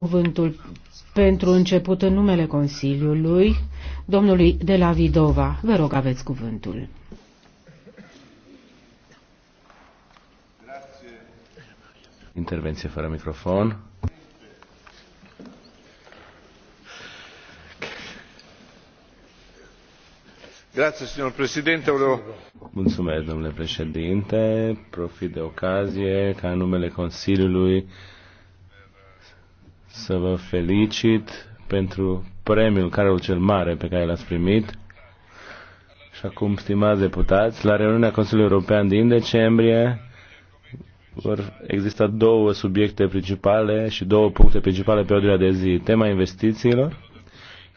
cuvântul pentru început în numele Consiliului domnului de la Vidova. Vă rog, aveți cuvântul. Intervenție fără microfon. Grazie, signor Presidente. Volevo... Mulțumesc, domnule președinte. Profit de ocazie ca în numele Consiliului să vă felicit pentru premiul Carol cel Mare pe care l-ați primit. Și acum, stimați deputați, la reuniunea Consiliului European din decembrie vor exista două subiecte principale și două puncte principale pe ordinea de zi. Tema investițiilor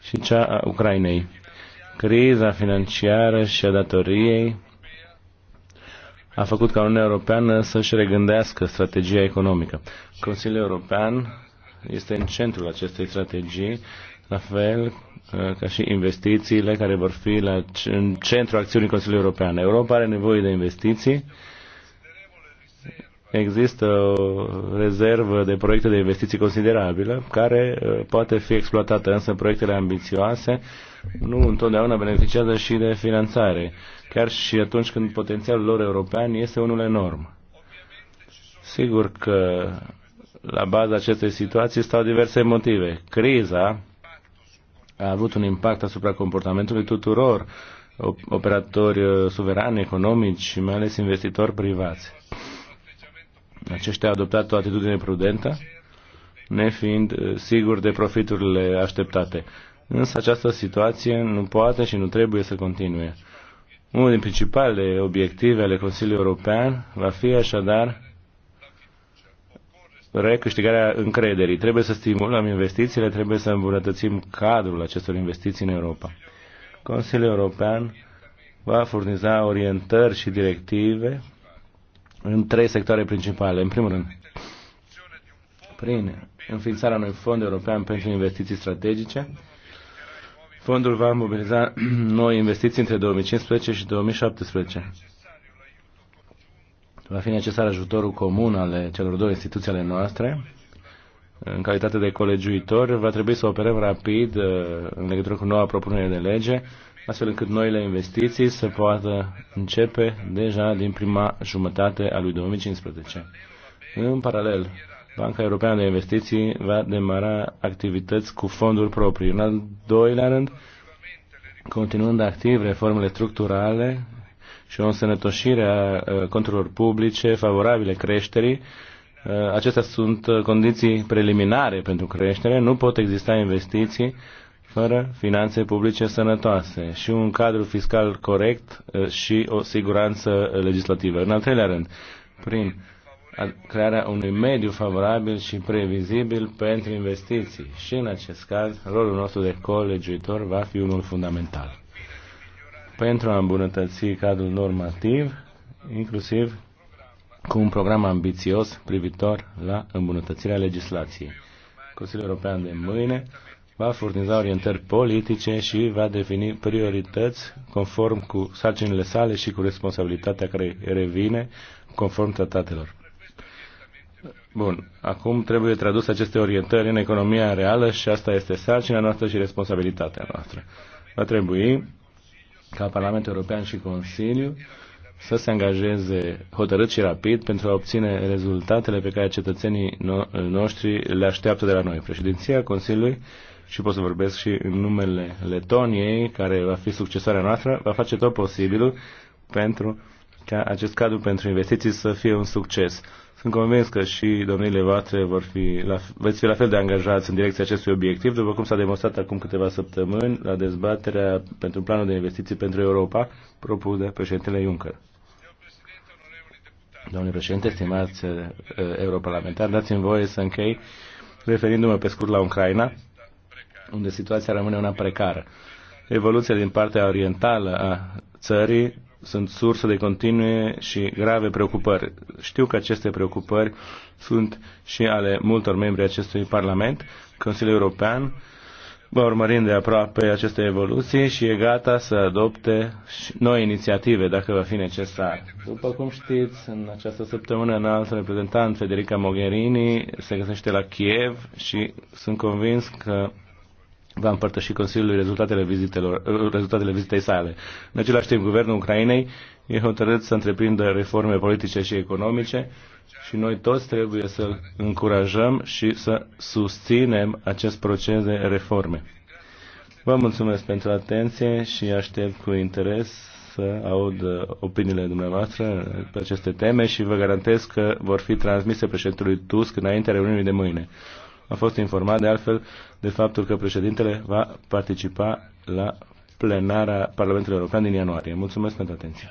și cea a Ucrainei. Criza financiară și a datoriei a făcut ca Uniunea Europeană să-și regândească strategia economică. Consiliul European este în centrul acestei strategii, la fel uh, ca și investițiile care vor fi la, în centrul acțiunii Consiliului European. Europa are nevoie de investiții. Există o rezervă de proiecte de investiții considerabilă care uh, poate fi exploatată, însă proiectele ambițioase nu întotdeauna beneficiază și de finanțare, chiar și atunci când potențialul lor european este unul enorm. Sigur că la baza acestei situații stau diverse motive. Criza a avut un impact asupra comportamentului tuturor operatori uh, suverani, economici și mai ales investitori privați. Aceștia au adoptat o atitudine prudentă, nefiind uh, siguri de profiturile așteptate. Însă această situație nu poate și nu trebuie să continue. Unul din principalele obiective ale Consiliului European va fi așadar recâștigarea încrederii. Trebuie să stimulăm investițiile, trebuie să îmbunătățim cadrul acestor investiții în Europa. Consiliul European va furniza orientări și directive în trei sectoare principale. În primul rând, prin înființarea unui fond european pentru investiții strategice, fondul va mobiliza noi investiții între 2015 și 2017 va fi necesar ajutorul comun ale celor două instituții ale noastre. În calitate de colegiuitor, va trebui să operăm rapid uh, în legătură cu noua propunere de lege, astfel încât noile investiții să poată începe deja din prima jumătate a lui 2015. În paralel, Banca Europeană de Investiții va demara activități cu fonduri proprii. În al doilea rând, continuând activ reformele structurale și o însănătoșire a conturilor publice favorabile creșterii. Acestea sunt uh, condiții preliminare pentru creștere. Nu pot exista investiții fără finanțe publice sănătoase și un cadru fiscal corect uh, și o siguranță legislativă. În al treilea rând, prin crearea unui mediu favorabil și previzibil pentru investiții. Și în acest caz, rolul nostru de colegiuitor va fi unul fundamental pentru a îmbunătăți cadrul normativ, inclusiv cu un program ambițios privitor la îmbunătățirea legislației. Consiliul European de mâine va furniza orientări politice și va defini priorități conform cu sarcinile sale și cu responsabilitatea care revine conform tratatelor. Bun, acum trebuie tradus aceste orientări în economia reală și asta este sarcina noastră și responsabilitatea noastră. Va trebui ca Parlamentul European și Consiliu să se angajeze hotărât și rapid pentru a obține rezultatele pe care cetățenii no- noștri le așteaptă de la noi. Președinția Consiliului și pot să vorbesc și în numele Letoniei, care va fi succesoarea noastră, va face tot posibilul pentru ca acest cadru pentru investiții să fie un succes. Sunt convins că și domnile voastre vor fi la, veți fi la fel de angajați în direcția acestui obiectiv, după cum s-a demonstrat acum câteva săptămâni la dezbaterea pentru planul de investiții pentru Europa propus de președintele Juncker. Domnule președinte, stimați uh, europarlamentari, dați-mi voie să închei referindu-mă pe scurt la Ucraina, unde situația rămâne una precară. Evoluția din partea orientală a țării sunt sursă de continue și grave preocupări. Știu că aceste preocupări sunt și ale multor membri acestui Parlament. Consiliul European va urmări de aproape aceste evoluții și e gata să adopte noi inițiative dacă va fi necesar. După cum știți, în această săptămână în alt reprezentant Federica Mogherini se găsește la Kiev și sunt convins că va împărtăși Consiliului rezultatele, vizitelor, rezultatele vizitei sale. În același timp, Guvernul Ucrainei e hotărât să întreprindă reforme politice și economice și noi toți trebuie să încurajăm și să susținem acest proces de reforme. Vă mulțumesc pentru atenție și aștept cu interes să aud opiniile dumneavoastră pe aceste teme și vă garantez că vor fi transmise președintelui Tusk înaintea reuniunii de mâine. Am fost informat de altfel de faptul că președintele va participa la plenara Parlamentului European din ianuarie. Mulțumesc pentru atenție.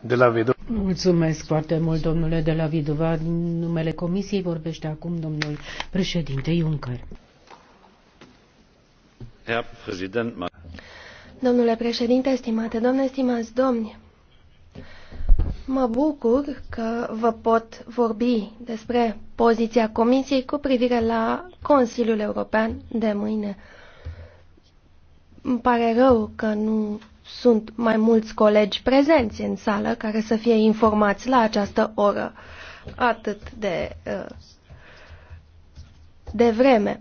De la Mulțumesc foarte mult, domnule de la Vidova. numele Comisiei vorbește acum domnul președinte Juncker. Domnule președinte, stimate domne, stimați domni, Mă bucur că vă pot vorbi despre poziția Comisiei cu privire la Consiliul European de mâine. Îmi pare rău că nu sunt mai mulți colegi prezenți în sală care să fie informați la această oră atât de, uh, de vreme.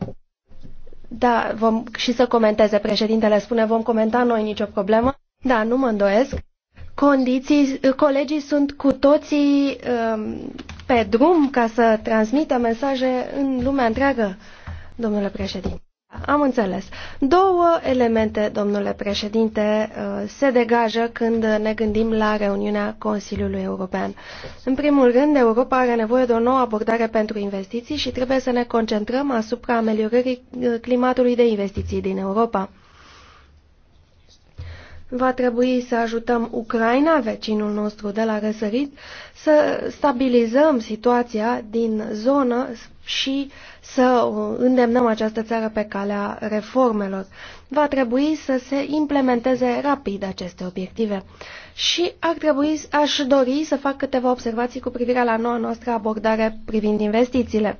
Da, vom, și să comenteze, președintele spune, vom comenta noi nicio problemă. Da, nu mă îndoiesc condiții. Colegii sunt cu toții um, pe drum ca să transmită mesaje în lumea întreagă, domnule președinte. Am înțeles. Două elemente, domnule președinte, uh, se degajă când ne gândim la reuniunea Consiliului European. În primul rând, Europa are nevoie de o nouă abordare pentru investiții și trebuie să ne concentrăm asupra ameliorării uh, climatului de investiții din Europa. Va trebui să ajutăm Ucraina, vecinul nostru de la răsărit, să stabilizăm situația din zonă și să uh, îndemnăm această țară pe calea reformelor. Va trebui să se implementeze rapid aceste obiective. Și ar trebui, aș dori să fac câteva observații cu privire la noua noastră abordare privind investițiile.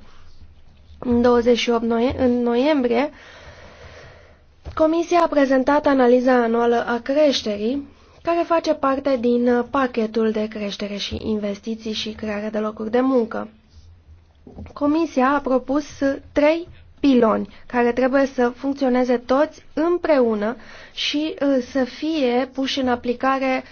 În 28 noie în noiembrie, Comisia a prezentat analiza anuală a creșterii, care face parte din uh, pachetul de creștere și investiții și creare de locuri de muncă. Comisia a propus uh, trei piloni care trebuie să funcționeze toți împreună și uh, să fie puși în aplicare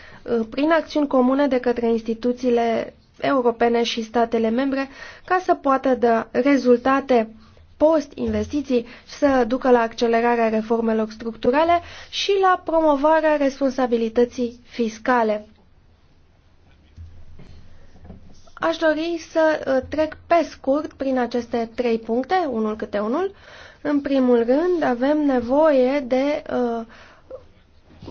prin acțiuni comune de către instituțiile europene și statele membre ca să poată da rezultate post-investiții să ducă la accelerarea reformelor structurale și la promovarea responsabilității fiscale. Aș dori să uh, trec pe scurt prin aceste trei puncte, unul câte unul. În primul rând, avem nevoie de uh,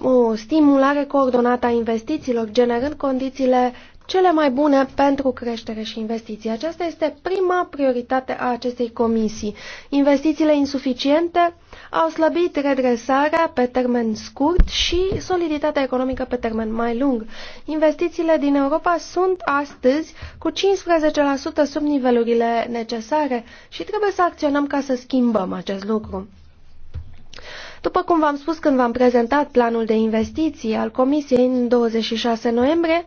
o stimulare coordonată a investițiilor, generând condițiile cele mai bune pentru creștere și investiții. Aceasta este prima prioritate a acestei comisii. Investițiile insuficiente au slăbit redresarea pe termen scurt și soliditatea economică pe termen mai lung. Investițiile din Europa sunt astăzi cu 15% sub nivelurile necesare și trebuie să acționăm ca să schimbăm acest lucru. După cum v-am spus când v-am prezentat planul de investiții al Comisiei în 26 noiembrie,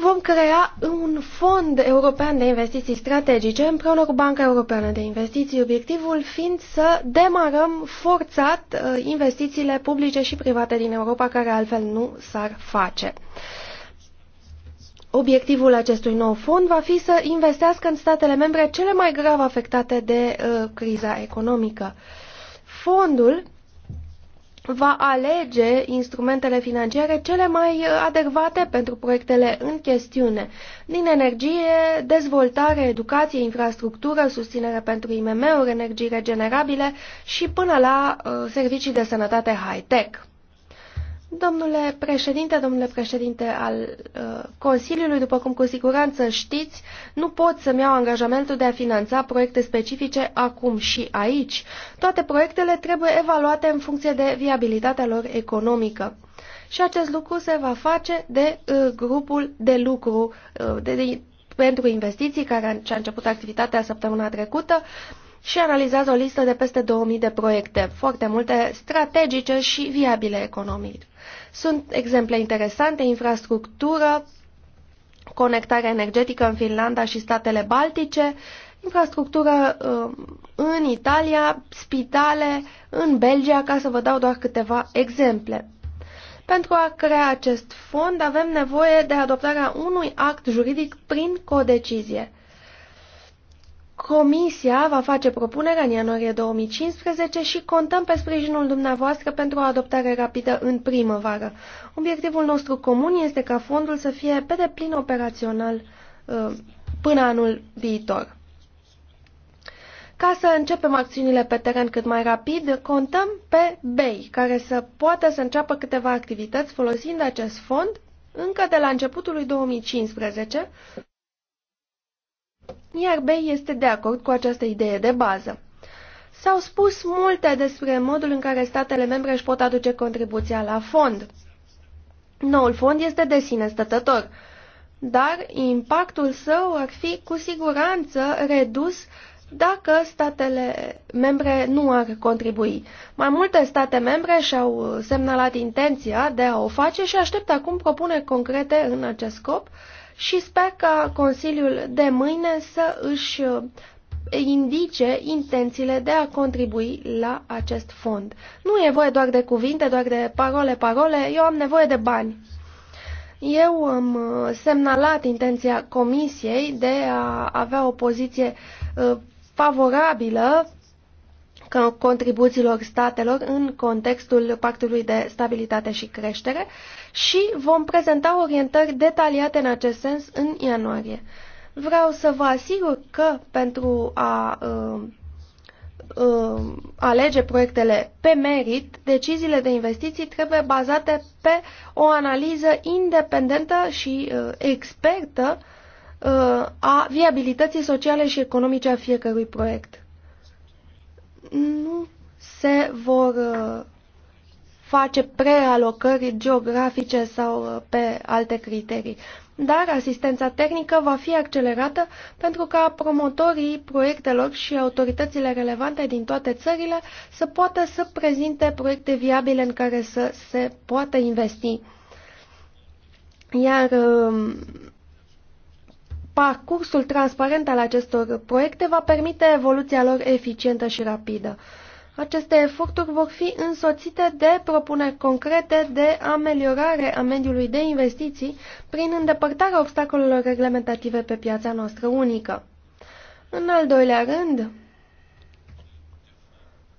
vom crea un fond european de investiții strategice împreună cu Banca Europeană de Investiții, obiectivul fiind să demarăm forțat uh, investițiile publice și private din Europa, care altfel nu s-ar face. Obiectivul acestui nou fond va fi să investească în statele membre cele mai grav afectate de uh, criza economică. Fondul va alege instrumentele financiare cele mai uh, adecvate pentru proiectele în chestiune, din energie, dezvoltare, educație, infrastructură, susținere pentru IMM-uri, energii regenerabile și până la uh, servicii de sănătate high-tech. Domnule președinte, domnule președinte al uh, Consiliului, după cum cu siguranță știți, nu pot să-mi iau angajamentul de a finanța proiecte specifice acum și aici. Toate proiectele trebuie evaluate în funcție de viabilitatea lor economică. Și acest lucru se va face de uh, grupul de lucru uh, de, de, pentru investiții care a, început activitatea săptămâna trecută și analizează o listă de peste 2000 de proiecte, foarte multe strategice și viabile economic. Sunt exemple interesante, infrastructură, conectare energetică în Finlanda și statele baltice, infrastructură uh, în Italia, spitale în Belgia, ca să vă dau doar câteva exemple. Pentru a crea acest fond avem nevoie de adoptarea unui act juridic prin codecizie. Comisia va face propunerea în ianuarie 2015 și contăm pe sprijinul dumneavoastră pentru o adoptare rapidă în primăvară. Obiectivul nostru comun este ca fondul să fie pe deplin operațional ă, până anul viitor. Ca să începem acțiunile pe teren cât mai rapid, contăm pe BEI, care să poată să înceapă câteva activități folosind acest fond încă de la începutul lui 2015 iar B este de acord cu această idee de bază. S-au spus multe despre modul în care statele membre își pot aduce contribuția la fond. Noul fond este de sine stătător, dar impactul său ar fi cu siguranță redus dacă statele membre nu ar contribui. Mai multe state membre și-au semnalat intenția de a o face și aștept acum propuneri concrete în acest scop și sper ca Consiliul de mâine să își uh, indice intențiile de a contribui la acest fond. Nu e voie doar de cuvinte, doar de parole, parole, eu am nevoie de bani. Eu am uh, semnalat intenția Comisiei de a avea o poziție uh, favorabilă contribuțiilor statelor în contextul Pactului de Stabilitate și Creștere și vom prezenta orientări detaliate în acest sens în ianuarie. Vreau să vă asigur că pentru a uh, uh, alege proiectele pe merit, deciziile de investiții trebuie bazate pe o analiză independentă și uh, expertă uh, a viabilității sociale și economice a fiecărui proiect nu se vor uh, face prealocări geografice sau uh, pe alte criterii. Dar asistența tehnică va fi accelerată pentru ca promotorii proiectelor și autoritățile relevante din toate țările să poată să prezinte proiecte viabile în care să se poată investi. Iar um, parcursul transparent al acestor proiecte va permite evoluția lor eficientă și rapidă. Aceste eforturi vor fi însoțite de propuneri concrete de ameliorare a mediului de investiții prin îndepărtarea obstacolelor reglementative pe piața noastră unică. În al doilea rând,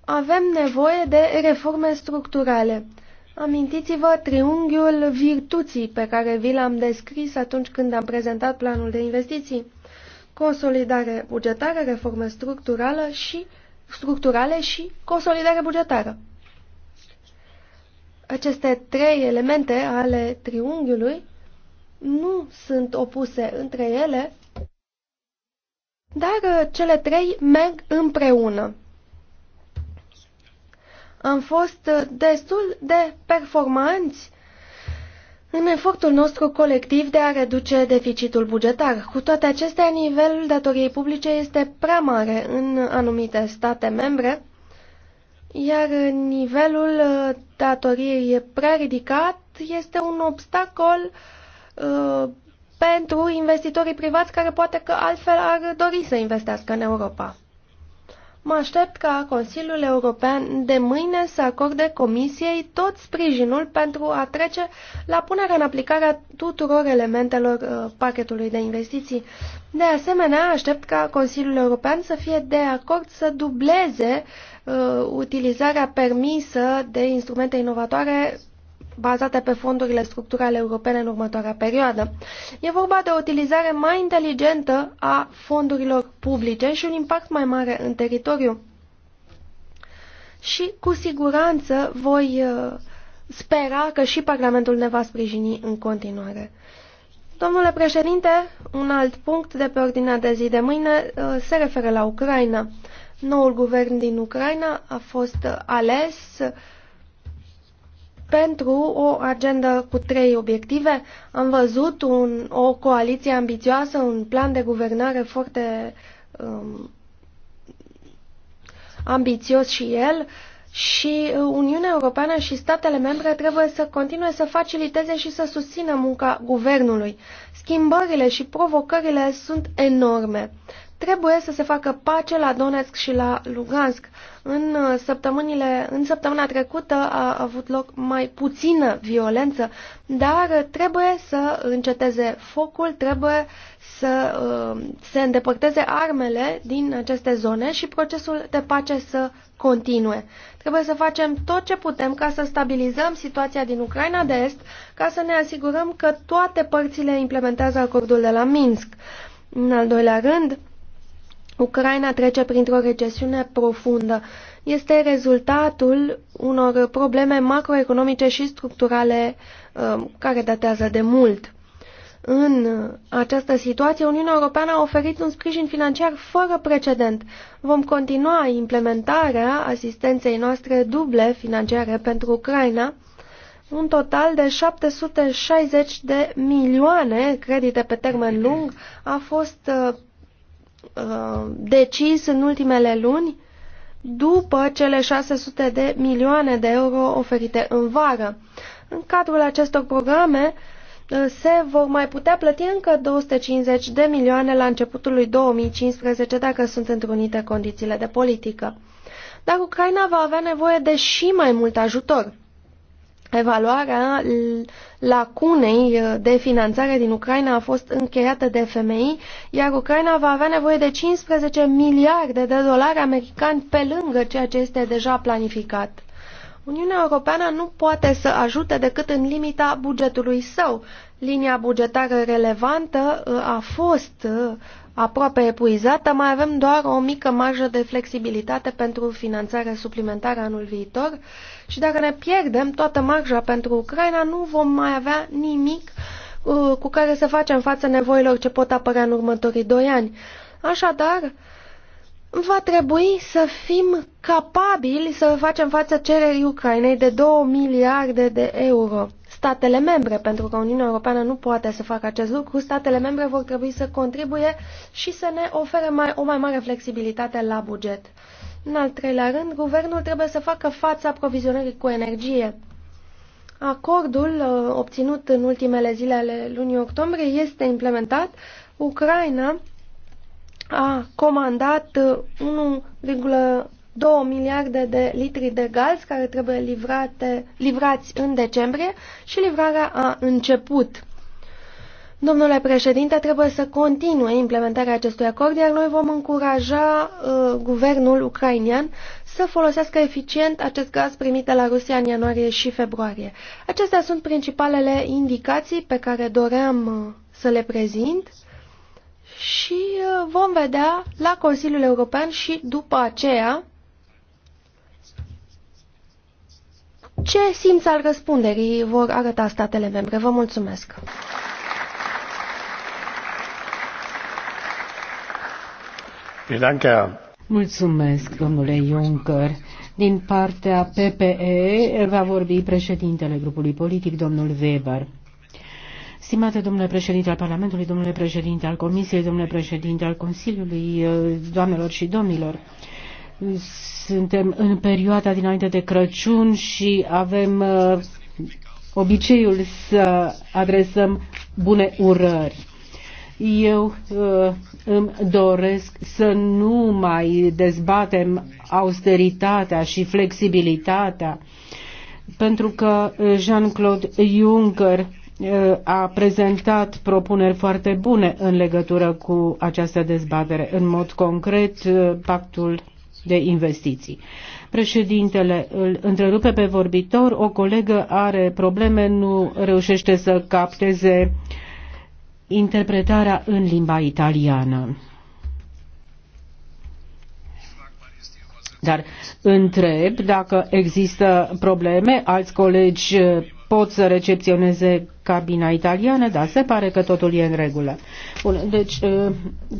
avem nevoie de reforme structurale Amintiți-vă triunghiul virtuții pe care vi l-am descris atunci când am prezentat planul de investiții. Consolidare bugetară, reformă structurală și structurale și consolidare bugetară. Aceste trei elemente ale triunghiului nu sunt opuse între ele, dar cele trei merg împreună. Am fost uh, destul de performanți în efortul nostru colectiv de a reduce deficitul bugetar. Cu toate acestea, nivelul datoriei publice este prea mare în anumite state membre, iar nivelul uh, datoriei prea ridicat este un obstacol uh, pentru investitorii privați care poate că altfel ar dori să investească în Europa. Mă aștept ca Consiliul European de mâine să acorde Comisiei tot sprijinul pentru a trece la punerea în aplicare a tuturor elementelor uh, pachetului de investiții. De asemenea, aștept ca Consiliul European să fie de acord să dubleze uh, utilizarea permisă de instrumente inovatoare bazate pe fondurile structurale europene în următoarea perioadă. E vorba de o utilizare mai inteligentă a fondurilor publice și un impact mai mare în teritoriu. Și cu siguranță voi uh, spera că și Parlamentul ne va sprijini în continuare. Domnule președinte, un alt punct de pe ordinea de zi de mâine uh, se referă la Ucraina. Noul guvern din Ucraina a fost uh, ales pentru o agendă cu trei obiective. Am văzut un, o coaliție ambițioasă, un plan de guvernare foarte um, ambițios și el și uh, Uniunea Europeană și statele membre trebuie să continue să faciliteze și să susțină munca guvernului. Schimbările și provocările sunt enorme. Trebuie să se facă pace la Donetsk și la Lugansk în, uh, săptămânile, în săptămâna trecută a avut loc mai puțină violență, dar trebuie să înceteze focul, trebuie să uh, se îndepărteze armele din aceste zone și procesul de pace să continue. Trebuie să facem tot ce putem ca să stabilizăm situația din Ucraina de Est, ca să ne asigurăm că toate părțile implementează acordul de la Minsk. În al doilea rând, Ucraina trece printr-o recesiune profundă. Este rezultatul unor probleme macroeconomice și structurale um, care datează de mult. În această situație, Uniunea Europeană a oferit un sprijin financiar fără precedent. Vom continua implementarea asistenței noastre duble financiare pentru Ucraina, un total de 760 de milioane credite pe termen lung a fost uh, Uh, decis în ultimele luni după cele 600 de milioane de euro oferite în vară. În cadrul acestor programe uh, se vor mai putea plăti încă 250 de milioane la începutul lui 2015 dacă sunt întrunite condițiile de politică. Dar Ucraina va avea nevoie de și mai mult ajutor. Evaluarea lacunei uh, de finanțare din Ucraina a fost încheiată de FMI, iar Ucraina va avea nevoie de 15 miliarde de dolari americani pe lângă ceea ce este deja planificat. Uniunea Europeană nu poate să ajute decât în limita bugetului său. Linia bugetară relevantă uh, a fost uh, aproape epuizată, mai avem doar o mică marjă de flexibilitate pentru finanțare suplimentară anul viitor și dacă ne pierdem toată marja pentru Ucraina, nu vom mai avea nimic uh, cu care să facem față nevoilor ce pot apărea în următorii doi ani. Așadar, va trebui să fim capabili să facem față cererii Ucrainei de 2 miliarde de euro statele membre, pentru că Uniunea Europeană nu poate să facă acest lucru. Statele membre vor trebui să contribuie și să ne ofere mai, o mai mare flexibilitate la buget. În al treilea rând, guvernul trebuie să facă fața aprovizionării cu energie. Acordul uh, obținut în ultimele zile ale lunii octombrie este implementat. Ucraina a comandat 1, uh, 2 miliarde de litri de gaz care trebuie livrate, livrați în decembrie și livrarea a început. Domnule președinte, trebuie să continue implementarea acestui acord, iar noi vom încuraja uh, guvernul ucrainian să folosească eficient acest gaz primit de la Rusia în ianuarie și februarie. Acestea sunt principalele indicații pe care doream uh, să le prezint și uh, vom vedea la Consiliul European și după aceea Ce simț al răspunderii vor arăta statele membre? Vă mulțumesc! Mulțumesc, domnule Juncker. Din partea PPE va vorbi președintele grupului politic, domnul Weber. Stimate domnule președinte al Parlamentului, domnule președinte al Comisiei, domnule președinte al Consiliului, doamnelor și domnilor, suntem în perioada dinainte de Crăciun și avem uh, obiceiul să adresăm bune urări. Eu uh, îmi doresc să nu mai dezbatem austeritatea și flexibilitatea, pentru că Jean-Claude Juncker uh, a prezentat propuneri foarte bune în legătură cu această dezbatere. În mod concret, pactul de investiții. Președintele îl întrerupe pe vorbitor, o colegă are probleme, nu reușește să capteze interpretarea în limba italiană. Dar întreb dacă există probleme, alți colegi pot să recepționeze cabina italiană, dar se pare că totul e în regulă. Bun, deci uh,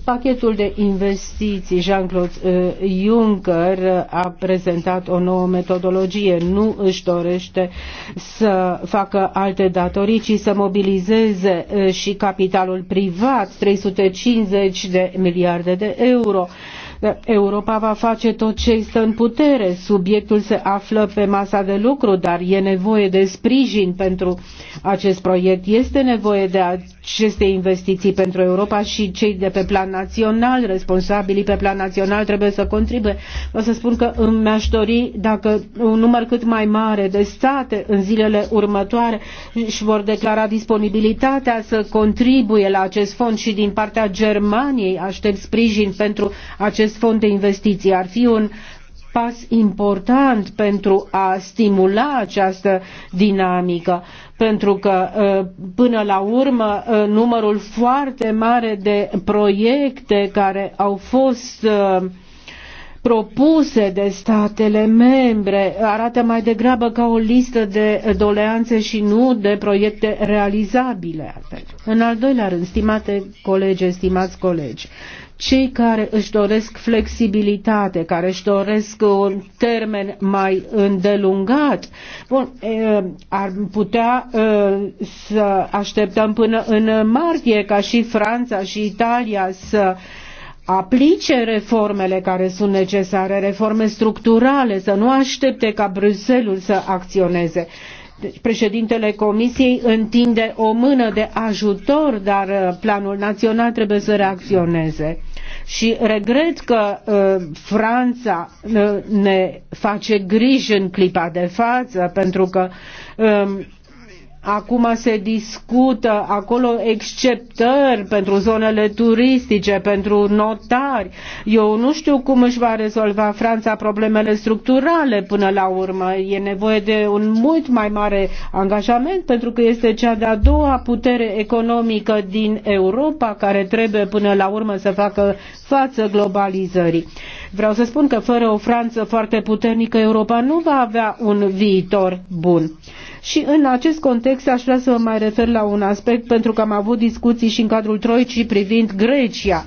pachetul de investiții Jean-Claude uh, Juncker a prezentat o nouă metodologie. Nu își dorește să facă alte datorii, ci să mobilizeze uh, și capitalul privat, 350 de miliarde de euro Europa va face tot ce stă în putere. Subiectul se află pe masa de lucru, dar e nevoie de sprijin pentru acest proiect. Este nevoie de aceste investiții pentru Europa și cei de pe plan național, responsabilii pe plan național trebuie să contribuie. O să spun că îmi aș dori dacă un număr cât mai mare de state în zilele următoare își vor declara disponibilitatea să contribuie la acest fond și din partea Germaniei aștept sprijin pentru acest fond de investiții. Ar fi un pas important pentru a stimula această dinamică pentru că ă, până la urmă ă, numărul foarte mare de proiecte care au fost ă, propuse de statele membre arată mai degrabă ca o listă de doleanțe și nu de proiecte realizabile. În al doilea rând, stimate colegi, stimați colegi, cei care își doresc flexibilitate, care își doresc un termen mai îndelungat, bun, ar putea să așteptăm până în martie ca și Franța și Italia să aplice reformele care sunt necesare, reforme structurale, să nu aștepte ca Bruxelles să acționeze. Deci, președintele Comisiei întinde o mână de ajutor, dar uh, planul național trebuie să reacționeze. Și regret că uh, Franța uh, ne face griji în clipa de față, pentru că uh, Acum se discută acolo exceptări pentru zonele turistice, pentru notari. Eu nu știu cum își va rezolva Franța problemele structurale până la urmă. E nevoie de un mult mai mare angajament pentru că este cea de-a doua putere economică din Europa care trebuie până la urmă să facă față globalizării. Vreau să spun că fără o Franță foarte puternică, Europa nu va avea un viitor bun. Și în acest context aș vrea să mă mai refer la un aspect, pentru că am avut discuții și în cadrul Troicii privind Grecia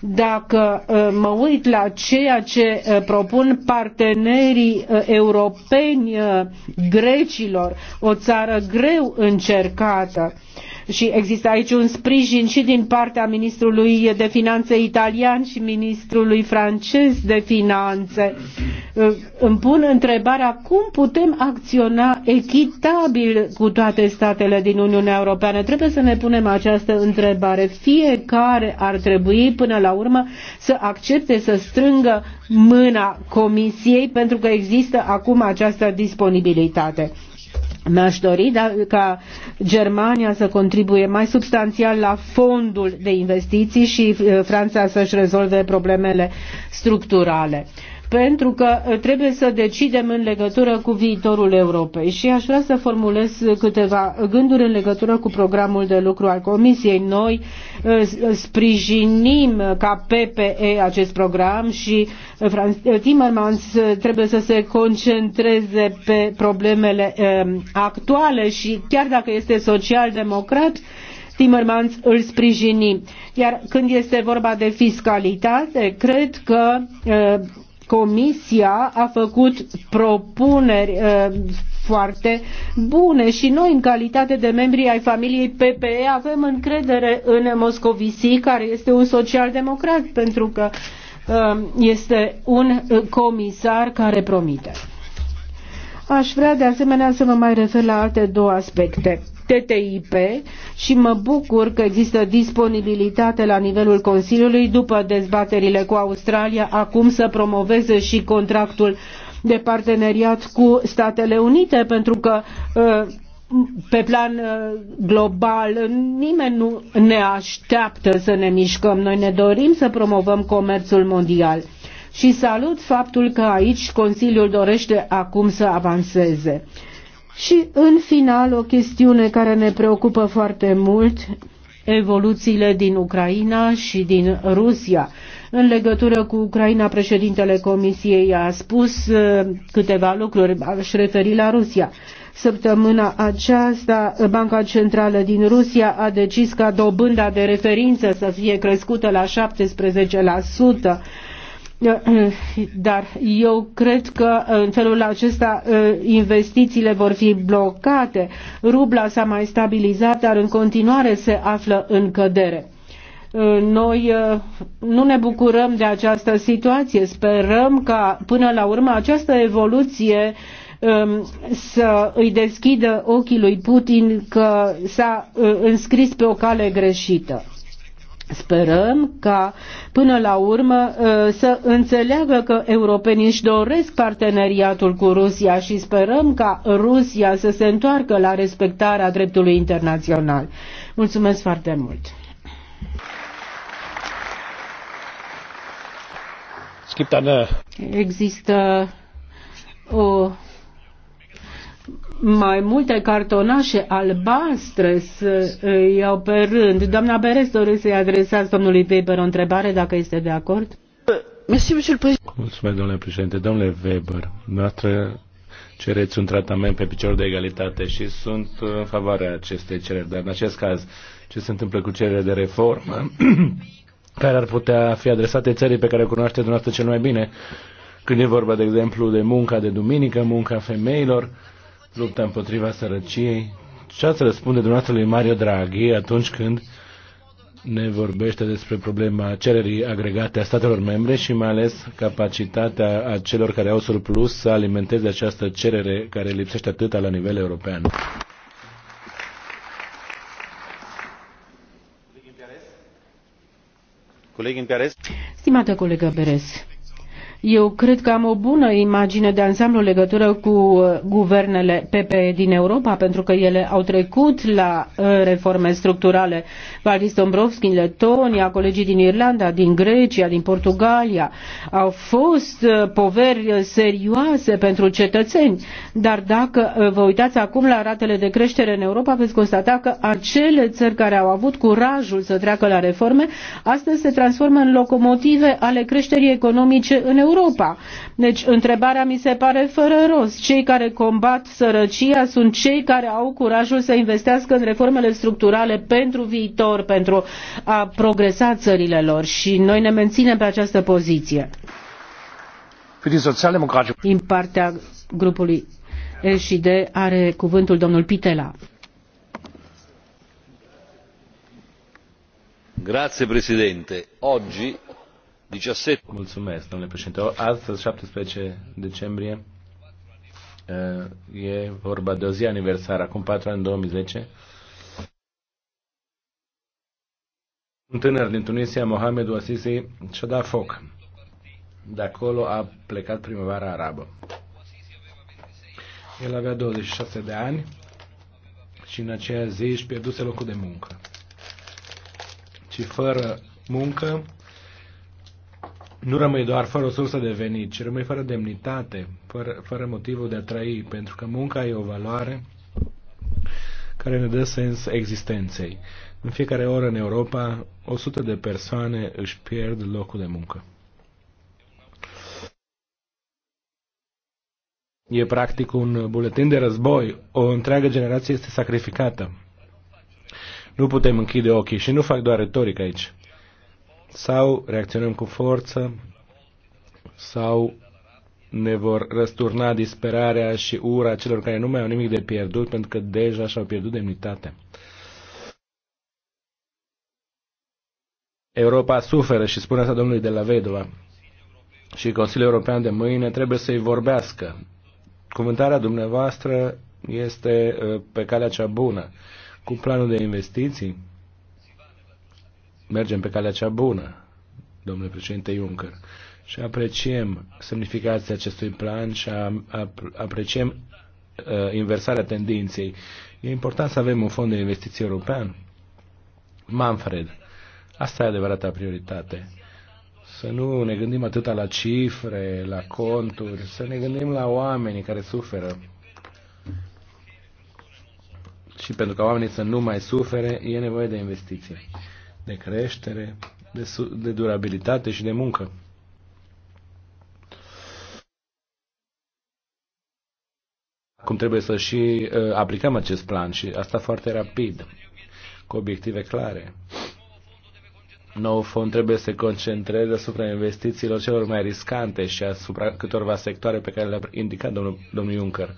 dacă uh, mă uit la ceea ce uh, propun partenerii uh, europeni grecilor, o țară greu încercată, și există aici un sprijin și din partea ministrului de finanțe italian și ministrului francez de finanțe. Îmi pun întrebarea cum putem acționa echitabil cu toate statele din Uniunea Europeană. Trebuie să ne punem această întrebare. Fiecare ar trebui până la urmă să accepte să strângă mâna Comisiei pentru că există acum această disponibilitate. Mi-aș dori da, ca Germania să contribuie mai substanțial la fondul de investiții și uh, Franța să-și rezolve problemele structurale. Uh, pentru că uh, trebuie să decidem în legătură cu viitorul Europei. Și aș vrea să formulez câteva gânduri în legătură cu programul de lucru al Comisiei. Noi uh, sprijinim ca PPE acest program și uh, Franz Timmermans trebuie să se concentreze pe problemele um, actuale și chiar dacă este social-democrat, Timmermans îl sprijini. Iar când este vorba de fiscalitate, cred că Comisia a făcut propuneri uh, foarte bune și noi, în calitate de membri ai familiei PPE, avem încredere în Moscovici, care este un social-democrat, pentru că uh, este un comisar care promite. Aș vrea de asemenea să vă mai refer la alte două aspecte. TTIP și mă bucur că există disponibilitate la nivelul Consiliului după dezbaterile cu Australia acum să promoveze și contractul de parteneriat cu Statele Unite pentru că uh, pe plan uh, global nimeni nu ne așteaptă să ne mișcăm. Noi ne dorim să promovăm comerțul mondial și salut faptul că aici Consiliul dorește acum să avanseze. Și în final, o chestiune care ne preocupă foarte mult, evoluțiile din Ucraina și din Rusia. În legătură cu Ucraina, președintele Comisiei a spus uh, câteva lucruri, aș referi la Rusia. Săptămâna aceasta, Banca Centrală din Rusia a decis ca dobânda de referință să fie crescută la 17%. Dar eu cred că uh, în felul acesta uh, investițiile vor fi blocate. Rubla s-a mai stabilizat, dar în continuare se află în cădere uh, noi nu ne bucurăm de această situație. Sperăm ca până la urmă această evoluție um, să îi deschidă ochii lui Putin că s-a înscris pe o cale greșită. Sperăm ca până la urmă uh, să înțeleagă că europenii își doresc parteneriatul cu Rusia și sperăm ca Rusia să se întoarcă la respectarea dreptului internațional. Mulțumesc foarte mult! Există o mai multe cartonașe albastre să iau pe rând. Doamna Beres, doresc să-i adresați domnului Weber o întrebare, dacă este de acord. Mulțumesc, domnule președinte. Domnule Weber, noastră cereți un tratament pe picior de egalitate și sunt în favoarea acestei cereri. Dar în acest caz, ce se întâmplă cu cererea de reformă care ar putea fi adresate țării pe care o cunoașteți dumneavoastră cel mai bine? Când e vorba, de exemplu, de munca de duminică, munca femeilor, lupta împotriva sărăciei. Ce ați răspunde dumneavoastră lui Mario Draghi atunci când ne vorbește despre problema cererii agregate a statelor membre și mai ales capacitatea a celor care au surplus să alimenteze această cerere care lipsește atâta la nivel european. Stimată colegă Beres. Eu cred că am o bună imagine de ansamblu legătură cu uh, guvernele PPE din Europa, pentru că ele au trecut la uh, reforme structurale. Valdis Dombrovski în Letonia, colegii din Irlanda, din Grecia, din Portugalia, au fost uh, poveri serioase pentru cetățeni. Dar dacă vă uitați acum la ratele de creștere în Europa, veți constata că acele țări care au avut curajul să treacă la reforme, astăzi se transformă în locomotive ale creșterii economice în Europa Europa. Deci întrebarea mi se pare fără rost. Cei care combat sărăcia sunt cei care au curajul să investească în reformele structurale pentru viitor, pentru a progresa țările lor și noi ne menținem pe această poziție. Din partea grupului SD are cuvântul domnul Pitela. Grazie Presidente. Oggi 17. Mulțumesc, domnule președinte. Astăzi, 17 decembrie, eh, e vorba de o zi aniversară, acum 4 ani, 2010. Un tânăr din Tunisia, Mohamed Ouassisi, și-a dat foc. De acolo a plecat primăvara arabă. El avea 26 de ani și în aceea zi își pierduse locul de muncă. Și fără muncă, nu rămâi doar fără o sursă de venit, ci rămâi fără demnitate, fără, fără motivul de a trăi, pentru că munca e o valoare care ne dă sens existenței. În fiecare oră în Europa, 100 de persoane își pierd locul de muncă. E practic un buletin de război. O întreagă generație este sacrificată. Nu putem închide ochii și nu fac doar retorică aici sau reacționăm cu forță sau ne vor răsturna disperarea și ura celor care nu mai au nimic de pierdut pentru că deja și-au pierdut demnitatea. Europa suferă și spune asta domnului de la Vedova și Consiliul European de mâine trebuie să-i vorbească. Cuvântarea dumneavoastră este uh, pe calea cea bună. Cu planul de investiții mergem pe calea cea bună, domnule președinte Juncker, și apreciem semnificația acestui plan și apreciem uh, inversarea tendinței. E important să avem un fond de investiții european. Manfred, asta e adevărata prioritate. Să nu ne gândim atât la cifre, la conturi, să ne gândim la oamenii care suferă. Și pentru ca oamenii să nu mai sufere, e nevoie de investiții de creștere, de, de durabilitate și de muncă. Acum trebuie să și uh, aplicăm acest plan și asta foarte rapid, cu obiective clare. Nou fond trebuie să se concentreze asupra investițiilor celor mai riscante și asupra câtorva sectoare pe care le-a indicat domnul, domnul Juncker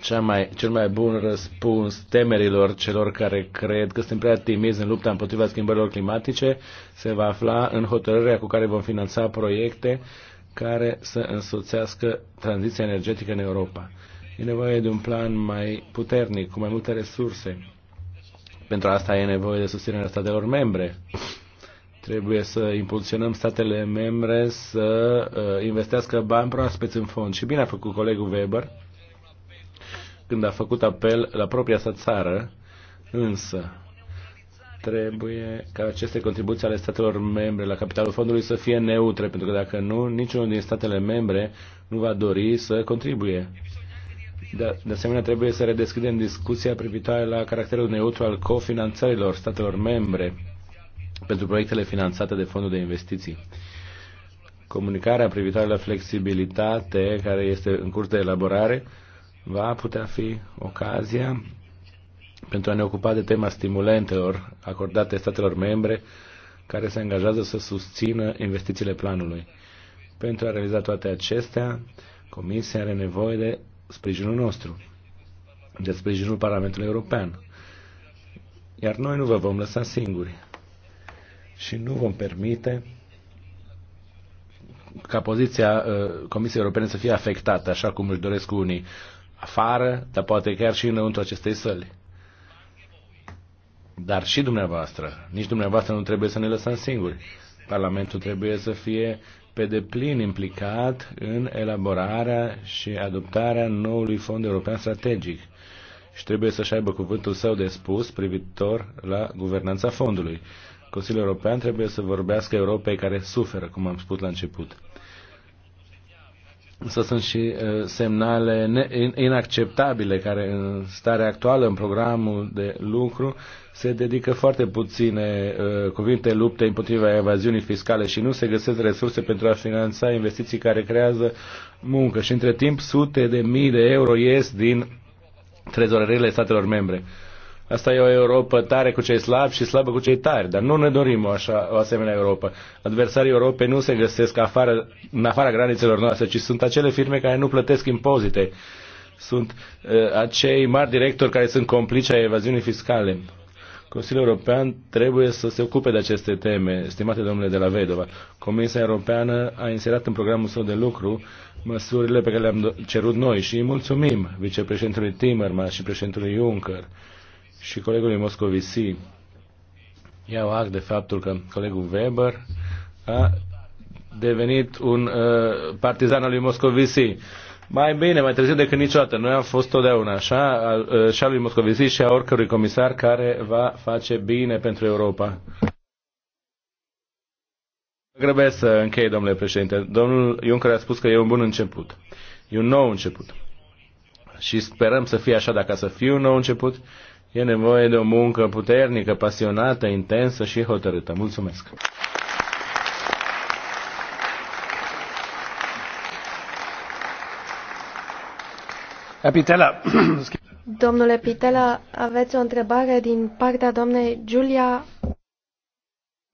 cea mai, cel mai bun răspuns temerilor celor care cred că sunt prea timizi în lupta împotriva schimbărilor climatice se va afla în hotărârea cu care vom finanța proiecte care să însoțească tranziția energetică în Europa. E nevoie de un plan mai puternic, cu mai multe resurse. Pentru asta e nevoie de susținerea statelor membre. Trebuie să impulsionăm statele membre să uh, investească bani proaspeți în fond. Și bine a făcut colegul Weber când a făcut apel la propria sa țară, însă trebuie ca aceste contribuții ale statelor membre la capitalul fondului să fie neutre, pentru că dacă nu, niciunul din statele membre nu va dori să contribuie. De, de asemenea, trebuie să redeschidem discuția privitoare la caracterul neutru al cofinanțărilor statelor membre pentru proiectele finanțate de fondul de investiții. Comunicarea privitoare la flexibilitate, care este în curs de elaborare, va putea fi ocazia pentru a ne ocupa de tema stimulentelor acordate statelor membre care se angajează să susțină investițiile planului. Pentru a realiza toate acestea, Comisia are nevoie de sprijinul nostru, de sprijinul Parlamentului European. Iar noi nu vă vom lăsa singuri și nu vom permite ca poziția uh, Comisiei Europene să fie afectată, așa cum își doresc unii afară, dar poate chiar și înăuntru acestei săli. Dar și dumneavoastră, nici dumneavoastră nu trebuie să ne lăsăm singuri. Parlamentul trebuie să fie pe deplin implicat în elaborarea și adoptarea noului fond european strategic și trebuie să-și aibă cuvântul său de spus privitor la guvernanța fondului. Consiliul European trebuie să vorbească Europei care suferă, cum am spus la început. Însă sunt și uh, semnale inacceptabile care în starea actuală, în programul de lucru, se dedică foarte puține uh, cuvinte lupte împotriva evaziunii fiscale și nu se găsesc resurse pentru a finanța investiții care creează muncă. Și între timp, sute de mii de euro ies din trezorările statelor membre. Asta e o Europa tare cu cei slabi și slabă cu cei tari, dar nu ne dorim o, așa, o asemenea Europa. Adversarii Europei nu se găsesc afară, în afara granițelor noastre, ci sunt acele firme care nu plătesc impozite. Sunt uh, acei mari directori care sunt complici ai evaziunii fiscale. Consiliul European trebuie să se ocupe de aceste teme, stimate domnule de la Vedova. Comisia Europeană a inserat în programul său de lucru măsurile pe care le-am cerut noi și îi mulțumim vicepreședintelui Timmermans și președintelui Juncker și colegului Moscovici. Iau act de faptul că colegul Weber a devenit un uh, partizan al lui Moscovici. Mai bine, mai târziu decât niciodată. Noi am fost totdeauna așa, al, uh, și al lui Moscovici și a oricărui comisar care va face bine pentru Europa. Grăbesc să închei, domnule președinte. Domnul Juncker a spus că e un bun început. E un nou început. Și sperăm să fie așa, dacă să fie un nou început E nevoie de o muncă puternică, pasionată, intensă și hotărâtă. Mulțumesc! Pitela. Domnule Pitela, aveți o întrebare din partea doamnei Giulia,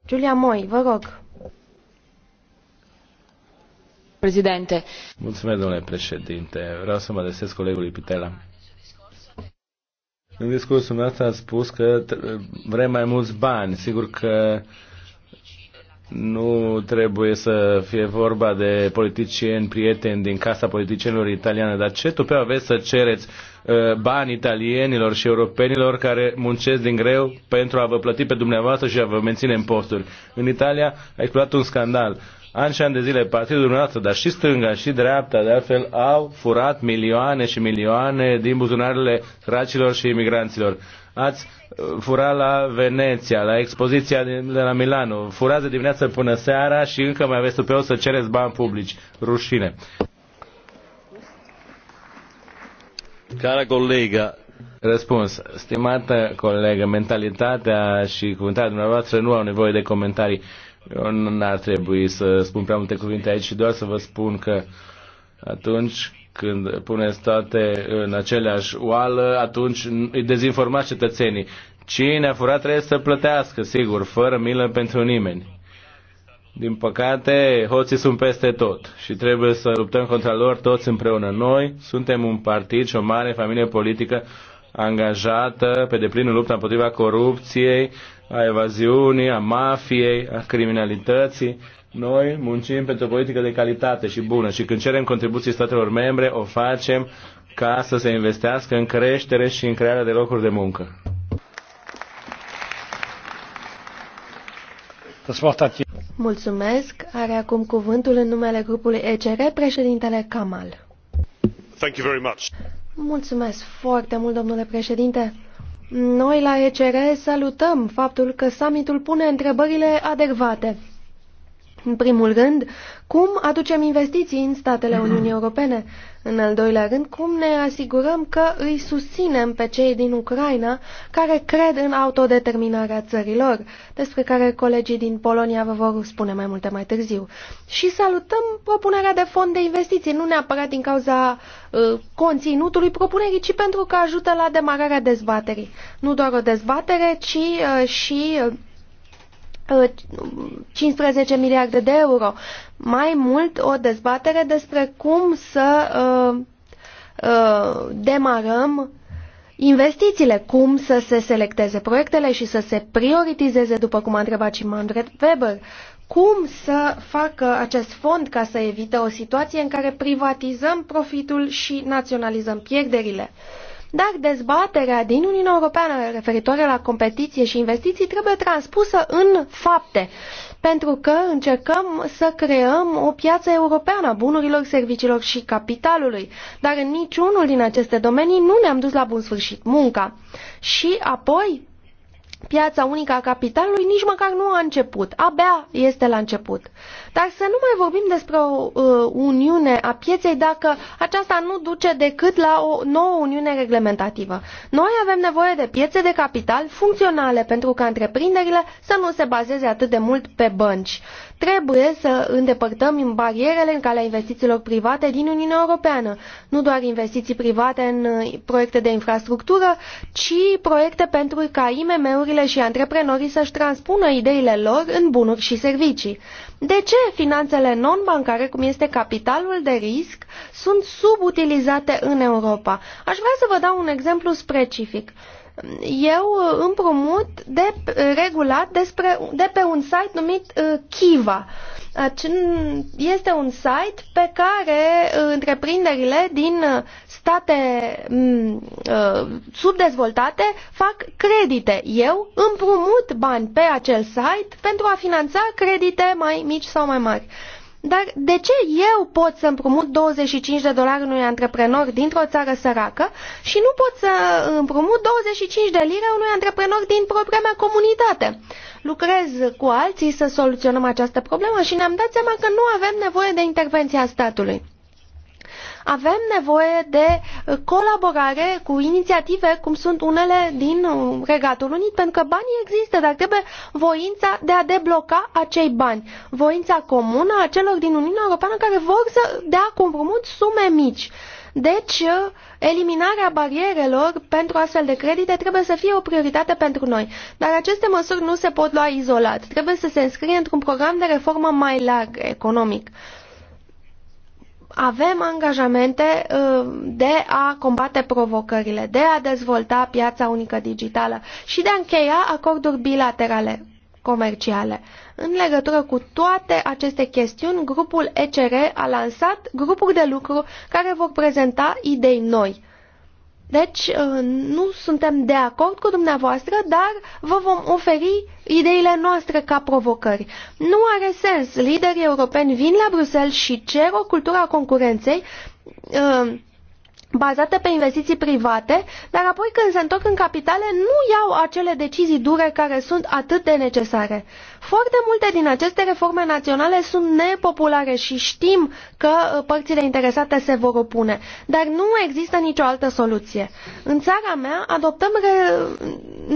Giulia Moi, vă rog. Președinte. Mulțumesc, domnule președinte. Vreau să mă adresez colegului Pitela. În discursul meu a spus că vrem mai mulți bani. Sigur că nu trebuie să fie vorba de politicieni prieteni din casa politicienilor italiane, dar ce pe aveți să cereți uh, bani italienilor și europenilor care muncesc din greu pentru a vă plăti pe dumneavoastră și a vă menține în posturi. În Italia a explodat un scandal ani și ani de zile, partidul dumneavoastră, dar și stânga și dreapta, de altfel, au furat milioane și milioane din buzunarele săracilor și imigranților. Ați furat la Veneția, la expoziția de la Milano, furați de dimineață până seara și încă mai aveți pe o să cereți bani publici. Rușine! Cara colega, Răspuns. Stimată colegă, mentalitatea și cuvântarea dumneavoastră nu au nevoie de comentarii. Eu nu ar trebui să spun prea multe cuvinte aici și doar să vă spun că atunci când puneți toate în aceleași oală, atunci îi dezinformați cetățenii. Cine a furat trebuie să plătească, sigur, fără milă pentru nimeni. Din păcate, hoții sunt peste tot și trebuie să luptăm contra lor toți împreună. Noi suntem un partid și o mare familie politică angajată pe deplin în lupta împotriva corupției, a evaziunii, a mafiei, a criminalității. Noi muncim pentru o politică de calitate și bună și când cerem contribuții statelor membre, o facem ca să se investească în creștere și în crearea de locuri de muncă. Mulțumesc. Are acum cuvântul în numele grupului ECR președintele Kamal. Thank you very much. Mulțumesc foarte mult, domnule președinte. Noi la ECR salutăm faptul că summitul pune întrebările adecvate în primul rând, cum aducem investiții în statele Uniunii Europene? În al doilea rând, cum ne asigurăm că îi susținem pe cei din Ucraina care cred în autodeterminarea țărilor, despre care colegii din Polonia vă vor spune mai multe mai târziu. Și salutăm propunerea de fond de investiții, nu neapărat din cauza uh, conținutului propunerii, ci pentru că ajută la demararea dezbaterii. Nu doar o dezbatere, ci uh, și... Uh, 15 uh, miliarde de euro. Mai mult o dezbatere despre cum să uh, uh, demarăm investițiile, cum să se selecteze proiectele și să se prioritizeze, după cum a întrebat și Manfred Weber, cum să facă acest fond ca să evite o situație în care privatizăm profitul și naționalizăm pierderile. Uh, dar dezbaterea din Uniunea Europeană referitoare la competiție și investiții trebuie transpusă în fapte, pentru că încercăm să creăm o piață europeană a bunurilor, serviciilor și capitalului, dar în niciunul din aceste domenii nu ne-am dus la bun sfârșit munca. Și apoi, piața unică a capitalului nici măcar nu a început, abia este la început. Dar să nu mai vorbim despre o uh, uniune a pieței dacă aceasta nu duce decât la o nouă uniune reglementativă. Noi avem nevoie de piețe de capital funcționale pentru ca întreprinderile să nu se bazeze atât de mult pe bănci. Trebuie să îndepărtăm barierele în calea investițiilor private din Uniunea Europeană. Nu doar investiții private în uh, proiecte de infrastructură, ci proiecte pentru ca IMM-urile și antreprenorii să-și transpună ideile lor în bunuri și servicii. De ce finanțele non-bancare, cum este capitalul de risc, sunt subutilizate în Europa? Aș vrea să vă dau un exemplu specific. Eu uh, împrumut de, uh, regulat despre, de pe un site numit uh, Kiva. Este un site pe care uh, întreprinderile din state mm, uh, subdezvoltate fac credite. Eu împrumut bani pe acel site pentru a finanța credite mai mici sau mai mari. Dar de ce eu pot să împrumut 25 de dolari unui antreprenor dintr-o țară săracă și nu pot să împrumut 25 de lire unui antreprenor din propria mea comunitate? Lucrez cu alții să soluționăm această problemă și ne-am dat seama că nu avem nevoie de intervenția statului. Avem nevoie de uh, colaborare cu inițiative cum sunt unele din uh, Regatul Unit, pentru că banii există, dar trebuie voința de a debloca acei bani, voința comună a celor din Uniunea Europeană care vor să dea cu împrumut sume mici. Deci, uh, eliminarea barierelor pentru astfel de credite trebuie să fie o prioritate pentru noi. Dar aceste măsuri nu se pot lua izolat. Trebuie să se înscrie într-un program de reformă mai larg economic avem angajamente uh, de a combate provocările, de a dezvolta piața unică digitală și de a încheia acorduri bilaterale comerciale. În legătură cu toate aceste chestiuni, grupul ECR a lansat grupuri de lucru care vor prezenta idei noi. Deci, uh, nu suntem de acord cu dumneavoastră, dar vă vom oferi ideile noastre ca provocări. Nu are sens. Liderii europeni vin la Bruxelles și cer o cultură a concurenței uh, bazată pe investiții private, dar apoi când se întorc în capitale nu iau acele decizii dure care sunt atât de necesare. Uh, foarte multe din aceste reforme naționale sunt nepopulare și știm că uh, părțile interesate se vor opune, dar nu există nicio altă soluție. În țara mea adoptăm re...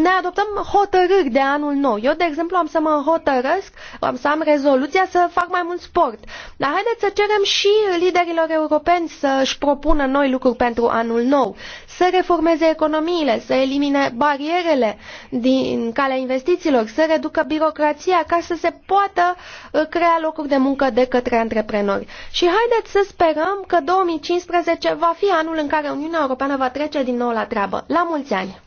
ne adoptăm hotărâri de anul nou. Eu, de exemplu, am să mă hotărăsc, am să am rezoluția să fac mai mult sport. Dar haideți să cerem și liderilor europeni să-și propună noi lucruri pentru anul nou să reformeze economiile, să elimine barierele din calea investițiilor, să reducă birocrația ca să se poată uh, crea locuri de muncă de către antreprenori. Și haideți să sperăm că 2015 va fi anul în care Uniunea Europeană va trece din nou la treabă. La mulți ani!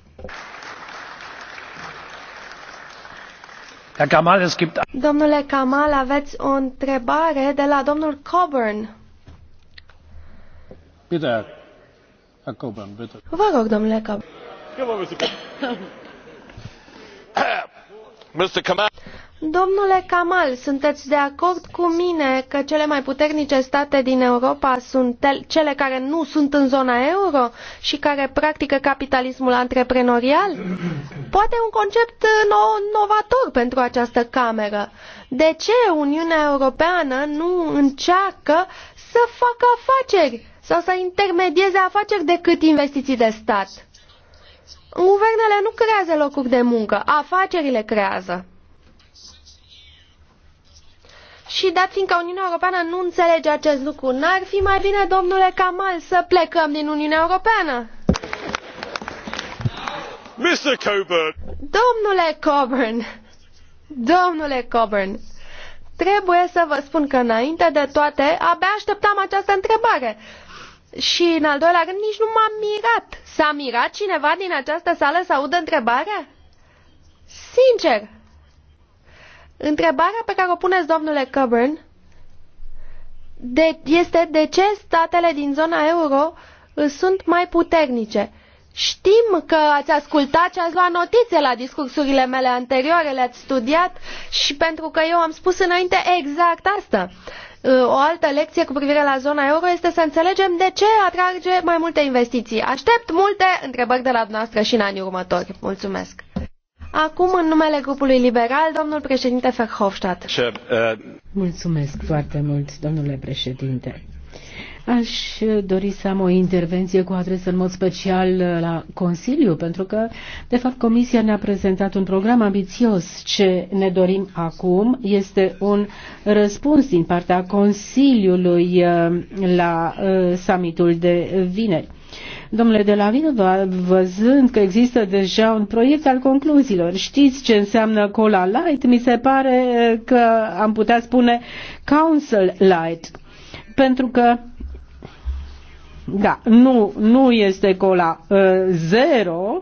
Domnule Kamal, aveți o întrebare de la domnul Coburn. Bitte, Vă rog, domnule Coburn. Domnule Kamal, sunteți de acord cu mine că cele mai puternice state din Europa sunt cele care nu sunt în zona euro și care practică capitalismul antreprenorial? Poate un concept nou, novator pentru această cameră. De ce Uniunea Europeană nu încearcă să facă afaceri? sau să intermedieze afaceri decât investiții de stat. Guvernele nu creează locuri de muncă, afacerile creează. Și dat fiindcă Uniunea Europeană nu înțelege acest lucru, n-ar fi mai bine, domnule Kamal, să plecăm din Uniunea Europeană? Mr. Coburn. Domnule Coburn, domnule Coburn, trebuie să vă spun că înainte de toate, abia așteptam această întrebare. Și în al doilea rând, nici nu m-am mirat. S-a mirat cineva din această sală să audă întrebarea? Sincer! Întrebarea pe care o puneți, domnule Coburn, de, este de ce statele din zona euro uh, sunt mai puternice. Știm că ați ascultat și ați luat notițe la discursurile mele anterioare, le-ați studiat și pentru că eu am spus înainte exact asta. O altă lecție cu privire la zona euro este să înțelegem de ce atrage mai multe investiții. Aștept multe întrebări de la dumneavoastră și în anii următori. Mulțumesc! Acum, în numele grupului liberal, domnul președinte Verhofstadt. Mulțumesc foarte mult, domnule președinte. Aș dori să am o intervenție cu adresă în mod special la Consiliu, pentru că, de fapt, Comisia ne-a prezentat un program ambițios. Ce ne dorim acum este un răspuns din partea Consiliului uh, la uh, summitul de vineri. Domnule de la Vinova, văzând că există deja un proiect al concluziilor, știți ce înseamnă Cola Light? Mi se pare uh, că am putea spune Council Light pentru că da, nu, nu este cola uh, zero,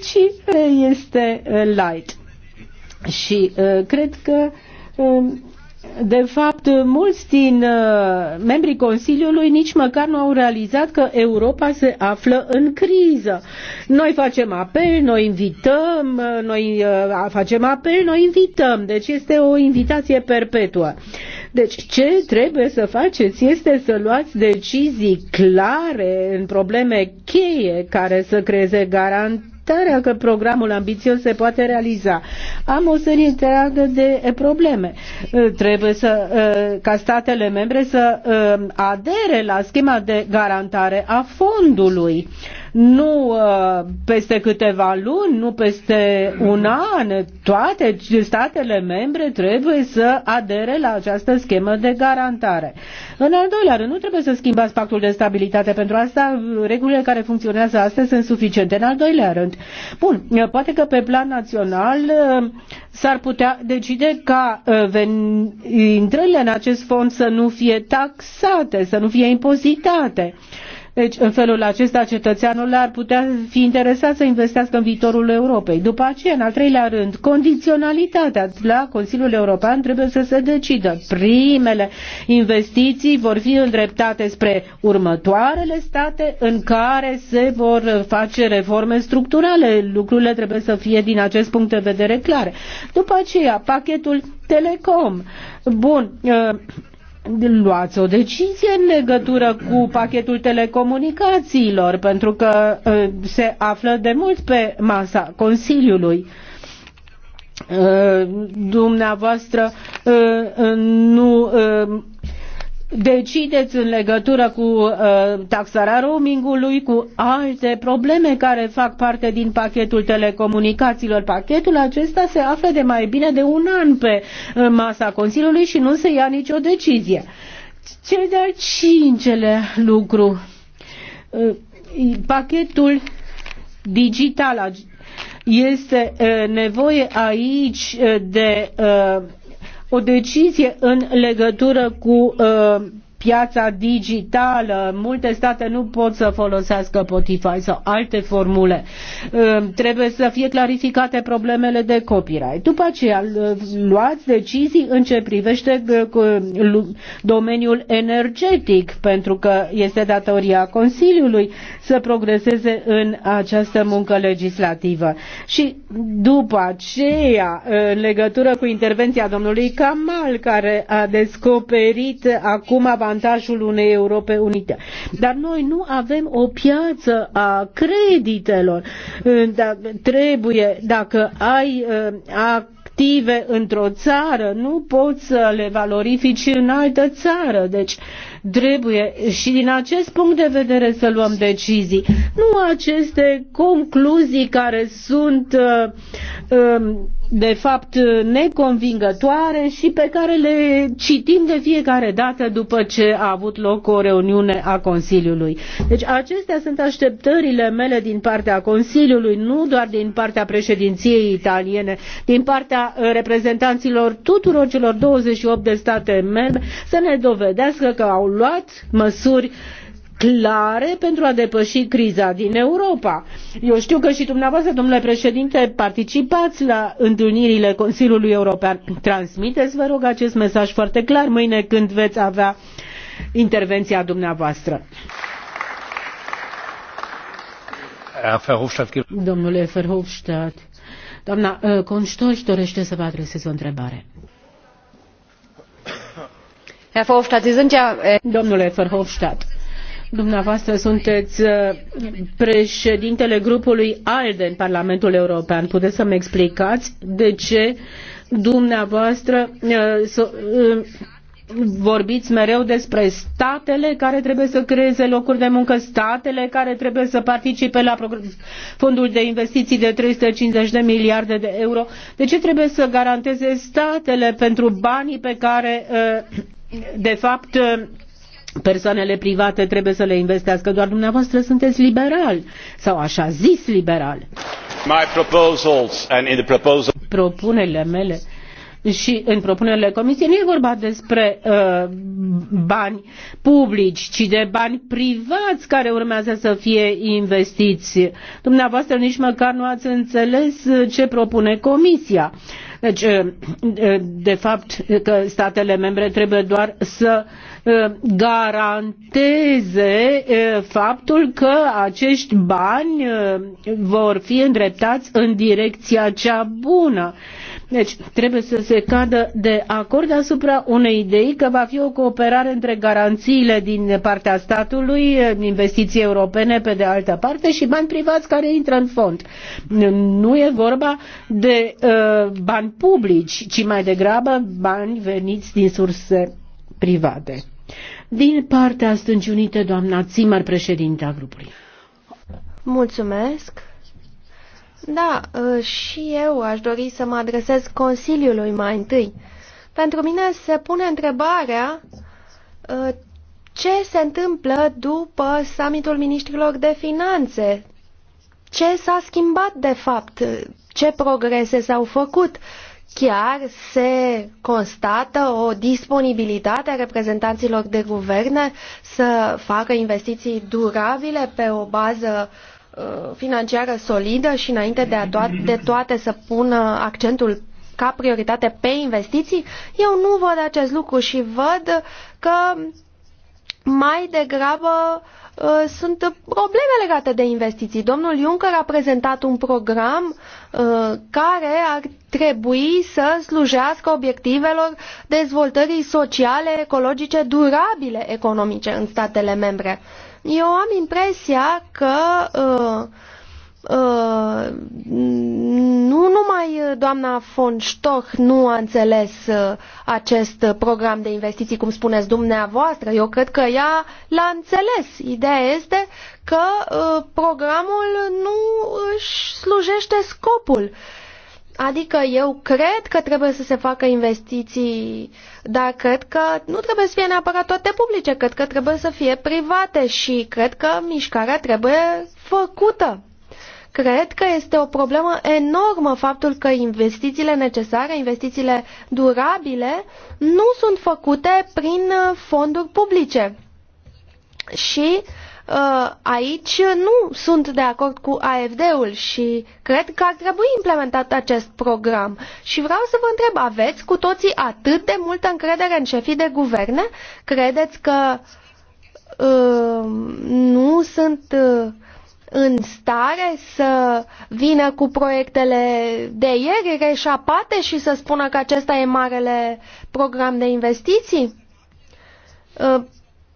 ci uh, este uh, light. Și uh, cred că uh, de fapt, mulți din uh, membrii Consiliului nici măcar nu au realizat că Europa se află în criză. Noi facem apel, noi invităm, uh, noi uh, facem apel, noi invităm. Deci este o invitație perpetuă. Uh, deci ce trebuie să faceți este să luați decizii clare în probleme cheie care să creeze garanții tarea că programul ambițios se poate realiza. Am o serie întreagă de probleme. Trebuie să, ca statele membre să adere la schema de garantare a fondului nu uh, peste câteva luni, nu peste un an, toate statele membre trebuie să adere la această schemă de garantare. În al doilea rând, nu trebuie să schimbați pactul de stabilitate, pentru asta regulile care funcționează astăzi sunt suficiente. În al doilea rând, bun, uh, poate că pe plan național uh, s-ar putea decide ca ven... intrările în acest fond să nu fie taxate, să nu fie impozitate. Deci, în felul acesta, cetățeanul ar putea fi interesat să investească în viitorul Europei. După aceea, în al treilea rând, condiționalitatea la Consiliul European trebuie să se decidă. Primele investiții vor fi îndreptate spre următoarele state în care se vor face reforme structurale. Lucrurile trebuie să fie din acest punct de vedere clare. După aceea, pachetul Telecom. Bun. Uh, luați o decizie în legătură cu pachetul telecomunicațiilor, pentru că uh, se află de mult pe masa Consiliului. Uh, dumneavoastră uh, nu decideți în legătură cu uh, taxarea roamingului, cu alte probleme care fac parte din pachetul telecomunicațiilor. Pachetul acesta se află de mai bine de un an pe uh, masa Consiliului și nu se ia nicio decizie. Cel de-al cincele lucru, uh, pachetul digital este uh, nevoie aici uh, de uh, o decizie în legătură cu uh, piața digitală. Multe state nu pot să folosească Spotify sau alte formule. Trebuie să fie clarificate problemele de copyright. După aceea, luați decizii în ce privește uh, domeniul energetic, pentru că este datoria Consiliului să progreseze în această muncă legislativă. Și după aceea, uh, în legătură cu intervenția domnului Kamal, care a descoperit acum avantajele avantajul unei Europe unite. Dar noi nu avem o piață a creditelor. Da, trebuie, dacă ai a uh, active într-o țară, nu poți să le valorifici în altă țară. Deci Trebuie și din acest punct de vedere să luăm decizii. Nu aceste concluzii care sunt uh, um, de fapt neconvingătoare și pe care le citim de fiecare dată după ce a avut loc o reuniune a Consiliului. Deci acestea sunt așteptările mele din partea Consiliului, nu doar din partea președinției italiene, din partea uh, reprezentanților tuturor celor 28 de state membre, să ne dovedească că au luat măsuri clare pentru a depăși criza din Europa. Eu știu că și dumneavoastră, domnule președinte, participați la întâlnirile Consiliului European. Transmiteți, vă rog, acest mesaj foarte clar mâine când veți avea intervenția dumneavoastră. Domnule Verhofstadt, doamna uh, Conștoș dorește să vă adresez o întrebare. Herr Verhofstadt, Sie sind ja... Äh, Domnule Verhofstadt, dumneavoastră sunteți uh, președintele grupului ALDE în Parlamentul European. Puteți să-mi explicați de ce dumneavoastră uh, uh, vorbiți mereu despre statele care trebuie să creeze locuri de muncă, statele care trebuie să participe la fondul de investiții de 350 de miliarde de euro. De ce trebuie să garanteze statele pentru banii pe care, eh, de fapt, eh, persoanele private trebuie să le investească? Doar dumneavoastră sunteți liberali sau așa zis liberali. Propunerile mele și în propunerile comisiei nu e vorba despre uh, bani publici, ci de bani privați care urmează să fie investiți. Dumneavoastră nici măcar nu ați înțeles ce propune comisia. Deci, uh, de fapt, că statele membre trebuie doar să uh, Uh, garanteze uh, faptul că acești bani uh, vor fi îndreptați în direcția cea bună. Deci trebuie să se cadă de acord asupra unei idei că va fi o cooperare între garanțiile din partea statului, investiții europene pe de altă parte și bani privați care intră în fond. Nu e vorba de uh, bani publici, ci mai degrabă bani veniți din surse private. Din partea Stâncii Unite, doamna Zimmer, președintea grupului. Mulțumesc. Da, ă, și eu aș dori să mă adresez Consiliului mai întâi. Pentru mine se pune întrebarea ă, ce se întâmplă după summitul ministrilor de finanțe. Ce s-a schimbat de fapt? Ce progrese s-au făcut? chiar se constată o disponibilitate a reprezentanților de guverne să facă investiții durabile pe o bază uh, financiară solidă și înainte de, a to- de toate să pună accentul ca prioritate pe investiții, eu nu văd acest lucru și văd că mai degrabă uh, Uh, sunt uh, probleme legate de investiții. Domnul Juncker a prezentat un program uh, care ar trebui să slujească obiectivelor dezvoltării sociale, ecologice, durabile economice în statele membre. Eu am impresia că uh, Uh, nu numai doamna von Stoch nu a înțeles uh, acest program de investiții, cum spuneți dumneavoastră, eu cred că ea l-a înțeles. Ideea este că uh, programul nu își slujește scopul. Adică eu cred că trebuie să se facă investiții, dar cred că nu trebuie să fie neapărat toate publice, cred că trebuie să fie private și cred că mișcarea trebuie făcută. Cred că este o problemă enormă faptul că investițiile necesare, investițiile durabile, nu sunt făcute prin uh, fonduri publice. Și uh, aici nu sunt de acord cu AFD-ul și cred că ar trebui implementat acest program. Și vreau să vă întreb, aveți cu toții atât de multă încredere în șefii de guverne? Credeți că uh, nu sunt... Uh, în stare să vină cu proiectele de ieri reșapate și să spună că acesta e marele program de investiții? Ă,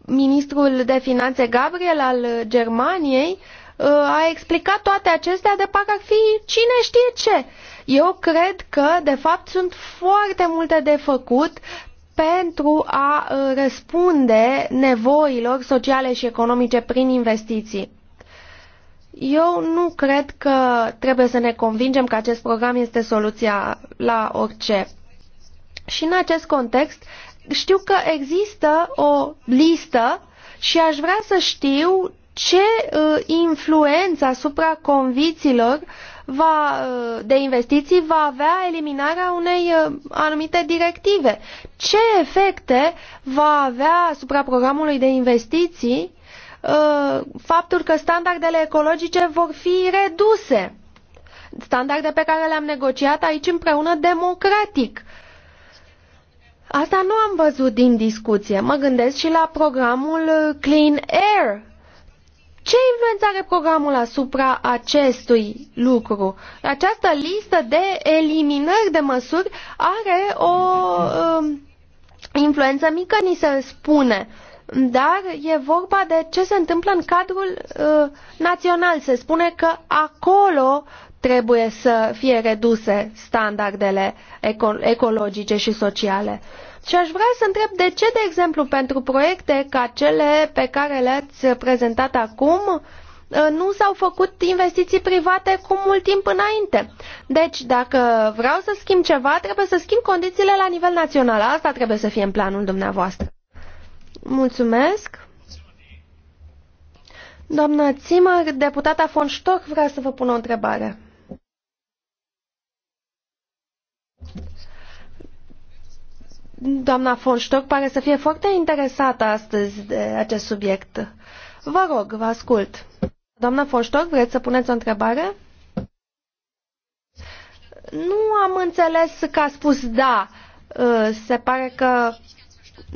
ministrul de Finanțe Gabriel al Germaniei ă, a explicat toate acestea de parcă ar fi cine știe ce. Eu cred că, de fapt, sunt foarte multe de făcut pentru a ă, răspunde nevoilor sociale și economice prin investiții. Eu nu cred că trebuie să ne convingem că acest program este soluția la orice. Și în acest context, știu că există o listă și aș vrea să știu ce uh, influență asupra conviților va, uh, de investiții va avea eliminarea unei uh, anumite directive. Ce efecte va avea asupra programului de investiții Uh, faptul că standardele ecologice vor fi reduse. Standarde pe care le-am negociat aici împreună democratic. Asta nu am văzut din discuție. Mă gândesc și la programul Clean Air. Ce influență are programul asupra acestui lucru? Această listă de eliminări de măsuri are o uh, influență mică, ni se spune. Uh, dar e vorba de ce se întâmplă în cadrul uh, național. Se spune că acolo trebuie să fie reduse standardele eco ecologice și sociale. Și aș vrea să întreb de ce, de exemplu, pentru proiecte ca cele pe care le-ați prezentat acum, uh, nu s-au făcut investiții private cu mult timp înainte. Deci, dacă vreau să schimb ceva, trebuie să schimb condițiile la nivel național. Asta trebuie să fie în planul dumneavoastră. Mulțumesc. Doamna Zimmer, deputata von Stoch vrea să vă pună o întrebare. Doamna von Stoch pare să fie foarte interesată astăzi de acest subiect. Vă rog, vă ascult. Doamna von Stoch, vreți să puneți o întrebare? Nu am înțeles că a spus da. Uh, se pare că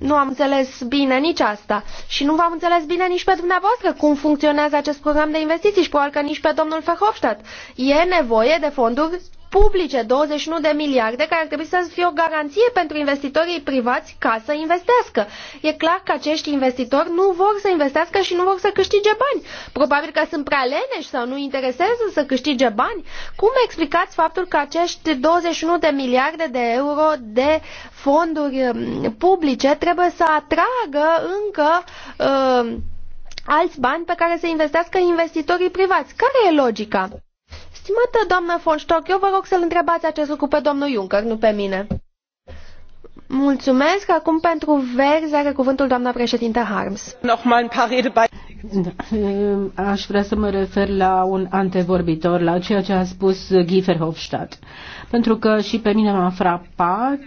nu am înțeles bine nici asta și nu v-am înțeles bine nici pe dumneavoastră cum funcționează acest program de investiții și probabil că nici pe domnul Verhofstadt. E nevoie de fonduri publice, 21 de miliarde, care ar trebui să fie o garanție pentru investitorii privați ca să investească. E clar că acești investitori nu vor să investească și nu vor să câștige bani. Probabil că sunt prea leneși sau nu interesează să câștige bani. Cum explicați faptul că acești 21 de miliarde de euro de fonduri um, publice trebuie să atragă încă uh, alți bani pe care să investească investitorii privați? Care e logica? Stimată deci, doamnă Fonstoc, eu vă rog să-l întrebați acest lucru pe domnul Juncker, nu pe mine. Mulțumesc. Acum pentru verzi are cuvântul doamna președintă Harms. Da. Ehm, aș vrea să mă refer la un antevorbitor, la ceea ce a spus Giefer Hofstadt. Pentru că și pe mine m-a frapat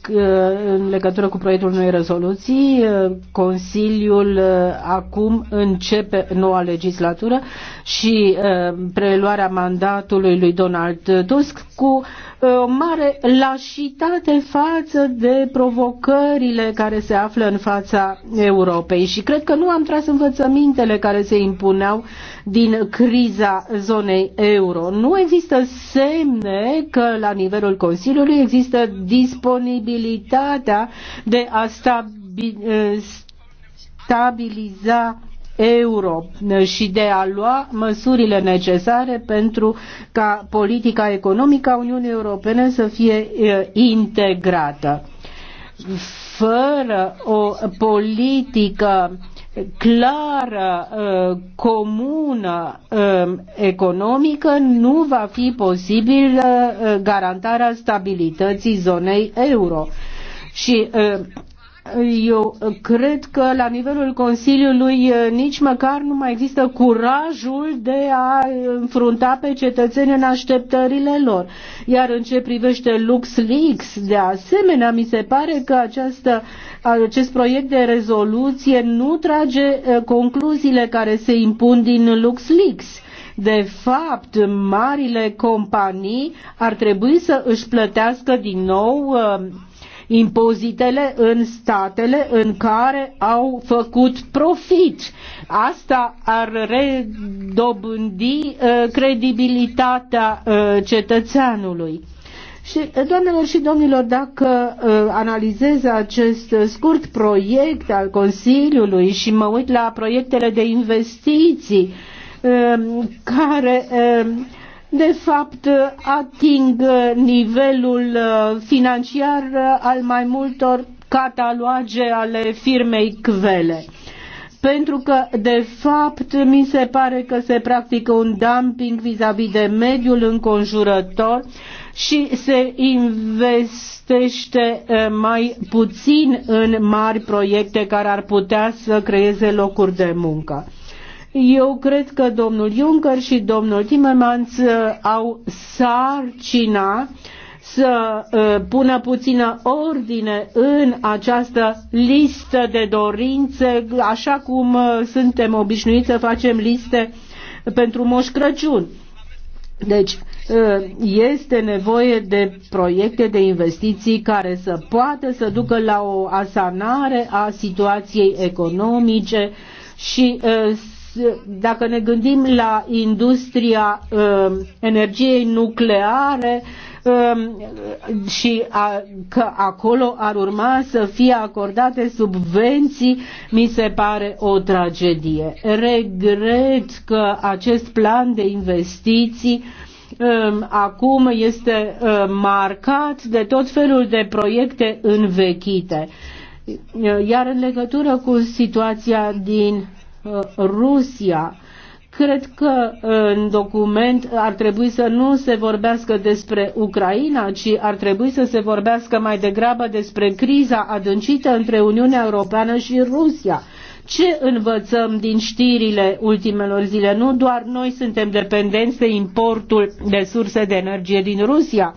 că, în legătură cu proiectul unei rezoluții, Consiliul eh, acum începe noua legislatură și eh, preluarea mandatului lui Donald Tusk cu o mare lașitate față de provocările care se află în fața Europei și cred că nu am tras învățămintele care se impuneau din criza zonei euro. Nu există semne că la nivelul Consiliului există disponibilitatea de a eh, stabiliza euro și de a lua măsurile necesare pentru ca politica economică a Uniunii Europene să fie integrată. Fără o politică clară, comună, economică, nu va fi posibil garantarea stabilității zonei euro. Și eu cred că la nivelul Consiliului eh, nici măcar nu mai există curajul de a înfrunta pe cetățeni în așteptările lor. Iar în ce privește LuxLeaks, de asemenea, mi se pare că această, acest proiect de rezoluție nu trage eh, concluziile care se impun din LuxLeaks. De fapt, marile companii ar trebui să își plătească din nou uh, impozitele în statele în care au făcut profit. Asta ar redobândi uh, credibilitatea uh, cetățeanului. Și, uh, doamnelor și domnilor, dacă uh, analizez acest scurt proiect al Consiliului și mă uit la proiectele de investiții uh, care uh, de fapt ating nivelul uh, financiar uh, al mai multor cataloage ale firmei Kvele. Pentru că, de fapt, mi se pare că se practică un dumping vis-a-vis -vis de mediul înconjurător și se investește uh, mai puțin în mari proiecte care ar putea să creeze locuri de muncă. Eu cred că domnul Juncker și domnul Timmermans uh, au sarcina să uh, pună puțină ordine în această listă de dorințe, așa cum uh, suntem obișnuiți să facem liste pentru Moș Crăciun. Deci, este nevoie de proiecte de investiții care să poată să ducă la o asanare a situației economice și dacă ne gândim la industria um, energiei nucleare, um, și a, că acolo ar urma să fie acordate subvenții, mi se pare o tragedie. Regret că acest plan de investiții um, acum este uh, marcat de tot felul de proiecte învechite. Iar în legătură cu situația din Uh, Rusia. Cred că uh, în document ar trebui să nu se vorbească despre Ucraina, ci ar trebui să se vorbească mai degrabă despre criza adâncită între Uniunea Europeană și Rusia. Ce învățăm din știrile ultimelor zile? Nu doar noi suntem dependenți de importul de surse de energie din Rusia,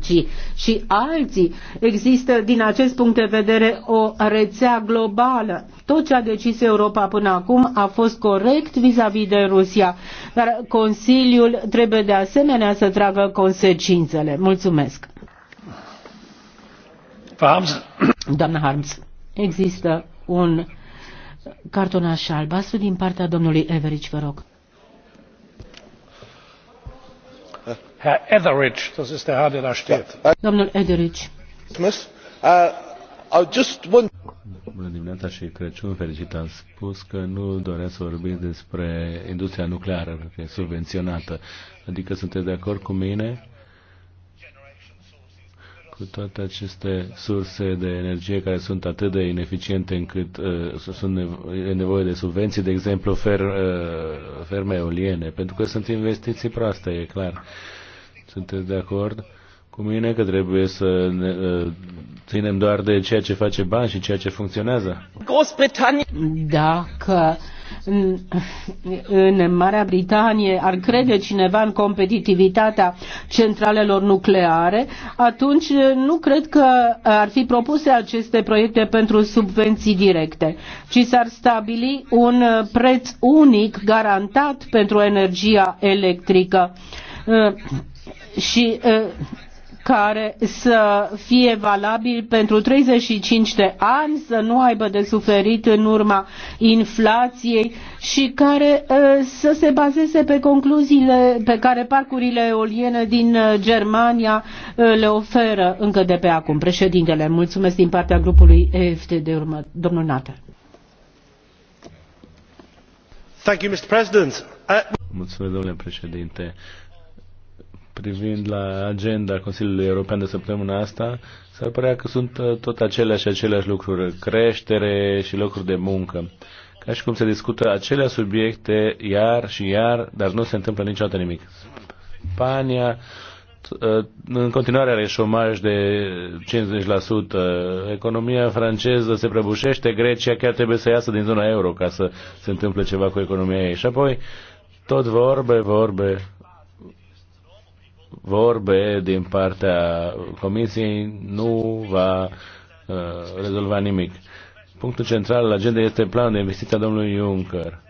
ci și alții. Există din acest punct de vedere o rețea globală. Tot ce a decis Europa până acum a fost corect vis-a-vis -vis de Rusia, dar Consiliul trebuie de asemenea să tragă consecințele. Mulțumesc. Harms. Doamna Harms, există un cartonaș albastru din partea domnului Everici, vă rog. Bună dimineața și Crăciun fericit. Am spus că nu doresc să vorbim despre industria nucleară, pentru că e subvenționată. Adică sunteți de acord cu mine? Cu toate aceste surse de energie care sunt atât de ineficiente încât uh, sunt nevo- e nevoie de subvenții, de exemplu fer, uh, ferme eoliene, pentru că sunt investiții proaste, e clar. Uh, sunteți de acord cu mine că trebuie să ne, ă, ținem doar de ceea ce face bani și ceea ce funcționează? Dacă în, în Marea Britanie ar crede cineva în competitivitatea centralelor nucleare, atunci nu cred că ar fi propuse aceste proiecte pentru subvenții directe, ci s-ar stabili un preț unic garantat pentru energia electrică ă, și uh, care să fie valabil pentru 35 de ani, să nu aibă de suferit în urma inflației și care uh, să se bazeze pe concluziile pe care parcurile eoliene din uh, Germania le oferă încă de pe acum. Președintele, mulțumesc din partea grupului EFT de urmă, domnul Nater. Mulțumesc, domnule președinte privind la agenda Consiliului European de săptămâna asta, s-ar părea că sunt uh, tot aceleași și aceleași lucruri, creștere și locuri de muncă. Ca și cum se discută aceleași subiecte iar și iar, dar nu se întâmplă niciodată nimic. Spania uh, în continuare are șomaj de 50%, economia franceză se prăbușește, Grecia chiar trebuie să iasă din zona euro ca să se întâmple ceva cu economia ei. Și apoi tot vorbe, vorbe, vorbe din partea Comisiei nu va uh, rezolva nimic. Punctul central al agendei este planul de investiție a domnului Juncker,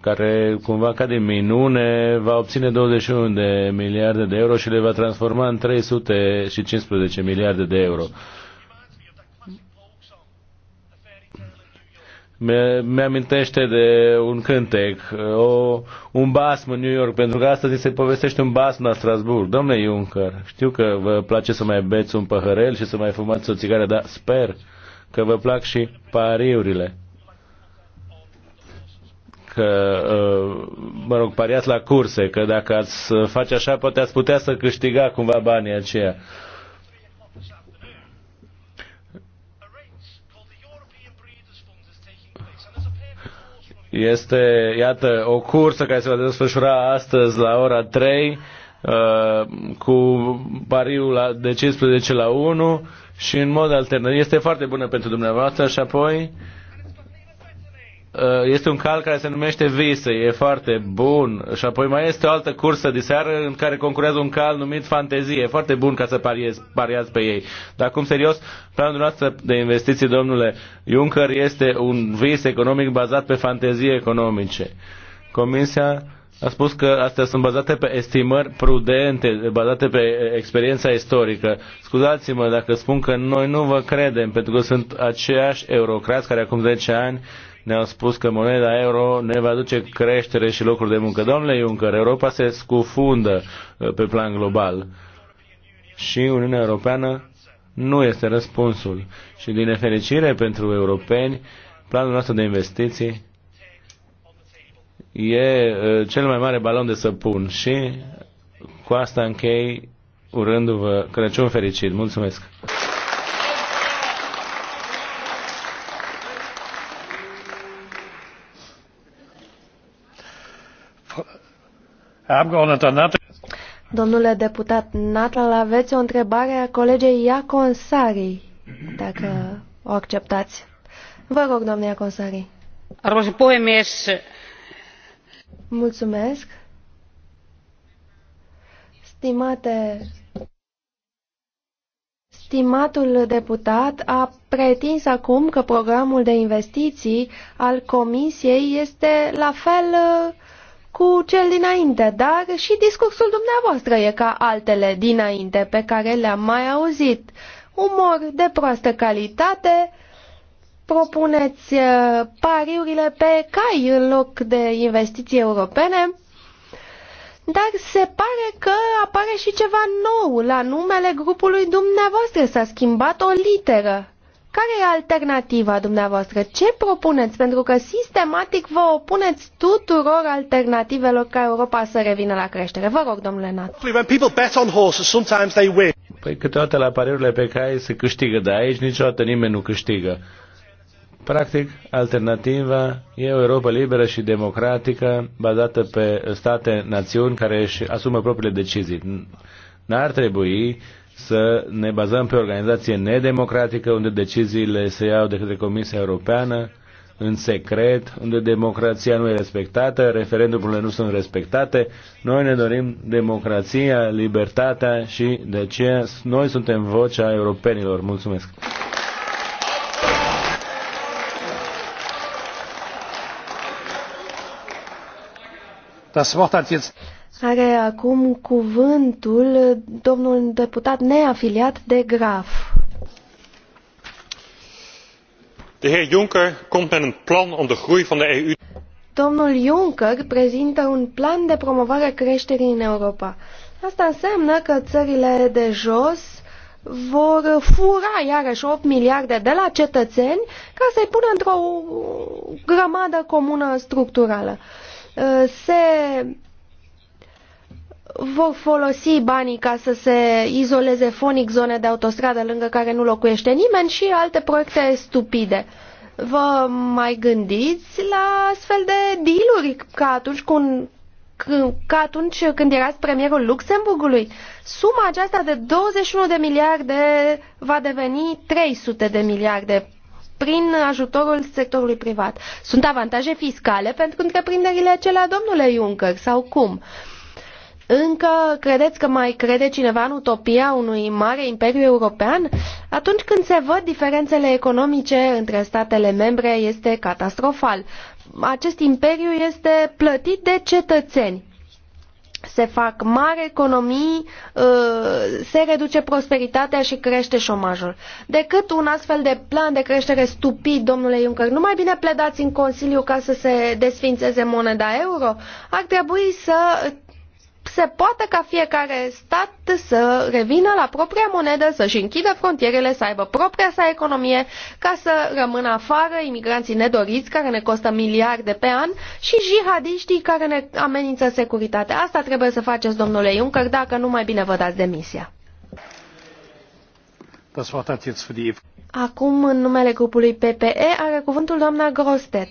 care cumva ca de minune va obține 21 de miliarde de euro și le va transforma în 315 miliarde de euro. mi-amintește de un cântec, o, un basm în New York, pentru că astăzi se povestește un basm la Strasburg. Domnule Juncker, știu că vă place să mai beți un păhărel și să mai fumați o țigară, dar sper că vă plac și pariurile. Că, uh, mă rog, pariați la curse, că dacă ați face așa, poate ați putea să câștiga cumva banii aceia. Este, iată, o cursă care se va desfășura astăzi la ora 3 uh, cu pariul de 15 la 1 și în mod alternativ. Este foarte bună pentru dumneavoastră și apoi Uh, este un cal care se numește Vise, e foarte bun. Și apoi mai este o altă cursă de seară în care concurează un cal numit Fantezie. E foarte bun ca să pariez, pariați pe ei. Dar acum serios, planul noastră de investiții, domnule Juncker, este un vis economic bazat pe fantezie economice. Comisia a spus că astea sunt bazate pe estimări prudente, bazate pe eh, experiența istorică. Scuzați-mă dacă spun că noi nu vă credem, pentru că sunt aceiași eurocrați care acum 10 ani ne-au spus că moneda euro ne va aduce creștere și locuri de muncă. Domnule Juncker, Europa se scufundă uh, pe plan global și Uniunea Europeană nu este răspunsul. Și din nefericire pentru europeni, planul nostru de investiții e uh, cel mai mare balon de săpun și cu asta închei urându-vă Crăciun fericit. Mulțumesc! Domnule deputat Natal, aveți o întrebare a colegei Iaconsari, dacă o acceptați. Vă rog, doamne Iaconsari. Arvoisa puhemies. Mulțumesc. Stimate Stimatul deputat a pretins acum că programul de investiții al Comisiei este la fel cu cel dinainte, dar și discursul dumneavoastră e ca altele dinainte pe care le-am mai auzit. Umor de proastă calitate, propuneți uh, pariurile pe cai în loc de investiții europene, dar se pare că apare și ceva nou la numele grupului dumneavoastră, s-a schimbat o literă. Care e alternativa dumneavoastră? Ce propuneți? Pentru că sistematic vă opuneți tuturor alternativelor ca Europa să revină la creștere. Vă rog, domnule Nat. Păi câteodată la parerile pe care se câștigă, dar aici niciodată nimeni nu câștigă. Practic, alternativa e o Europa liberă și democratică, bazată pe state, națiuni care își asumă propriile decizii. N-ar trebui uh, să ne bazăm pe o organizație nedemocratică, unde deciziile se iau de către Comisia Europeană, în secret, unde democrația nu e respectată, referendumurile nu sunt respectate. Noi ne dorim democrația, libertatea și de aceea noi suntem vocea europenilor. Mulțumesc! Das Wort hat jetzt are acum cuvântul domnul deputat neafiliat de Graf. De heer Juncker komt met een plan om de groei van de EU. Domnul Juncker prezintă un plan de promovare a creșterii în Europa. Asta înseamnă că țările de jos vor fura iarăși 8 miliarde de la cetățeni ca să-i pună într-o grămadă comună structurală. Se vor folosi banii ca să se izoleze fonic zone de autostradă lângă care nu locuiește nimeni și alte proiecte stupide. Vă mai gândiți la astfel de dealuri ca atunci cu ca atunci când erați premierul Luxemburgului. Suma aceasta de 21 de miliarde va deveni 300 de miliarde prin ajutorul sectorului privat. Sunt avantaje fiscale pentru întreprinderile acelea, domnule Juncker, sau cum? Uh, încă credeți că mai crede cineva în utopia unui mare imperiu european? Atunci când se văd diferențele economice între statele membre, este catastrofal. Acest imperiu este plătit de cetățeni. Se fac mari economii, uh, se reduce prosperitatea și crește șomajul. Decât un astfel de plan de creștere stupid, domnule Juncker, nu mai bine pledați în Consiliu ca să se desfințeze moneda euro? Ar trebui să se poate ca fiecare stat să revină la propria monedă, să-și închidă frontierele, să aibă propria sa economie, ca să rămână afară imigranții nedoriți care ne costă miliarde pe an și jihadiștii care ne amenință securitatea. Asta trebuie să faceți, domnule Juncker, dacă nu mai bine vă dați demisia. Acum, în numele grupului PPE, are cuvântul doamna Grostet.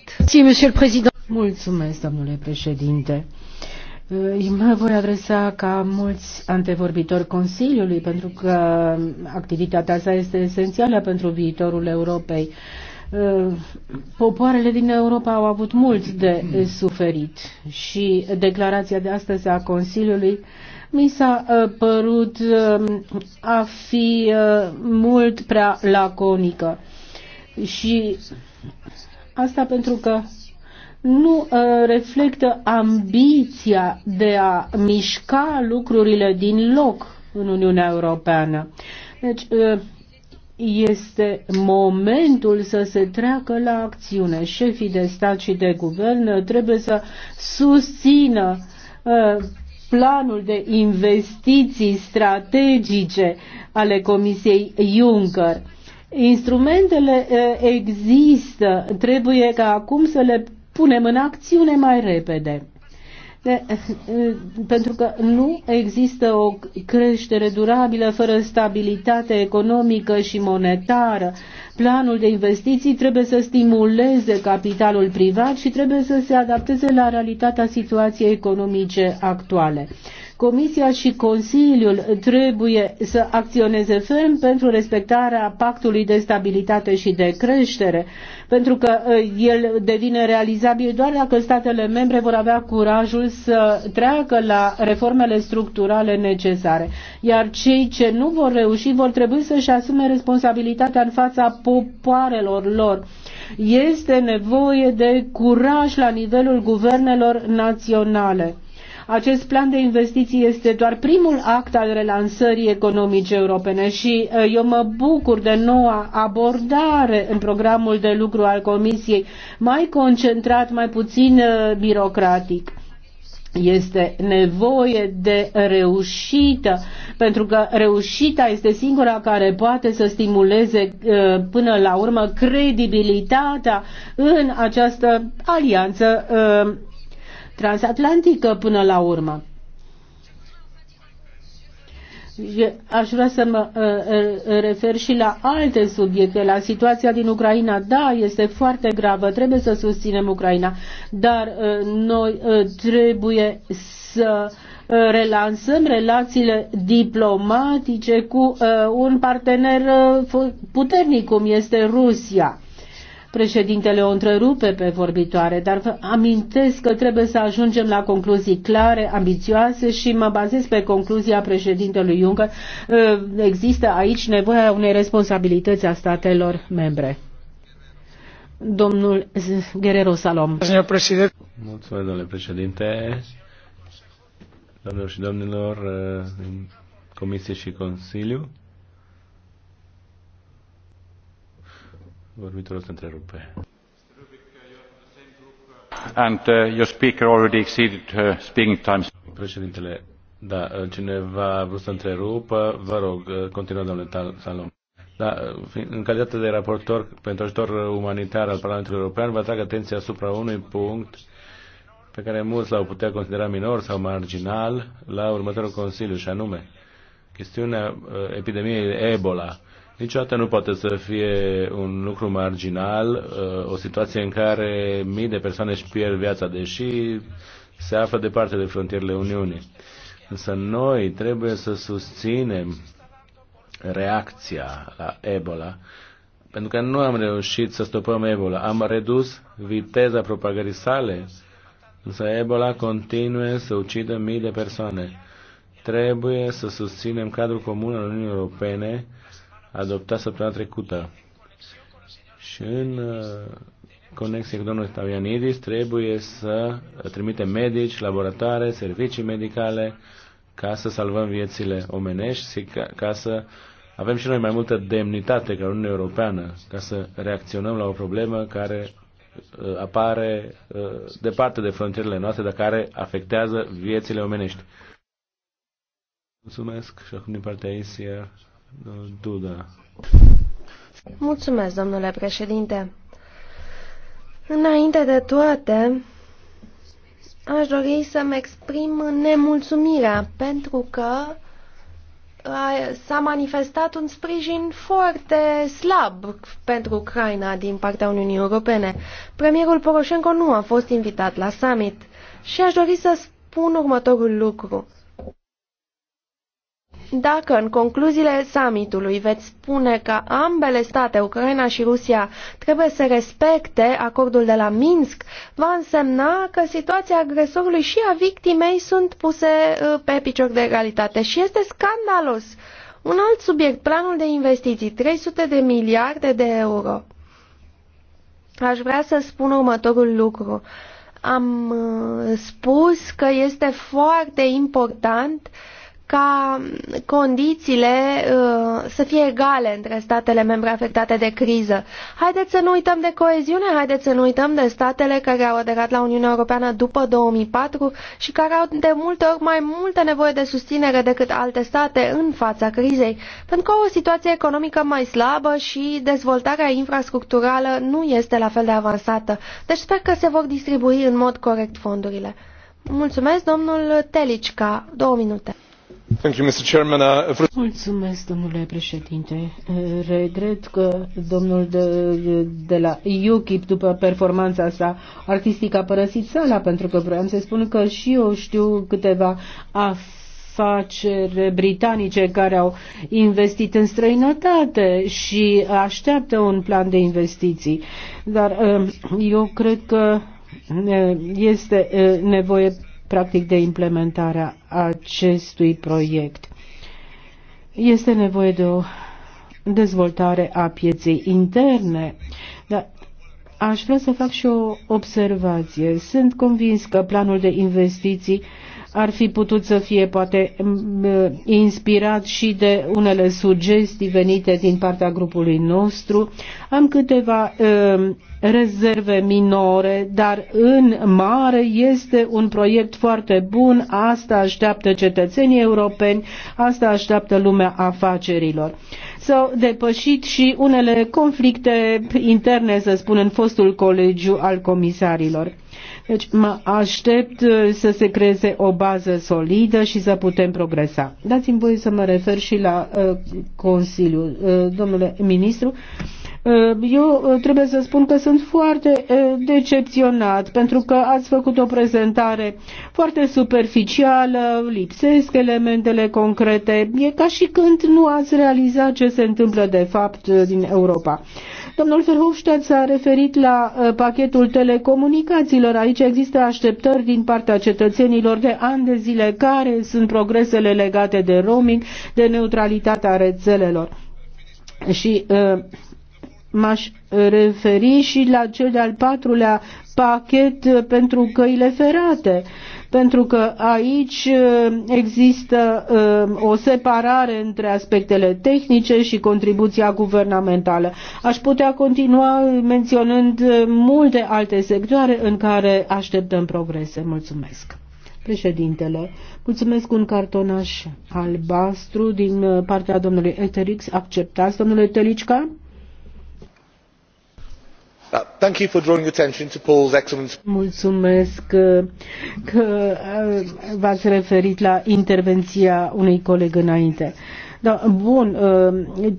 Mulțumesc, domnule președinte. Mă voi adresa ca mulți antevorbitori Consiliului, pentru că activitatea sa este esențială pentru viitorul Europei. Uh, popoarele din Europa au avut mult de suferit și declarația de astăzi a Consiliului mi s-a uh, părut um, a fi uh, mult prea laconică. Și asta pentru că nu uh, reflectă ambiția de a mișca lucrurile din loc în Uniunea Europeană. Deci uh, este momentul să se treacă la acțiune. Șefii de stat și de guvern trebuie să susțină uh, planul de investiții strategice ale Comisiei Juncker. Instrumentele există, trebuie ca acum să le punem în acțiune mai repede. De, pentru că nu există o creștere durabilă fără stabilitate economică și monetară. Planul de investiții trebuie să stimuleze capitalul privat și trebuie să se adapteze la realitatea situației economice actuale. Comisia și Consiliul trebuie să acționeze ferm pentru respectarea pactului de stabilitate și de creștere, pentru că ă, el devine realizabil doar dacă statele membre vor avea curajul să treacă la reformele structurale necesare. Iar cei ce nu vor reuși vor trebui să-și asume responsabilitatea în fața popoarelor lor. Este nevoie de curaj la nivelul guvernelor naționale acest plan de investiții este doar primul act al relansării economice europene și eu mă bucur de noua abordare în programul de lucru al Comisiei, mai concentrat, mai puțin birocratic este nevoie de reușită, pentru că reușita este singura care poate să stimuleze până la urmă credibilitatea în această alianță transatlantică până la urmă. Aș vrea să mă uh, uh, refer și la alte subiecte, la situația din Ucraina. Da, este foarte gravă, trebuie să susținem Ucraina, dar uh, noi trebuie să relansăm relațiile diplomatice cu un partener puternic cum este Rusia. Președintele o întrerupe pe vorbitoare, dar vă amintesc că trebuie să ajungem la concluzii clare, ambițioase și mă bazez pe concluzia președintelui Juncker. Ă, există aici nevoia unei responsabilități a statelor membre. Domnul Guerrero Salom. Mulțumesc, domnule președinte. Domnilor și domnilor, ă, Comisie și Consiliu. Vorbitorul se întrerupe. And uh, your speaker already exceeded her speaking time. Președintele, da, uh, cineva a vrut să întrerupă. Vă rog, uh, continuă, domnule Salom. Da, uh, în calitate de raportor pentru ajutor umanitar al Parlamentului European, vă atrag atenția asupra unui punct pe care mulți l-au putea considera minor sau marginal la următorul Consiliu, și anume chestiunea epidemiei Ebola niciodată nu poate să fie un lucru marginal, uh, o situație în care mii de persoane își pierd viața, deși se află departe de frontierele Uniunii. Însă noi trebuie să susținem reacția la Ebola, pentru că nu am reușit să stopăm Ebola. Am redus viteza propagării sale, însă Ebola continuă să ucidă mii de persoane. Trebuie să susținem cadrul comun al Uniunii Europene adoptat săptămâna trecută. Și în uh, conexie cu domnul Stavianidis trebuie să trimitem medici, laboratoare, servicii medicale ca să salvăm viețile omenești, ca, ca să avem și noi mai multă demnitate ca Uniunea Europeană, ca să reacționăm la o problemă care uh, apare uh, departe de frontierele noastre, dar care afectează viețile omenești. Mulțumesc și acum din partea ICR, Duda. Mulțumesc, domnule președinte. Înainte de toate, aș dori să-mi exprim nemulțumirea pentru că s-a manifestat un sprijin foarte slab pentru Ucraina din partea Uniunii Europene. Premierul Poroșenko nu a fost invitat la summit și aș dori să spun următorul lucru. Dacă în concluziile summitului veți spune că ambele state, Ucraina și Rusia, trebuie să respecte acordul de la Minsk, va însemna că situația agresorului și a victimei sunt puse uh, pe picior de egalitate și este scandalos. Un alt subiect, planul de investiții, 300 de miliarde de euro. Aș vrea să spun următorul lucru. Am uh, spus că este foarte important uh, ca condițiile uh, să fie egale între statele membre afectate de criză. Haideți să nu uităm de coeziune, haideți să nu uităm de statele care au aderat la Uniunea Europeană după 2004 și care au de multe ori mai multă nevoie de susținere decât alte state în fața crizei, pentru că o situație economică mai slabă și dezvoltarea infrastructurală nu este la fel de avansată. Deci sper că se vor distribui în mod corect fondurile. Mulțumesc, domnul Telicca. Două minute. Uh, Mulțumesc, domnule președinte. Uh, regret că domnul de, de la UKIP, după performanța sa artistică, a părăsit sala, pentru că vreau să spun că și eu știu câteva afaceri britanice care au investit în străinătate și așteaptă un plan de investiții. Dar uh, eu cred că este nevoie practic de implementarea acestui proiect. Este nevoie de o dezvoltare a pieței interne, dar aș vrea să fac și o observație. Sunt convins că planul de investiții ar fi putut să fie poate inspirat și de unele sugestii venite din partea grupului nostru. Am câteva rezerve minore, dar în mare este un proiect foarte bun, asta așteaptă cetățenii europeni, asta așteaptă lumea afacerilor. S-au depășit și unele conflicte interne, să spun, în fostul colegiu al comisarilor. Deci mă aștept uh, să se creeze o bază solidă și să putem progresa. Dați-mi voie să mă refer și la uh, Consiliu. Uh, domnule ministru, uh, eu uh, trebuie să spun că sunt foarte decepționat pentru că ați făcut o prezentare foarte superficială, lipsesc elementele concrete, e ca și când nu ați realizat ce se întâmplă de fapt din Europa. Domnul Verhofstadt s-a referit la uh, pachetul telecomunicațiilor. Aici există așteptări din partea cetățenilor de ani de zile care sunt progresele legate de roaming, de neutralitatea rețelelor. Și uh, m-aș uh, referi și la cel de-al patrulea pachet pentru căile ferate pentru că aici uh, există uh, o separare între aspectele tehnice și contribuția guvernamentală. Aș putea continua menționând uh, multe alte sectoare în care așteptăm progrese. Mulțumesc! Președintele, mulțumesc un cartonaș albastru din partea domnului Eterix. Acceptați, domnule Telicca? Uh, Mulțumesc că uh, v-ați referit la intervenția unei colegi înainte. Da, bun, uh,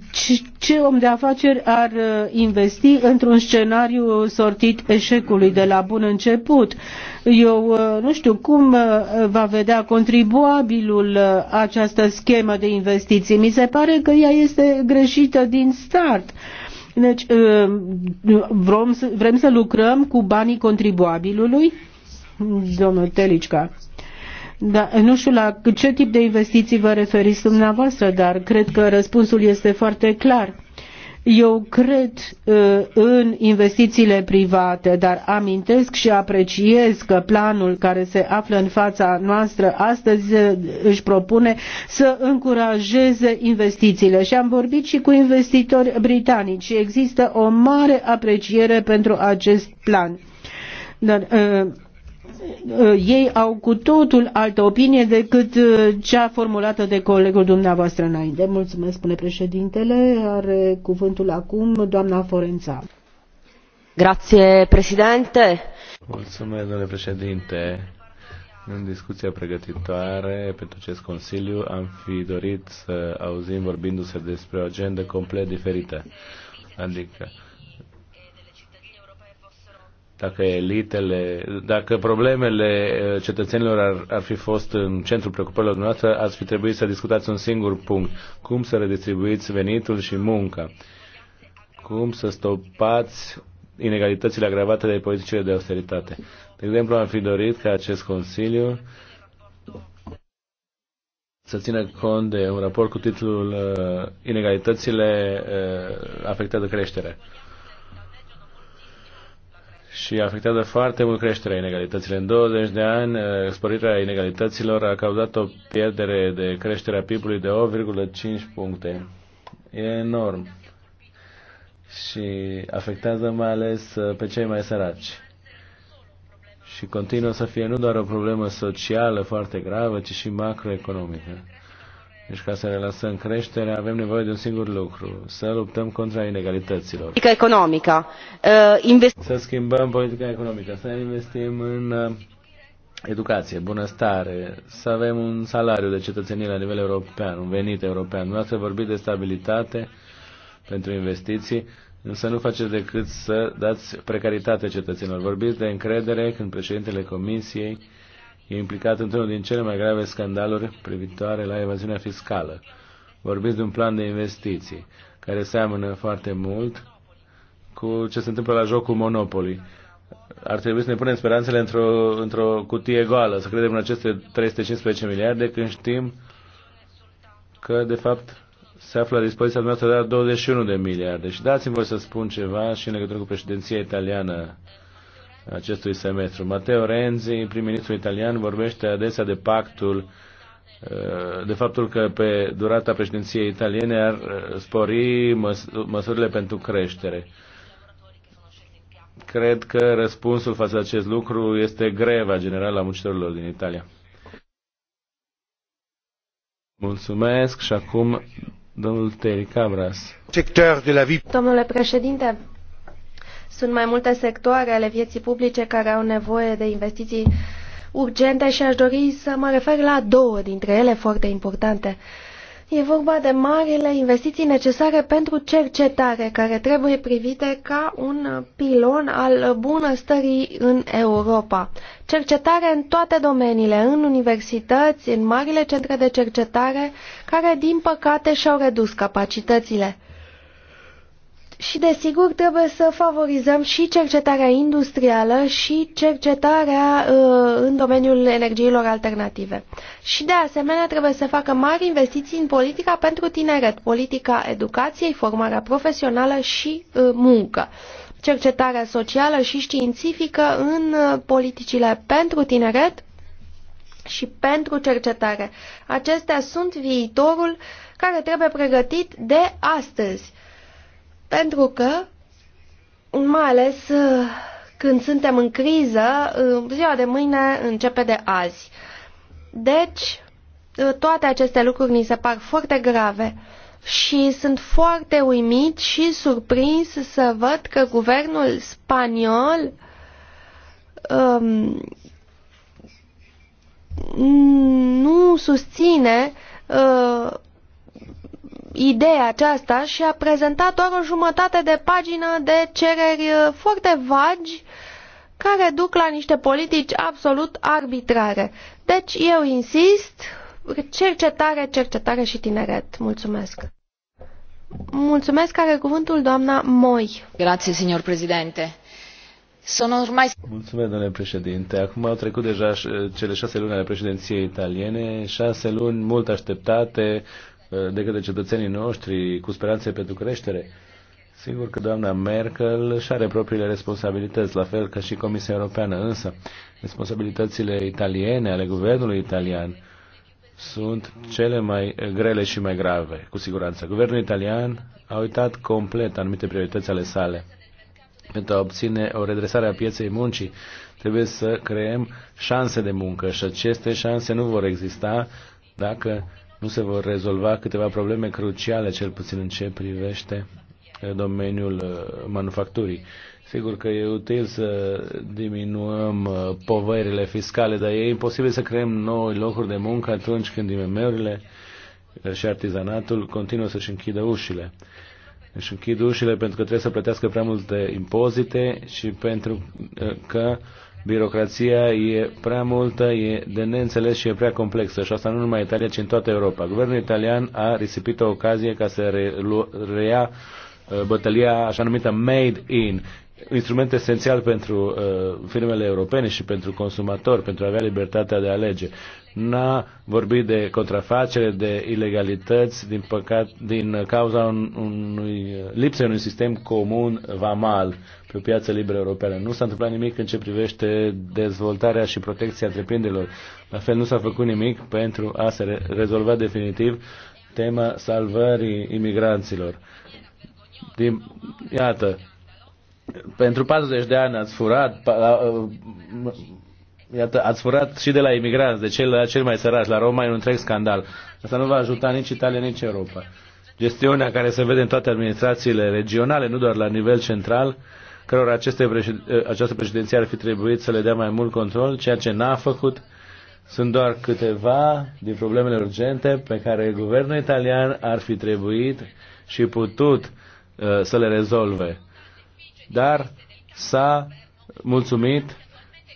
ce om de afaceri ar investi într-un scenariu sortit eșecului de la bun început? Eu nu știu cum va vedea contribuabilul această schemă de investiții. Mi se pare că ea este greșită din start. Uh, deci ă, vrem, vrem să lucrăm cu banii contribuabilului? Domnul Telicca. Da, nu știu la ce tip de investiții vă referiți dumneavoastră, dar cred că răspunsul este foarte clar eu cred uh, în investițiile private, dar amintesc și apreciez că planul care se află în fața noastră astăzi uh, își propune să încurajeze investițiile. Și am vorbit și cu investitori britanici și există o mare apreciere pentru acest plan. Dar, uh, Eh, ei au cu totul altă opinie decât eh, cea formulată de colegul dumneavoastră înainte. Mulțumesc, spune președintele. Are cuvântul acum doamna Forența. Grație, președinte. Mulțumesc, domnule președinte. În discuția pregătitoare pentru acest Consiliu am fi dorit să auzim vorbindu-se despre o agendă complet diferită, adică dacă elitele, dacă problemele uh, cetățenilor ar, ar fi fost în centrul preocupărilor noastre, ați fi trebuit să discutați un singur punct. Cum să redistribuiți venitul și munca? Cum să stopați inegalitățile agravate de politicile de austeritate? De exemplu, am fi dorit ca acest Consiliu să țină cont de un raport cu titlul uh, Inegalitățile uh, afectează creșterea și afectează foarte mult creșterea inegalităților. În 20 de ani, uh, sporirea inegalităților a cauzat o pierdere de creștere a PIB-ului de 8,5 puncte. E enorm. Și afectează mai ales uh, pe cei mai săraci. Și continuă să fie nu doar o problemă socială foarte gravă, ci și macroeconomică. Deci ca să lăsăm creșterea avem nevoie de un singur lucru, să luptăm contra inegalităților. Politica economică. Uh, să schimbăm politica economică, să investim în uh, educație, bunăstare, să avem un salariu de cetățenie la nivel european, un venit european. Nu ați vorbit de stabilitate pentru investiții, însă nu faceți decât să dați precaritate cetățenilor. Vorbiți de încredere când președintele Comisiei e implicat într-unul din cele mai grave scandaluri privitoare la evaziunea fiscală. Vorbiți de un plan de investiții care seamănă foarte mult cu ce se întâmplă la jocul Monopoly. Ar trebui să ne punem speranțele într-o, într-o cutie goală, să credem în aceste 315 miliarde, când știm că, de fapt, se află la dispoziția dumneavoastră doar 21 de miliarde. Și dați-mi voi să spun ceva și în legătură cu președinția italiană acestui semestru. Matteo Renzi, prim-ministru italian, vorbește adesea de pactul uh, de faptul că pe durata președinției italiene ar uh, spori măs- măsurile pentru creștere. Cred că răspunsul față de acest lucru este greva generală a muncitorilor din Italia. Mulțumesc și acum domnul Teri Cabras. Domnule președinte, sunt mai multe sectoare ale vieții publice care au nevoie de investiții urgente și aș dori să mă refer la două dintre ele foarte importante. E vorba de marile investiții necesare pentru cercetare, care trebuie privite ca un pilon al bunăstării în Europa. Cercetare în toate domeniile, în universități, în marile centre de cercetare, care, din păcate, și-au redus capacitățile. Și desigur trebuie să favorizăm și cercetarea industrială și cercetarea uh, în domeniul energiilor alternative. Și de asemenea trebuie să facă mari investiții în politica pentru tineret, politica educației, formarea profesională și uh, muncă, cercetarea socială și științifică în uh, politicile pentru tineret și pentru cercetare. Acestea sunt viitorul care trebuie pregătit de astăzi pentru că, mai ales uh, când suntem în criză, uh, ziua de mâine începe de azi. Deci, uh, toate aceste lucruri mi se par foarte grave și sunt foarte uimit și surprins să văd că guvernul spaniol um, nu susține uh, ideea aceasta și a prezentat doar o jumătate de pagină de cereri uh, foarte vagi care duc la niște politici absolut arbitrare. Deci eu insist, cercetare, cercetare și tineret. Mulțumesc. Mulțumesc, are cuvântul doamna Moi. Grazie, signor președinte. Sono ormai... Mulțumesc, domnule președinte. Acum au trecut deja cele șase luni ale președinției italiene, șase luni mult așteptate, Uh, de către cetățenii noștri cu speranțe pentru creștere. Sigur că doamna Merkel și are propriile responsabilități, la fel ca și Comisia Europeană, însă responsabilitățile italiene, ale guvernului italian, sunt cele mai grele și mai grave, cu siguranță. Guvernul italian a uitat complet anumite priorități ale sale. Pentru a obține o redresare a pieței muncii, trebuie să creăm șanse de muncă și aceste șanse nu vor exista dacă nu se vor rezolva câteva probleme cruciale, cel puțin în ce privește eh, domeniul eh, manufacturii. Sigur că e util să diminuăm eh, poverile fiscale, dar e imposibil să creăm noi locuri de muncă atunci când IMM-urile și artizanatul continuă să-și închidă ușile. Își închid ușile pentru că trebuie să plătească prea multe impozite și pentru că uh, Birocrația e prea multă, e de neînțeles și e prea complexă și asta nu numai în Italia, ci în toată Europa. Guvernul italian a risipit o ocazie ca să reia uh, bătălia așa numită Made In instrument esențial pentru uh, firmele europene și pentru consumator pentru a avea libertatea de a alege. N-a vorbit de contrafacere, de ilegalități, din păcat, din cauza un, unui lipsei unui sistem comun vamal pe o piață liberă europeană. Nu s-a întâmplat nimic în ce privește dezvoltarea și protecția întreprinderilor. La fel nu s-a făcut nimic pentru a se re- rezolva definitiv tema salvării imigranților. Din, iată, pentru 40 de ani ați furat, uh, iată, ați furat și de la imigranți, de cel, la cel mai sărași, la Roma, e un întreg scandal. Asta nu va ajuta nici Italia, nici Europa. Gestiunea care se vede în toate administrațiile regionale, nu doar la nivel central, cărora aceste președ... Uh, această președinție ar fi trebuit să le dea mai mult control, ceea ce n-a făcut. Sunt doar câteva din problemele urgente pe care guvernul italian ar fi trebuit și putut uh, să le rezolve dar s-a mulțumit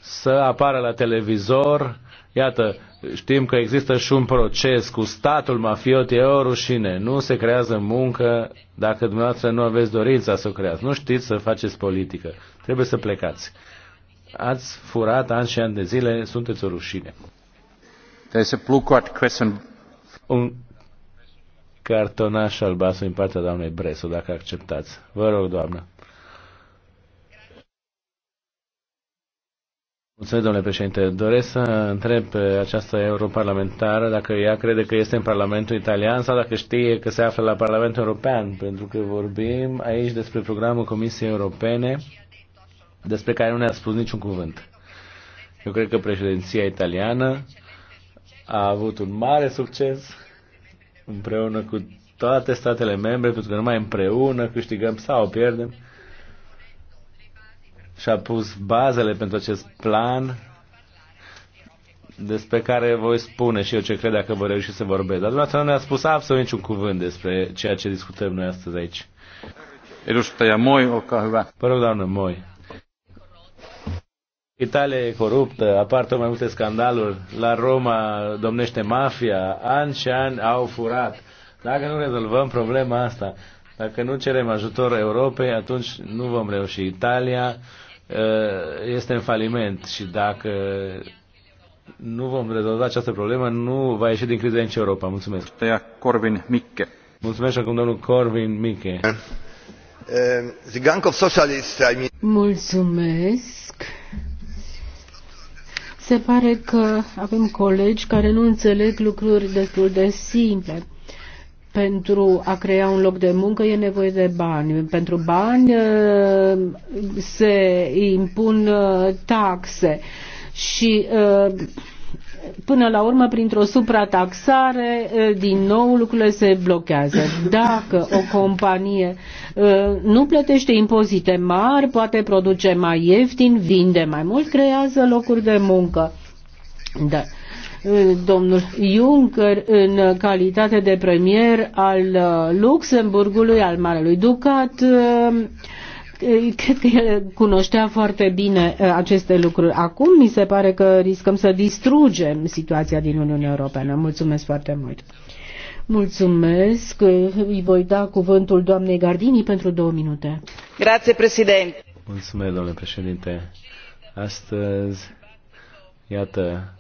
să apară la televizor. Iată, știm că există și un proces cu statul mafiot, e o rușine. Nu se creează muncă dacă dumneavoastră nu aveți dorința să o creați. Nu știți să faceți politică. Trebuie să plecați. Ați furat ani și ani de zile, sunteți o rușine. Un cartonaș albastru în partea doamnei Bresu, dacă acceptați. Vă rog, doamnă. Mulțumesc, domnule președinte. Doresc să întreb pe această europarlamentară dacă ea crede că este în Parlamentul Italian sau dacă știe că se află la Parlamentul European, pentru că vorbim aici despre programul Comisiei Europene, despre care nu ne-a spus niciun cuvânt. Eu cred că președinția italiană a avut un mare succes împreună cu toate statele membre, pentru că numai împreună câștigăm sau pierdem și-a pus bazele pentru acest plan despre care voi spune și eu ce cred dacă voi reuși să vorbesc. Dar dumneavoastră nu ne-a spus absolut niciun cuvânt despre ceea ce discutăm noi astăzi aici. Edustaja Moi, olkaa hyvä. Vă rog, doamnă Moi. Italia e coruptă, apar mai multe scandaluri. La Roma domnește mafia, an și an au furat. Dacă nu rezolvăm problema asta, dacă nu cerem ajutor Europei, atunci nu vom reuși. Italia Eh, este în faliment și dacă nu vom rezolva această problemă, nu va ieși din criză nici Europa. Mulțumesc. Corvin Micke. Mulțumesc acum domnul Corvin Micke. Eh, Zigankov Socialist. Mulțumesc. Se pare că avem colegi care nu înțeleg lucruri destul de simple pentru a crea un loc de muncă e nevoie de bani. Pentru bani uh, se impun uh, taxe și uh, până la urmă, printr-o suprataxare, din nou lucrurile se blochează. Dacă o companie nu plătește impozite mari, poate produce mai ieftin, vinde mai mult, creează locuri de muncă. Da domnul Juncker în calitate de premier al uh, Luxemburgului, al Marelui Ducat. Uh, cred că el cunoștea foarte bine uh, aceste lucruri. Acum mi se pare că riscăm să distrugem situația din Uniunea Europeană. Mulțumesc foarte mult. Mulțumesc. Îi voi da cuvântul doamnei Gardini pentru două minute. Grație, președinte. Mulțumesc, domnule președinte. Astăzi, iată,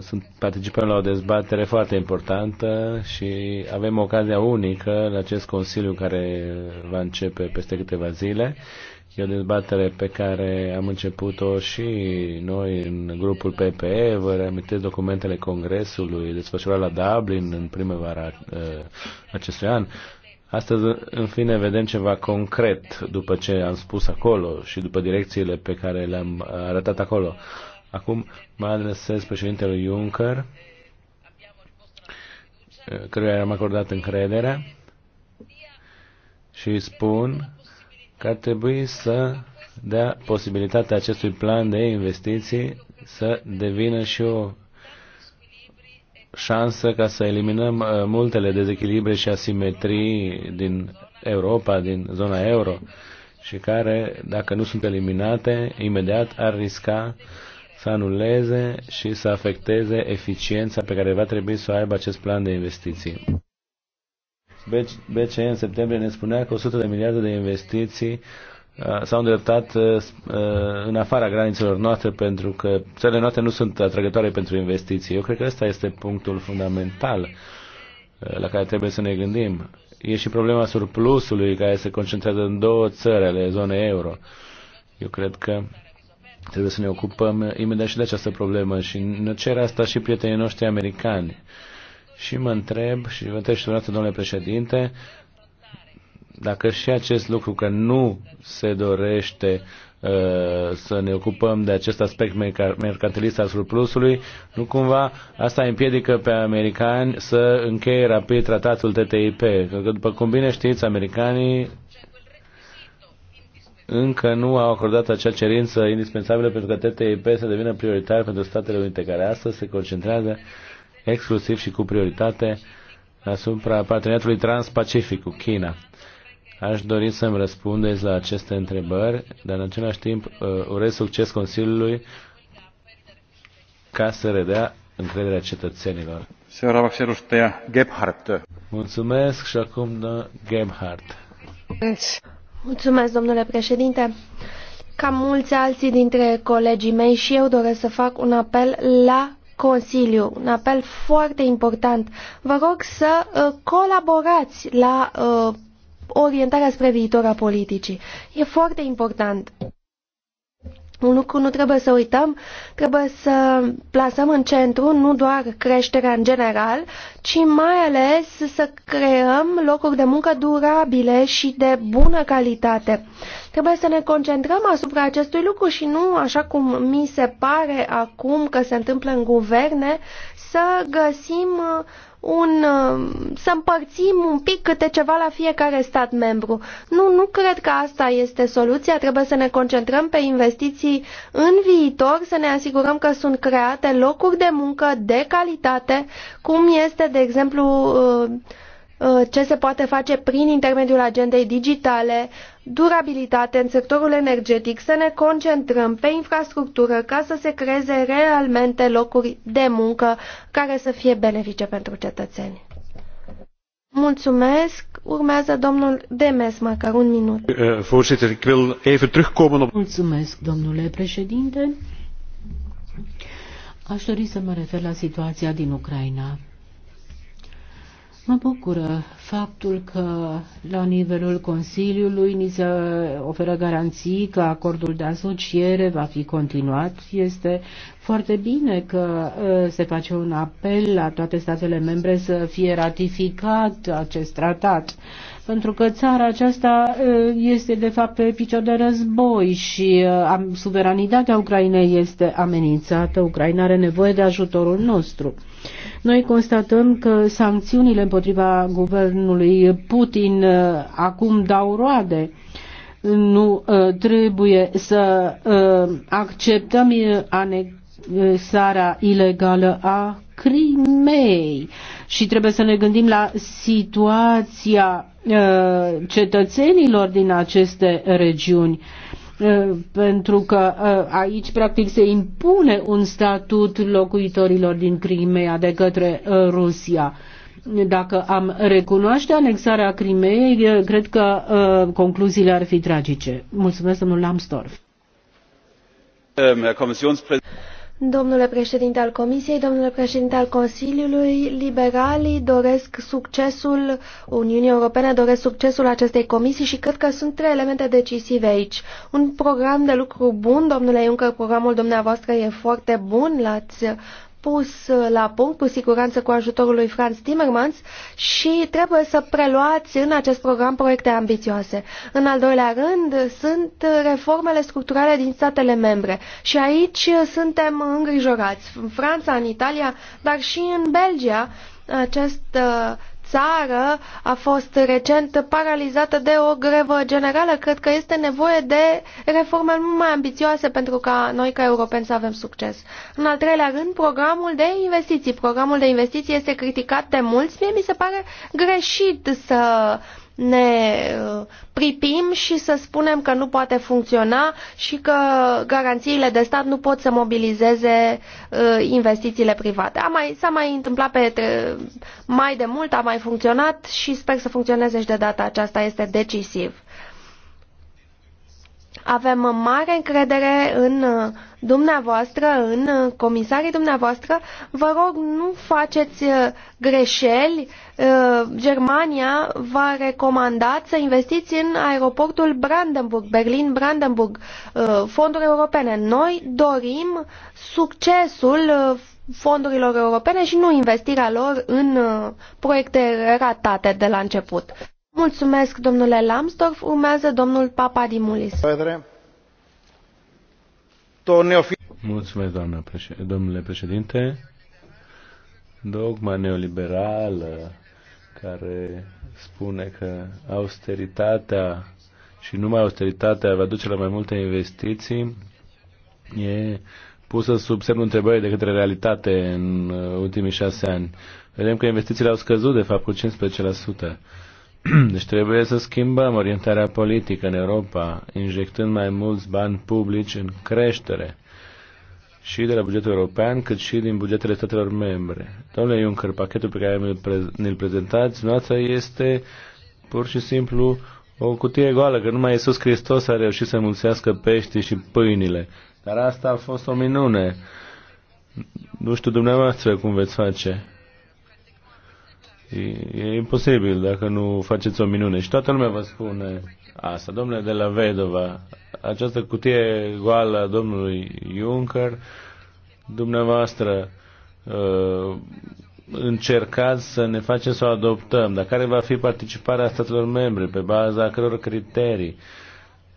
sunt, participăm la o dezbatere foarte importantă și avem ocazia unică la acest Consiliu care va începe peste câteva zile. E o dezbatere pe care am început-o și noi în grupul PPE. Vă reamintesc documentele Congresului desfășurat la Dublin în primăvara uh, acestui an. Astăzi, în fine, vedem ceva concret după ce am spus acolo și după direcțiile pe care le-am uh, arătat acolo. Uh, Acum mă adresez președintelui Juncker, căruia am acordat încrederea și îi spun că ar trebui să dea posibilitatea acestui plan de investiții să devină și o șansă ca să eliminăm uh, multele dezechilibre și asimetrii din Europa, din zona euro, și care, dacă nu sunt eliminate, imediat ar risca uh, să anuleze și să afecteze eficiența pe care va trebui să o aibă acest plan de investiții. BCE în septembrie ne spunea că 100 de miliarde de investiții uh, s-au îndreptat uh, uh, în afara granițelor noastre pentru că țările noastre nu sunt atrăgătoare pentru investiții. Eu cred că ăsta este punctul fundamental la care trebuie să ne gândim. E și problema surplusului care se concentrează în două țări ale zonei euro. Eu cred că Trebuie să ne ocupăm imediat și de această problemă și ne cer asta și prietenii noștri americani. Și mă întreb, și vă întreb și dumneavoastră, domnule președinte, dacă și acest lucru că nu se dorește uh, să ne ocupăm de acest aspect mercantilist al surplusului, nu cumva asta împiedică pe americani să încheie rapid tratatul TTIP. Că după cum bine știți, americanii încă nu au acordat acea cerință indispensabilă pentru că TTIP să devină prioritar pentru Statele Unite, care astăzi se concentrează exclusiv și cu prioritate asupra parteneriatului transpacific cu China. Aș dori să-mi răspundeți la aceste întrebări, dar în același timp uh, urez succes Consiliului ca să redea încrederea cetățenilor. Mulțumesc și acum Gebhardt. Mulțumesc, domnule președinte. Ca mulți alții dintre colegii mei și eu doresc să fac un apel la Consiliu, un apel foarte important. Vă rog să uh, colaborați la uh, orientarea spre viitora politicii. E foarte important. Un lucru nu trebuie să uităm, trebuie să plasăm în centru nu doar creșterea în general, ci mai ales să creăm locuri de muncă durabile și de bună calitate. Trebuie să ne concentrăm asupra acestui lucru și nu, așa cum mi se pare acum că se întâmplă în guverne, să găsim uh, un, uh, să împărțim un pic câte ceva la fiecare stat membru. Nu, nu cred că asta este soluția. Trebuie să ne concentrăm pe investiții în viitor, să ne asigurăm că sunt create locuri de muncă de calitate, cum este, de exemplu, uh, Uh, ce se poate face prin intermediul agendei digitale, durabilitate în sectorul energetic, să ne concentrăm pe infrastructură ca să se creeze realmente locuri de muncă care să fie benefice pentru cetățeni. Mulțumesc. Urmează domnul Demes, măcar un minut. Eh, Mulțumesc, domnule președinte. Aș dori să mă refer la situația din Ucraina. Mă bucură faptul că la nivelul Consiliului ni se oferă garanții că acordul de asociere va fi continuat. Este foarte bine că ă, se face un apel la toate statele membre să fie ratificat acest tratat, pentru că țara aceasta ă, este de fapt pe picior de război și ă, suveranitatea Ucrainei este amenințată. Ucraina are nevoie de ajutorul nostru. Noi constatăm că sancțiunile împotriva guvernului Putin uh, acum dau roade nu uh, trebuie să uh, acceptăm anexarea ilegală a Crimei și trebuie să ne gândim la situația cetățenilor din aceste regiuni pentru că ă, aici practic se impune un statut locuitorilor din Crimea de către ă, Rusia. Dacă am recunoaște anexarea Crimeei, cred că ă, concluziile ar fi tragice. Mulțumesc, domnul Lambsdorff. Domnule președinte al Comisiei, domnule președinte al Consiliului, liberalii doresc succesul Uniunii Europene, doresc succesul acestei comisii și cred că sunt trei elemente decisive aici. Un program de lucru bun, domnule Juncker, programul dumneavoastră e foarte bun, l-ați pus uh, la punct, cu siguranță cu ajutorul lui Franz Timmermans, și trebuie să preluați în acest program proiecte ambițioase. În al doilea rând, sunt reformele structurale din statele membre și aici suntem îngrijorați. În Franța, în Italia, dar și în Belgia, această uh, țară a fost recent paralizată de o grevă generală. Cred că este nevoie de reforme mult mai ambițioase pentru ca noi ca europeni să avem succes. În al treilea rând, programul de investiții. Programul de investiții este criticat de mulți. Mie mi se pare greșit să uh, ne uh, pripim și să spunem că nu poate funcționa și că garanțiile de stat nu pot să mobilizeze uh, investițiile private. A mai, s-a mai întâmplat pe mai de mult, a mai funcționat și sper să funcționeze și de data aceasta, este decisiv. Avem mare încredere în uh, dumneavoastră, în uh, comisarii dumneavoastră. Vă rog, nu faceți uh, greșeli. Germania v-a recomandat să investiți în aeroportul Brandenburg, Berlin-Brandenburg, fonduri europene. Noi dorim succesul fondurilor europene și nu investirea lor în proiecte ratate de la început. Mulțumesc, domnule Lambsdorff. Urmează domnul Papadimulis. Mulțumesc, doamnă președ... domnule președinte. Dogma neoliberală care spune că austeritatea și numai austeritatea va duce la mai multe investiții e pusă sub semnul întrebării de către realitate în uh, ultimii șase ani. Vedem că investițiile au scăzut, de fapt, cu 15%. Deci trebuie să schimbăm orientarea politică în Europa, injectând mai mulți bani publici în creștere, și de la bugetul european, cât și din bugetele statelor membre. Domnule Juncker, pachetul pe care ne-l prezentați noastră este pur și simplu o cutie goală, că numai Iisus Hristos a reușit să mulțească peștii și pâinile. Dar asta a fost o minune. Nu știu dumneavoastră cum veți face. E, imposibil dacă nu faceți o minune. Și toată lumea vă spune asta. Domnule de la Vedova, această cutie goală a domnului Juncker, dumneavoastră, uh, încercați să ne faceți să o adoptăm, dar care va fi participarea statelor membre, pe baza căror criterii,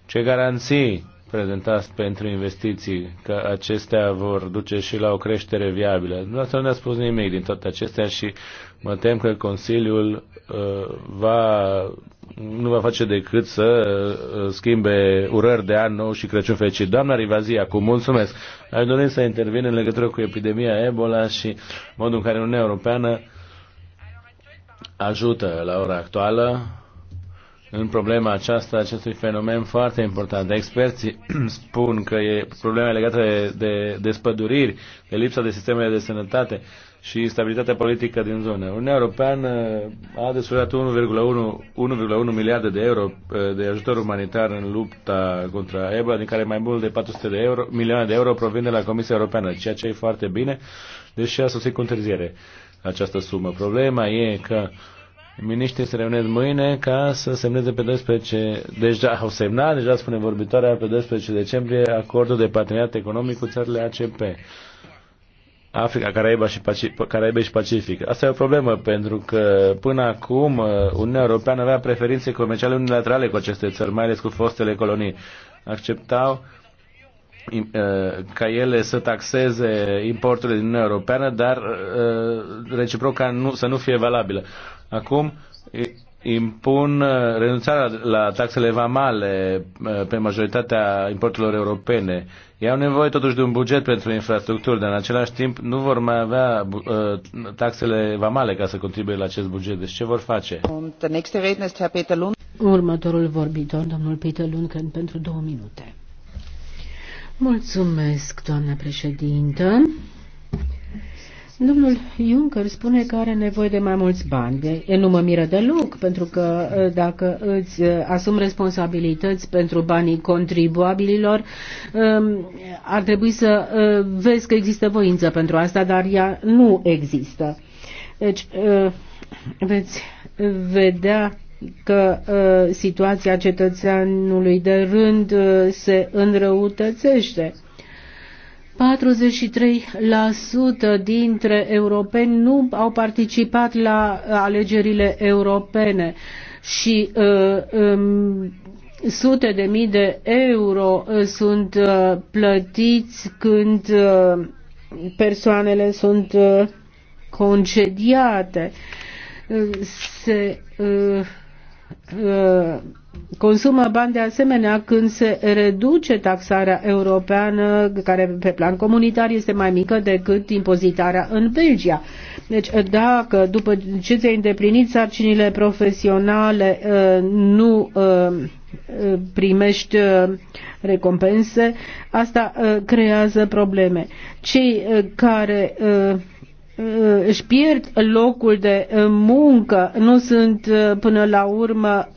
ce garanții prezentați pentru investiții, că acestea vor duce și la o creștere viabilă. nu ați spus nimic din toate acestea și mă tem că Consiliul uh, va, nu va face decât să uh, schimbe urări de an nou și Crăciun fericit. Doamna Rivazia, acum mulțumesc. Aș dori să intervin în legătură cu epidemia Ebola și modul în care Uniunea Europeană ajută la ora actuală în problema aceasta, acestui fenomen foarte important. Experții spun că e problema legată de, de despăduriri, de lipsa de sisteme de sănătate și instabilitatea politică din zonă. Uniunea Europeană a desfășurat 1,1 miliarde de euro eh, de ajutor umanitar în lupta contra Ebola, din care mai mult de 400 de euro, milioane de euro provin de la Comisia Europeană, ceea ce e foarte bine, deși a sosit cu întârziere această sumă. Problema e că Miniștrii se reunesc mâine ca să semneze pe 12, deja au semnat, deja spune vorbitoarea, pe 12 decembrie acordul de parteneriat economic cu țările ACP. Africa, Caraiba și Pacific, Caraiba și Pacific. Asta e o problemă pentru că până acum uh, Uniunea Europeană avea preferințe comerciale unilaterale cu aceste țări, mai ales cu fostele colonii. Acceptau uh, ca ele să taxeze importurile din Uniunea Europeană, dar uh, reciproca nu, să nu fie valabilă. Acum impun uh, renunțarea la taxele vamale uh, pe majoritatea importurilor europene. Ei au nevoie totuși de un buget pentru infrastructură, dar în același timp nu vor mai avea uh, taxele vamale ca să contribuie la acest buget. Deci ce vor face? Um, Următorul vorbitor, domnul Peter Lundgren, pentru două minute. Mulțumesc, doamna președintă. Domnul Juncker spune că are nevoie de mai mulți bani. Eu nu mă miră deloc, pentru că dacă îți asumi responsabilități pentru banii contribuabililor, ar trebui să vezi că există voință pentru asta, dar ea nu există. Deci veți vedea că situația cetățeanului de rând se înrăutățește 43% dintre europeni nu au participat la alegerile europene și uh, um, sute de mii de euro uh, sunt uh, plătiți când uh, persoanele sunt uh, concediate. Uh, se uh, uh, consumă bani de asemenea când se reduce taxarea europeană, care pe plan comunitar este mai mică decât impozitarea în Belgia. Deci dacă după ce ți-ai îndeplinit sarcinile profesionale uh, nu uh, primești uh, recompense, asta creează probleme. Cei care își pierd locul de muncă, nu sunt până la urmă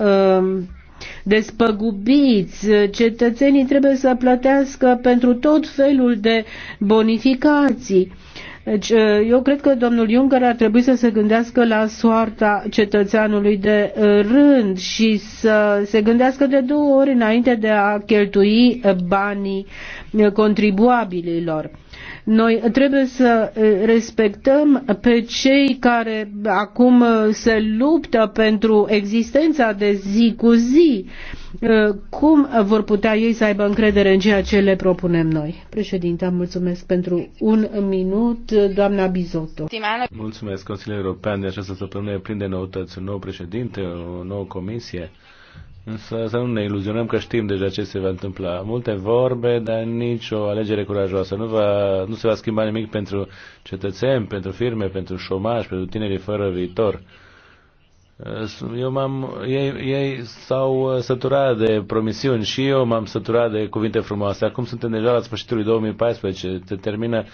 despăgubiți. Cetățenii trebuie să plătească pentru tot felul de bonificații. Deci, eu cred că domnul Juncker ar trebui să se gândească la soarta cetățeanului de rând și să se gândească de două ori înainte de a cheltui banii contribuabililor. Noi trebuie să respectăm pe cei care acum se luptă pentru existența de zi cu zi. Cum vor putea ei să aibă încredere în ceea ce le propunem noi? Președinte, mulțumesc pentru un minut, doamna Bizotto. Mulțumesc, Consiliul European de această săptămână e plin de noutăți. Un nou președinte, o nouă comisie Însă să nu ne iluzionăm că știm deja ce se va întâmpla. Multe vorbe, dar nici o alegere curajoasă. Nu, va, nu se va schimba nimic pentru cetățeni, pentru firme, pentru șomaj, pentru tinerii fără viitor. Eu m-am, ei, ei s-au săturat de promisiuni și eu m-am săturat de cuvinte frumoase. Acum suntem deja la sfârșitul 2014, se termină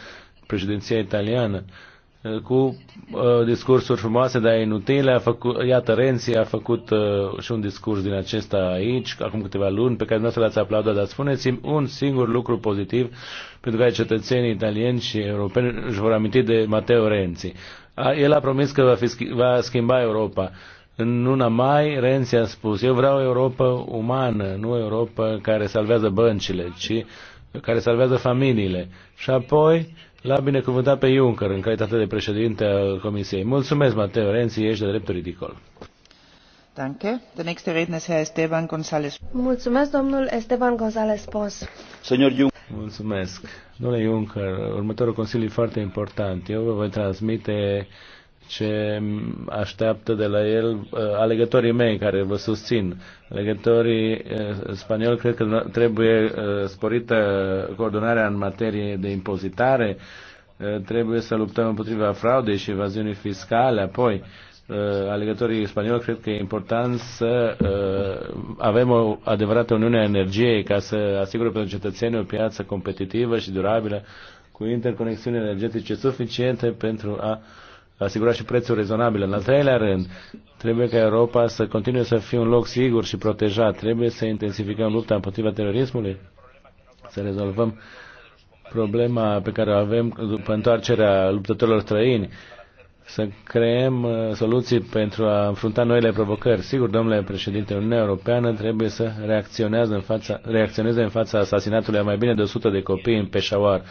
președinția italiană. Uh, Eh, cu uh, discursuri frumoase, dar inutile. A făcut, iată, Renzi a făcut uh, și un discurs din acesta aici, acum câteva luni, pe care nu l-ați aplaudat, dar spuneți-mi un singur lucru pozitiv pentru care cetățenii italieni și europeni își vor aminti de Matteo Renzi. A, el a promis că va, fi, va schimba Europa. În luna mai, Renzi a spus, eu vreau Europa umană, nu Europa care salvează băncile, ci care salvează familiile. Și apoi, l-a binecuvântat pe Juncker în calitate de președinte al Comisiei. Mulțumesc, Mateo Renzi, ești de drept ridicol. Danke. Herr Esteban González. Mulțumesc, domnul Esteban González Pons. Juncker. Mulțumesc. Domnule Juncker, următorul consiliu e foarte important. Eu vă voi transmite ce așteaptă de la el uh, alegătorii mei care vă susțin. Alegătorii uh, spanioli cred că trebuie uh, sporită coordonarea în materie de impozitare, trebuie să luptăm împotriva fraudei și evaziunii fiscale, apoi alegătorii spanioli cred că e important să avem o adevărată uniune a energiei ca să asigure pentru cetățenii o piață competitivă și durabilă cu interconexiuni energetice suficiente pentru a asigura și prețuri rezonabile. În al treilea rând, trebuie ca Europa să continue să fie un loc sigur și protejat. Trebuie să intensificăm lupta împotriva terorismului, să rezolvăm problema pe care o avem după întoarcerea luptătorilor străini, să creăm uh, soluții pentru a înfrunta noile provocări. Sigur, domnule președinte, Uniunea Europeană trebuie să reacționeze în fața, reacționeze în fața asasinatului a mai bine de 100 de copii în Peshawar.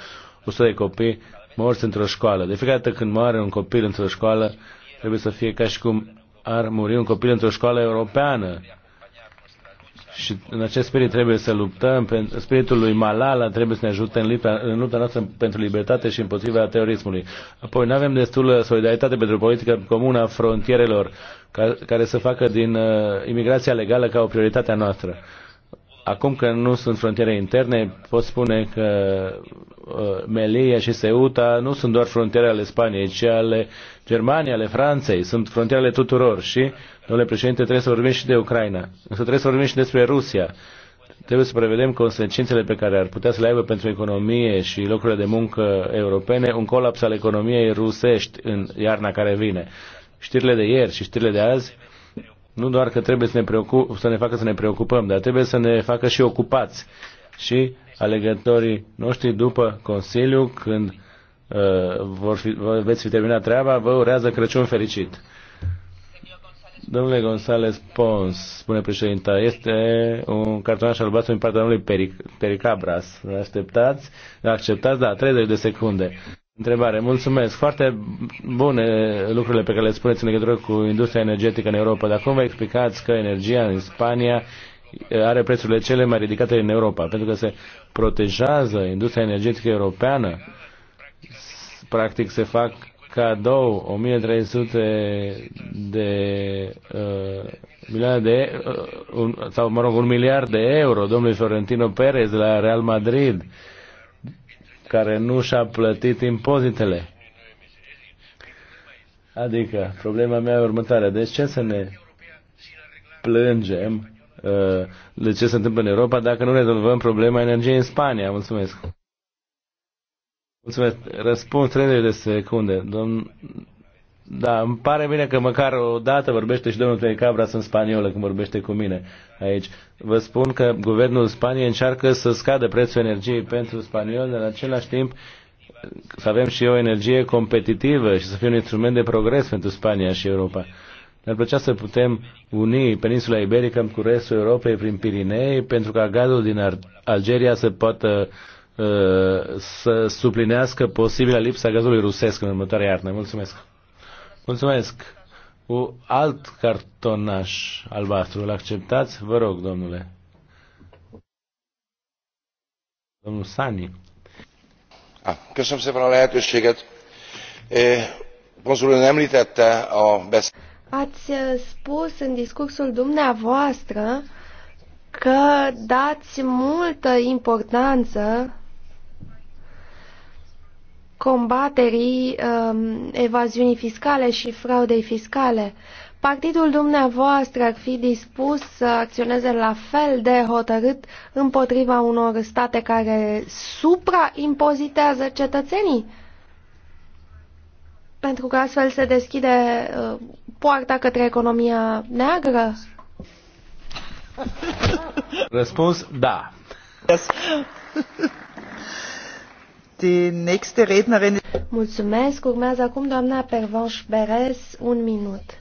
100 de copii morți într-o școală. De fiecare dată când moare un copil într-o școală, trebuie să fie ca și cum ar muri un copil într-o școală europeană. Și în acest spirit trebuie să luptăm, spiritul lui Malala trebuie să ne ajute în lupta, în lupta noastră pentru libertate și împotriva terorismului. Apoi nu avem destulă solidaritate pentru politică comună a frontierelor, ca, care să facă din uh, imigrația legală ca o prioritate a noastră. Acum că nu sunt frontiere interne, pot spune că uh, Melia și Ceuta nu sunt doar frontiere ale Spaniei, ci ale Germaniei, ale Franței, sunt frontiere ale tuturor și, domnule președinte, trebuie să vorbim și de Ucraina, însă trebuie să vorbim și despre Rusia. Trebuie să prevedem consecințele pe care ar putea să le aibă pentru economie și locurile de muncă europene un colaps al economiei rusești în iarna care vine. Știrile de ieri și știrile de azi nu doar că trebuie să ne, preocup, să ne facă să ne preocupăm, dar trebuie să ne facă și ocupați. Și alegătorii noștri după Consiliu, când uh, vor fi, veți fi terminat treaba, vă urează Crăciun fericit. Domnule González Pons, spune președinta, este un cartonaș albastru din partea domnului Peric, Pericabras. Așteptați? Acceptați? Da, 30 de secunde. Întrebare. Mulțumesc. Foarte bune lucrurile pe care le spuneți în legătură cu industria energetică în Europa. Dar cum vă explicați că energia în Spania are prețurile cele mai ridicate în Europa? Pentru că se protejează industria energetică europeană. Practic se fac cadou 1300 de uh, milioane de uh, un, sau mă rog un miliard de euro domnului Florentino Perez de la Real Madrid. Uh, care nu și-a plătit impozitele. Adică, problema mea e următoarea. de deci ce să ne plângem uh, de ce se întâmplă în Europa dacă nu rezolvăm problema energiei în Spania? Mulțumesc! Mulțumesc. Răspund 30 de secunde. Domn... Da, îmi pare bine că măcar o dată vorbește și domnul Trecabras în spaniolă când vorbește cu mine aici vă spun că guvernul Spaniei încearcă să scadă prețul energiei pentru spaniol, dar în același timp să avem și o energie competitivă și să fie un instrument de progres pentru Spania și Europa. Ne-ar plăcea să putem uni peninsula iberică cu restul Europei prin Pirinei pentru ca gazul din Algeria să poată uh, să suplinească posibila lipsa gazului rusesc în următoarea iarnă. Mulțumesc! Mulțumesc! cu alt cartonaș albastru. Îl acceptați? Vă rog, domnule. Domnul Sani. Ah, köszönöm szépen a lehetőséget. Konzul ön említette a besz... Ați spus în discursul dumneavoastră că dați multă importanță combaterii uh, evaziunii fiscale și fraudei fiscale. Partidul dumneavoastră ar fi dispus să acționeze la fel de hotărât împotriva unor state care supraimpozitează cetățenii? Pentru că astfel se deschide uh, poarta către economia neagră? Răspuns, da. Yes. Die nächste Rednerin. Urmează acum doamna Pervenche Berez, un minut.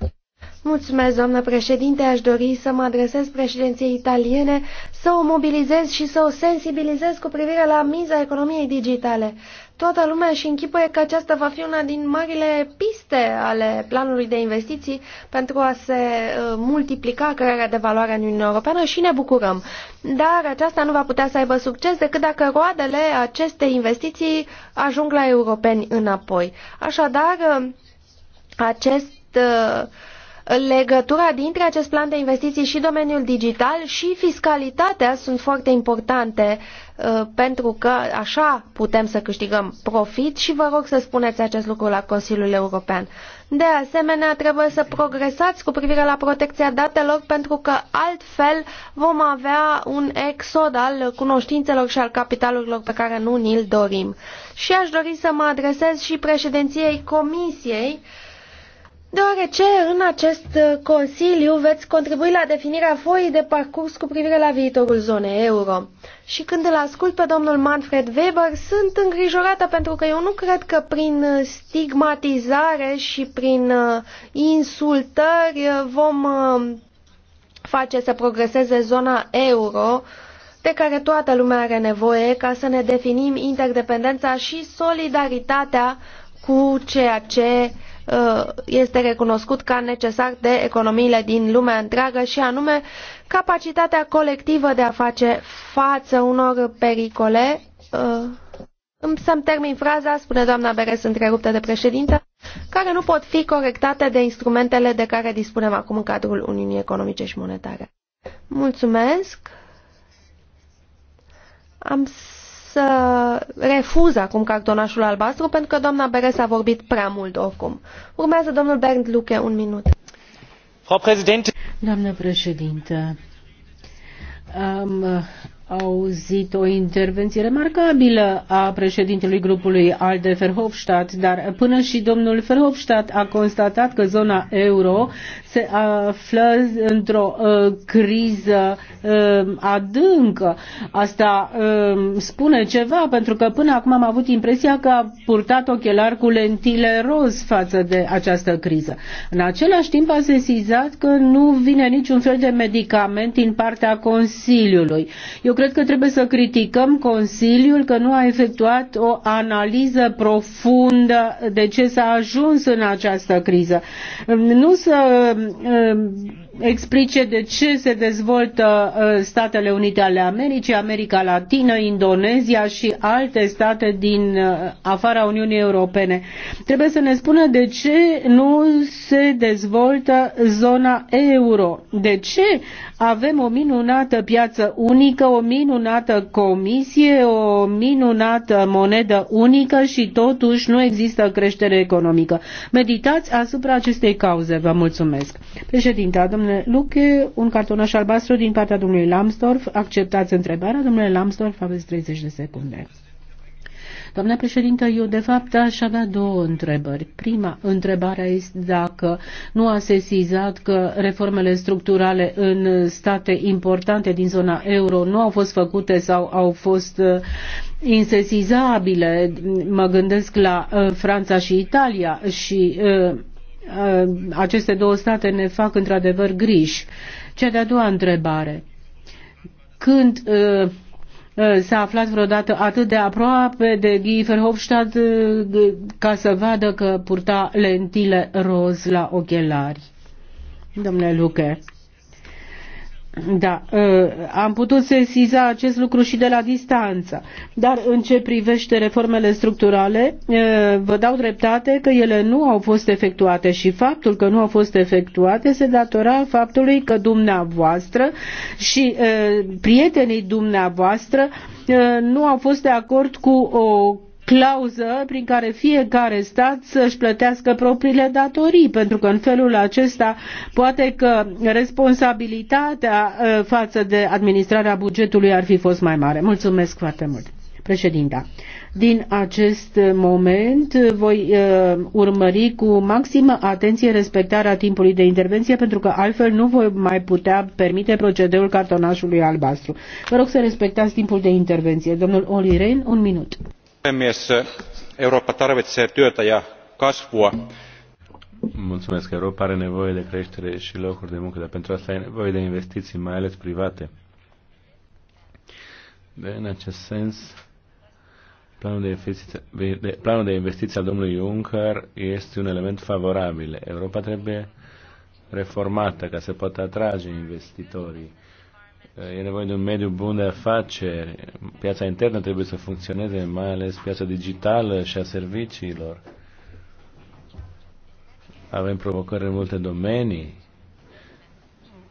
Mulțumesc, doamnă președinte. Aș dori să mă adresez președinției italiene, să o mobilizez și să o sensibilizez cu privire la miza economiei digitale. Toată lumea și închipuie că aceasta va fi una din marile piste ale planului de investiții pentru a se uh, multiplica crearea de valoare în Uniunea Europeană și ne bucurăm. Dar aceasta nu va putea să aibă succes decât dacă roadele acestei investiții ajung la europeni înapoi. Așadar, uh, acest uh, legătura dintre acest plan de investiții și domeniul digital și fiscalitatea sunt foarte importante uh, pentru că așa putem să câștigăm profit și vă rog să spuneți acest lucru la Consiliul European. De asemenea, trebuie să progresați cu privire la protecția datelor pentru că altfel vom avea un exod al cunoștințelor și al capitalurilor pe care nu ni-l dorim. Și aș dori să mă adresez și președinției Comisiei uh, deoarece în acest uh, Consiliu veți contribui la definirea foii de parcurs cu privire la viitorul zonei euro. Și când îl ascult pe domnul Manfred Weber, sunt îngrijorată pentru că eu nu cred că prin uh, stigmatizare și prin uh, insultări vom face să progreseze zona euro, de care toată lumea are nevoie ca să ne definim interdependența și solidaritatea cu ceea ce uh, Uh, este recunoscut ca necesar de economiile din lumea întreagă și anume capacitatea colectivă de a face față unor pericole. Uh, să-mi termin fraza, spune doamna Beres întreruptă de președinte, care nu pot fi corectate de instrumentele de care dispunem acum în cadrul Uniunii Economice și Monetare. Mulțumesc! Am să refuz acum cartonașul albastru pentru că doamna Beres a vorbit prea mult oricum. Urmează domnul Bernd Luche, un minut. Doamnă președinte, am auzit o intervenție remarcabilă a președintelui grupului ALDE Verhofstadt, dar până și domnul Verhofstadt a constatat că zona euro se află într-o uh, criză uh, adâncă. Asta uh, spune ceva, pentru că până acum am avut impresia că a purtat ochelari cu lentile roz față de această criză. În același timp a sesizat că nu vine niciun fel de medicament din partea Consiliului. Eu cred că trebuie să criticăm Consiliul că nu a efectuat o analiză profundă de ce s-a ajuns în această criză. Nu să uh, explice de ce se dezvoltă uh, Statele Unite ale Americii, America Latină, Indonezia și alte state din uh, afara Uniunii Europene. Trebuie să ne spună de ce nu se dezvoltă zona euro. De ce avem o minunată piață unică, o minunată comisie, o minunată monedă unică și totuși nu există creștere economică. Meditați asupra acestei cauze. Vă mulțumesc. Președinte, Domnule Luche, un cartonaș albastru din partea domnului Lambsdorff. Acceptați întrebarea. Domnule Lambsdorff, aveți 30 de secunde. Doamna președintă, eu de fapt aș avea două întrebări. Prima întrebare este dacă nu a sesizat că reformele structurale în state importante din zona euro nu au fost făcute sau au fost uh, insesizabile. Mă gândesc la uh, Franța și Italia și uh, Uh, aceste două state ne fac într-adevăr griji. Cea de-a doua întrebare. Când uh, uh s-a aflat vreodată atât de aproape de Guy Verhofstadt uh, ca să vadă că purta lentile roz la ochelari. Domnule Luche, da, ă, am putut sesiza acest lucru și de la distanță. Dar în ce privește reformele structurale, ă, vă dau dreptate că ele nu au fost efectuate și faptul că nu au fost efectuate se datora faptului că dumneavoastră și ă, prietenii dumneavoastră nu au fost de acord cu o clauză prin care fiecare stat să-și plătească propriile datorii, pentru că în felul acesta poate că responsabilitatea uh, față de administrarea bugetului ar fi fost mai mare. Mulțumesc foarte mult! Președinta, din acest moment uh, voi uh, urmări cu maximă atenție respectarea timpului de intervenție pentru că altfel nu voi mai putea permite procedeul cartonașului albastru. Vă rog să respectați timpul de intervenție. Domnul Oli Rein, un minut eurooppa tarvitsee työtä ja kasvua. Mulțumesc. Europa are nevoie de creștere și locuri de muncă, dar pentru asta e nevoie de investiții, mai ales private. De, în acest sens, planul de, investiții, de, planul de investiții al domnului Juncker este un element favorabil. Europa trebuie reformată ca să poată atrage investitorii Eh, e nevoie de un mediu bun de afaceri. Piața internă trebuie să funcționeze, mai ales piața digitală și a serviciilor. Avem provocări în multe domenii.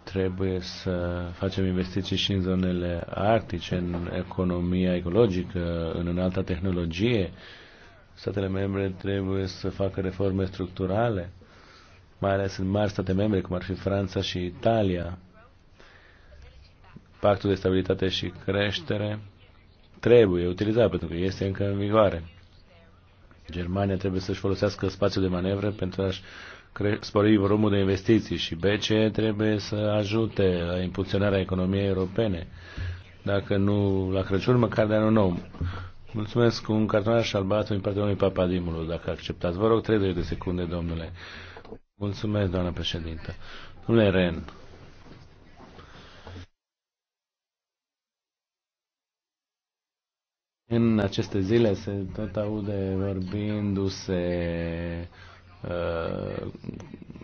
Trebuie să facem investiții și în zonele arctice, în economia ecologică, în înalta tehnologie. Statele membre trebuie să facă reforme structurale, mai ales în mari state membre, cum ar fi Franța și Italia Pactul de stabilitate și creștere trebuie utilizat pentru că este încă în vigoare. Germania trebuie să-și folosească spațiul de manevră pentru a-și spori volumul de investiții și BCE trebuie să ajute la impulsionarea economiei europene, dacă nu la Crăciun, măcar de anul nou. Mulțumesc cu un cartonaș albastru din partea domnului Papadimulu, dacă acceptați. Vă rog 30 de secunde, domnule. Mulțumesc, doamna președintă. Domnule Ren, În aceste zile se tot aude vorbindu-se, uh,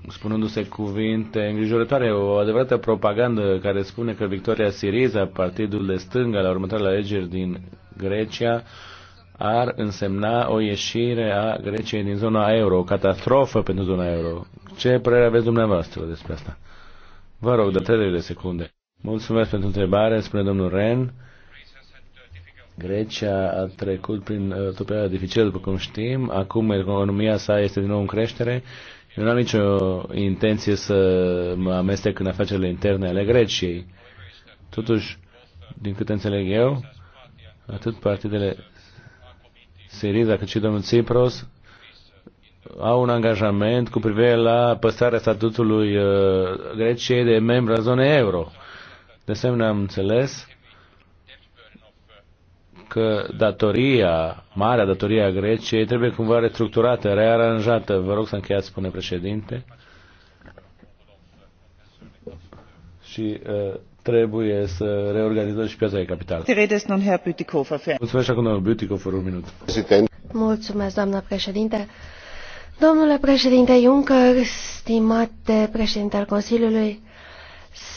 spunându-se cuvinte îngrijorătoare, o adevărată propagandă care spune că Victoria Siriza, partidul de stânga la următoarele alegeri din Grecia, ar însemna o ieșire a Greciei din zona euro, o catastrofă pentru zona euro. Ce părere aveți dumneavoastră despre asta? Vă rog, de 30 de secunde. Mulțumesc pentru întrebare, spune domnul Ren. Grecia a trecut prin uh, o perioadă dificilă, după cum știm. Acum economia sa este din nou în creștere. Eu nu am nicio intenție să mă amestec în afacerile interne ale Greciei. Totuși, din câte înțeleg eu, atât partidele Siriza cât și domnul Tsipros au un angajament cu privire la păstrarea statutului uh, Greciei de membru a zonei euro. De asemenea, am înțeles că datoria, marea datoria a Greciei, trebuie cumva restructurată, rearanjată. Vă rog să încheiați, spune președinte. Și uh, trebuie să reorganizăm și piața de capital. Mulțumesc acum, domnul Bütikofer, un minut. Mulțumesc, doamna președinte. Domnule președinte Juncker, stimate președinte al Consiliului,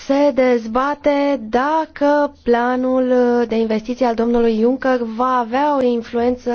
se dezbate dacă planul de investiții al domnului Juncker va avea o influență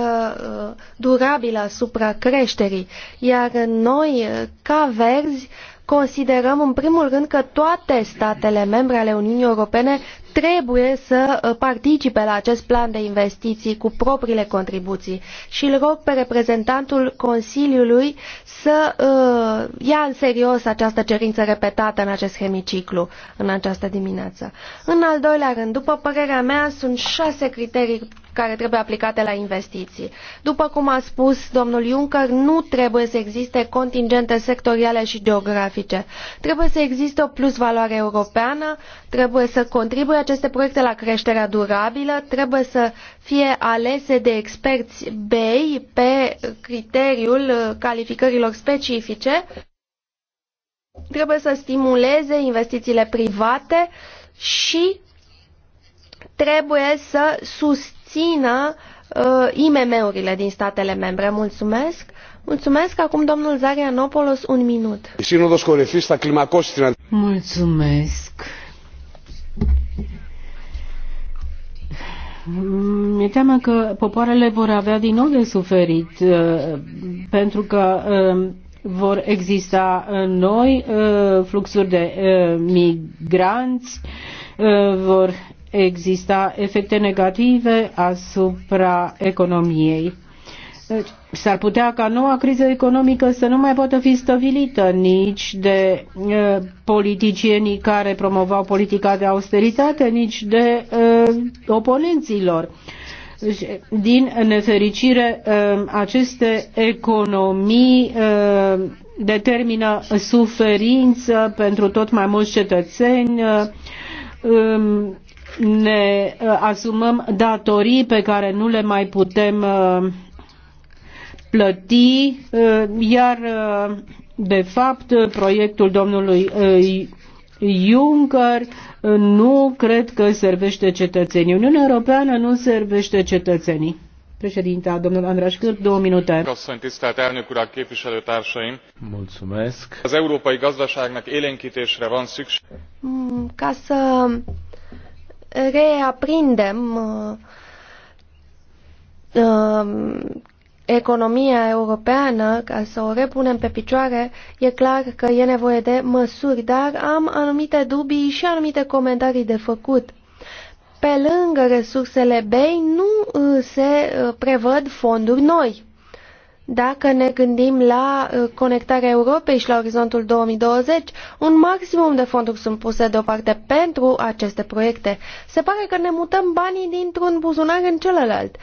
uh, durabilă asupra creșterii, iar noi, ca verzi, considerăm în primul rând că toate statele membre ale Uniunii Europene trebuie să uh, participe la acest plan de investiții cu propriile contribuții și îl rog pe reprezentantul Consiliului să uh, ia în serios această cerință repetată în acest hemiciclu în această dimineață. În al doilea rând, după părerea mea, sunt șase criterii care trebuie aplicate la investiții. După cum a spus domnul Juncker, nu trebuie să existe contingente sectoriale și geografice. Trebuie să existe o plusvaloare europeană, trebuie să contribuie aceste proiecte la creșterea durabilă, trebuie să fie alese de experți BEI pe criteriul calificărilor specifice, trebuie să stimuleze investițiile private și trebuie să susțină susțină uh, IMM-urile din statele membre. Mulțumesc! Mulțumesc! Acum domnul Zarianopoulos, un minut. Sinodos Corefis, sta climacostina. Mulțumesc! Mi-e teamă că popoarele vor avea din nou de suferit, uh, pentru că um, vor exista uh, noi uh, fluxuri de migranți, vor exista efecte negative asupra economiei. Deci, s-ar putea ca noua criză economică să nu mai poată fi stăvilită nici de uh, politicienii care promovau politica de austeritate, nici de uh, oponenților. Deci, din nefericire, uh, aceste economii uh, determină suferință pentru tot mai mulți cetățeni. Uh, ne uh, asumăm datorii pe care nu le mai putem uh, plăti, uh, iar de fapt proiectul domnului Juncker nu cred că servește cetățenii. Uniunea Europeană nu servește cetățenii. Președinte, domnul András Kürk, două minute. Mulțumesc! Mm, ca să reaprindem uh, uh, economia europeană, ca să o repunem pe picioare, e clar că e nevoie de măsuri, dar am anumite dubii și anumite comentarii de făcut. Pe lângă resursele BEI nu uh, se prevăd fonduri noi. Dacă ne gândim la uh, conectarea Europei și la orizontul 2020, un maximum de fonduri sunt puse deoparte pentru aceste proiecte. Se pare că ne mutăm banii dintr-un buzunar în celălalt.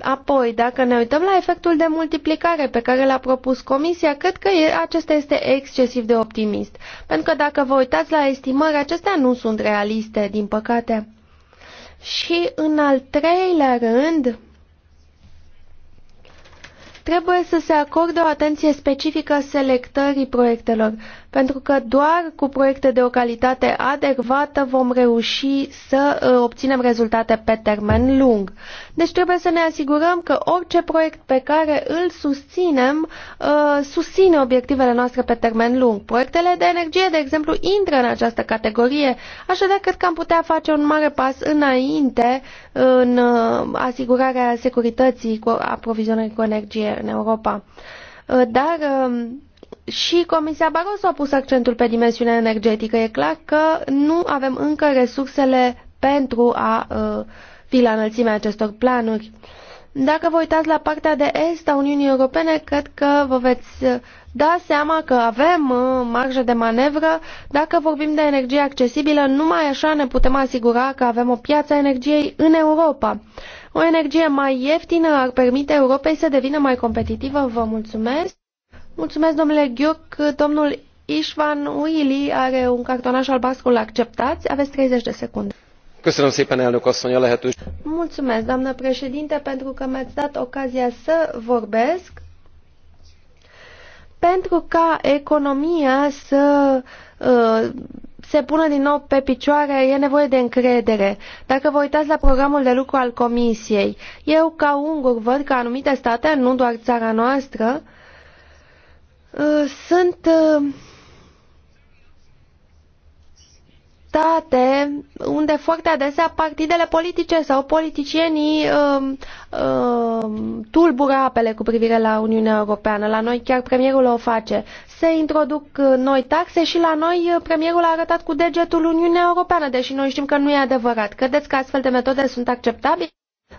Apoi, dacă ne uităm la efectul de multiplicare pe care l-a propus Comisia, cred că acesta este excesiv de optimist. Pentru că dacă vă uitați la estimări, acestea nu sunt realiste, din păcate. Și în al treilea rând, Trebuie să se acorde o atenție specifică selectării proiectelor pentru că doar cu proiecte de o calitate adecvată vom reuși să uh, obținem rezultate pe termen lung. Deci trebuie să ne asigurăm că orice proiect pe care îl susținem uh, susține obiectivele noastre pe termen lung. Proiectele de energie, de exemplu, intră în această categorie, așadar cred că am putea face un mare pas înainte în uh, asigurarea securității cu aprovizionării cu energie în Europa. Dar um, și Comisia Barroso a pus accentul pe dimensiunea energetică. E clar că nu avem încă resursele pentru a uh, fi la înălțimea acestor planuri. Dacă vă uitați la partea de est a Uniunii Europene, cred că vă veți uh, da seama că avem uh, marjă de manevră. Dacă vorbim de energie accesibilă, numai așa ne putem asigura că avem o piață a energiei în Europa. O energie mai ieftină ar permite Europei să devină mai competitivă. Vă mulțumesc. Mulțumesc, domnule Ghiuc. Domnul Ișvan Uili are un cartonaș albastru, l-acceptați? Aveți 30 de secunde. Mulțumesc, doamnă președinte, pentru că mi-ați dat ocazia să vorbesc. Pentru ca economia să uh, se pună din nou pe picioare, e nevoie de încredere. Dacă vă uitați la programul de lucru al Comisiei, eu ca ungur văd că anumite state, nu doar țara noastră, Uh, sunt state uh, unde foarte adesea partidele politice sau politicienii um, um, tulbură apele cu privire la Uniunea Europeană. La noi chiar premierul o face. Se introduc uh, noi taxe și la noi premierul a arătat cu degetul Uniunea Europeană, deși noi știm că nu e adevărat. Credeți că astfel de metode sunt acceptabile?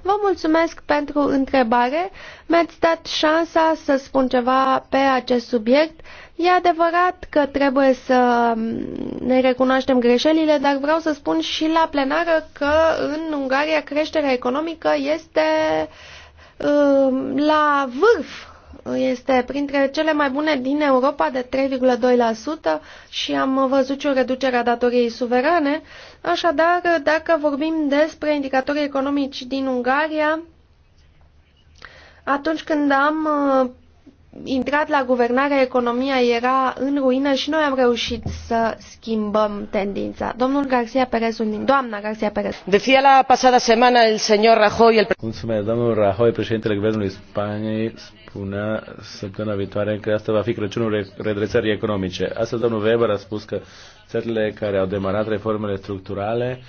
Vă mulțumesc pentru întrebare. Mi-ați dat șansa să spun ceva pe acest subiect. E adevărat că trebuie să mm, ne recunoaștem greșelile, dar vreau să spun și la plenară că în Ungaria creșterea economică este mm, la vârf. Este printre cele mai bune din Europa de 3,2% și am văzut și o reducere a datoriei suverane. Uh, Așadar, dacă vorbim despre indicatorii economici din Ungaria, atunci când am uh, intrat la guvernare, economia era în ruină și noi am reușit să schimbăm tendința. Domnul Garcia Perez, un... doamna Garcia Perez. fie la pasada semana el señor Rajoy, el... Mulțumesc, domnul Rajoy, președintele Guvernului Spaniei, spunea săptămâna viitoare că asta va fi Crăciunul redresării economice. Astăzi domnul Weber a spus că țările care au demarat reformele structurale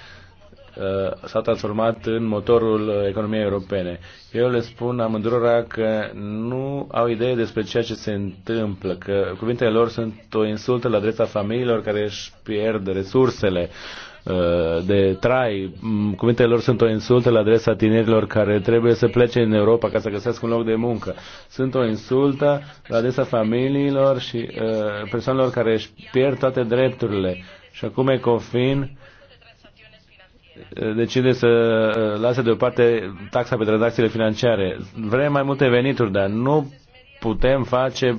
uh, s-a transformat în motorul economiei europene. Eu le spun amândurora că nu au idee despre ceea ce se întâmplă, că cuvintele lor sunt o insultă la adresa familiilor care își pierd resursele, Uh, de trai. Mm, cuvintele lor sunt o insultă la adresa tinerilor care trebuie să plece în Europa ca să găsească un loc de muncă. Sunt o insultă la adresa familiilor și uh, persoanelor care își pierd toate drepturile. Și acum Ecofin uh, decide să lase deoparte taxa pe tranzacțiile financiare. Vrem mai multe venituri, dar nu putem face uh,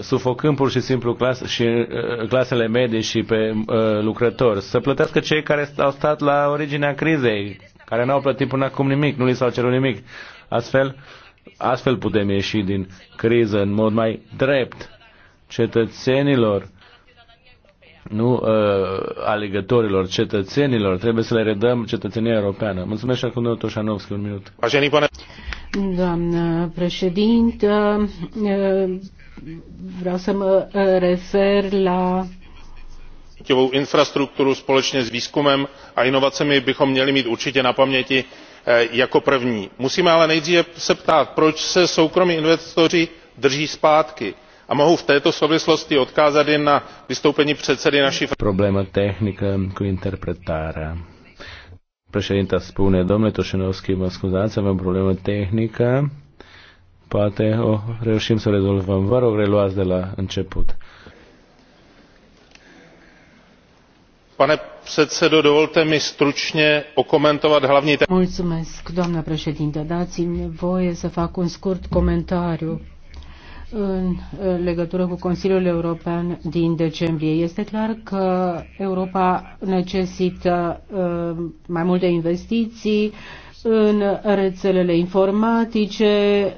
sufocând pur și simplu clas, și, uh, clasele medii și pe uh, lucrători, să plătească cei care au stat la originea crizei, care n-au plătit până acum nimic, nu li s-au cerut nimic. Astfel, astfel putem ieși din criză în mod mai drept cetățenilor, nu uh, alegătorilor, cetățenilor. Trebuie să le redăm cetățenia europeană. Mulțumesc și acum, Toșanovski, un minut. Doamnă președintă, uh, vreau să mă uh, refer la síťovou infrastrukturu společně s výzkumem a inovacemi bychom měli mít určitě na paměti uh, jako první. musíme ale nejdříve ptát proč se soukromí investoři drží zpátky a mohu v této souvislosti odkázat jen na vystoupení předsedy naší Problema tehnică cu interpretarea. Președinta spune, domnule Toșenovski, mă scuzați, avem problemă tehnică poate o reușim să rezolvăm. Vă rog, reluați de la început. Pane předsedo, dovolte mi stručně okomentovat hlavní... Mulțumesc, doamna președinte. Dați-mi voie să fac un scurt comentariu în legătură cu Consiliul European din decembrie. Este clar că Europa necesită uh, mai multe investiții, în rețelele informatice,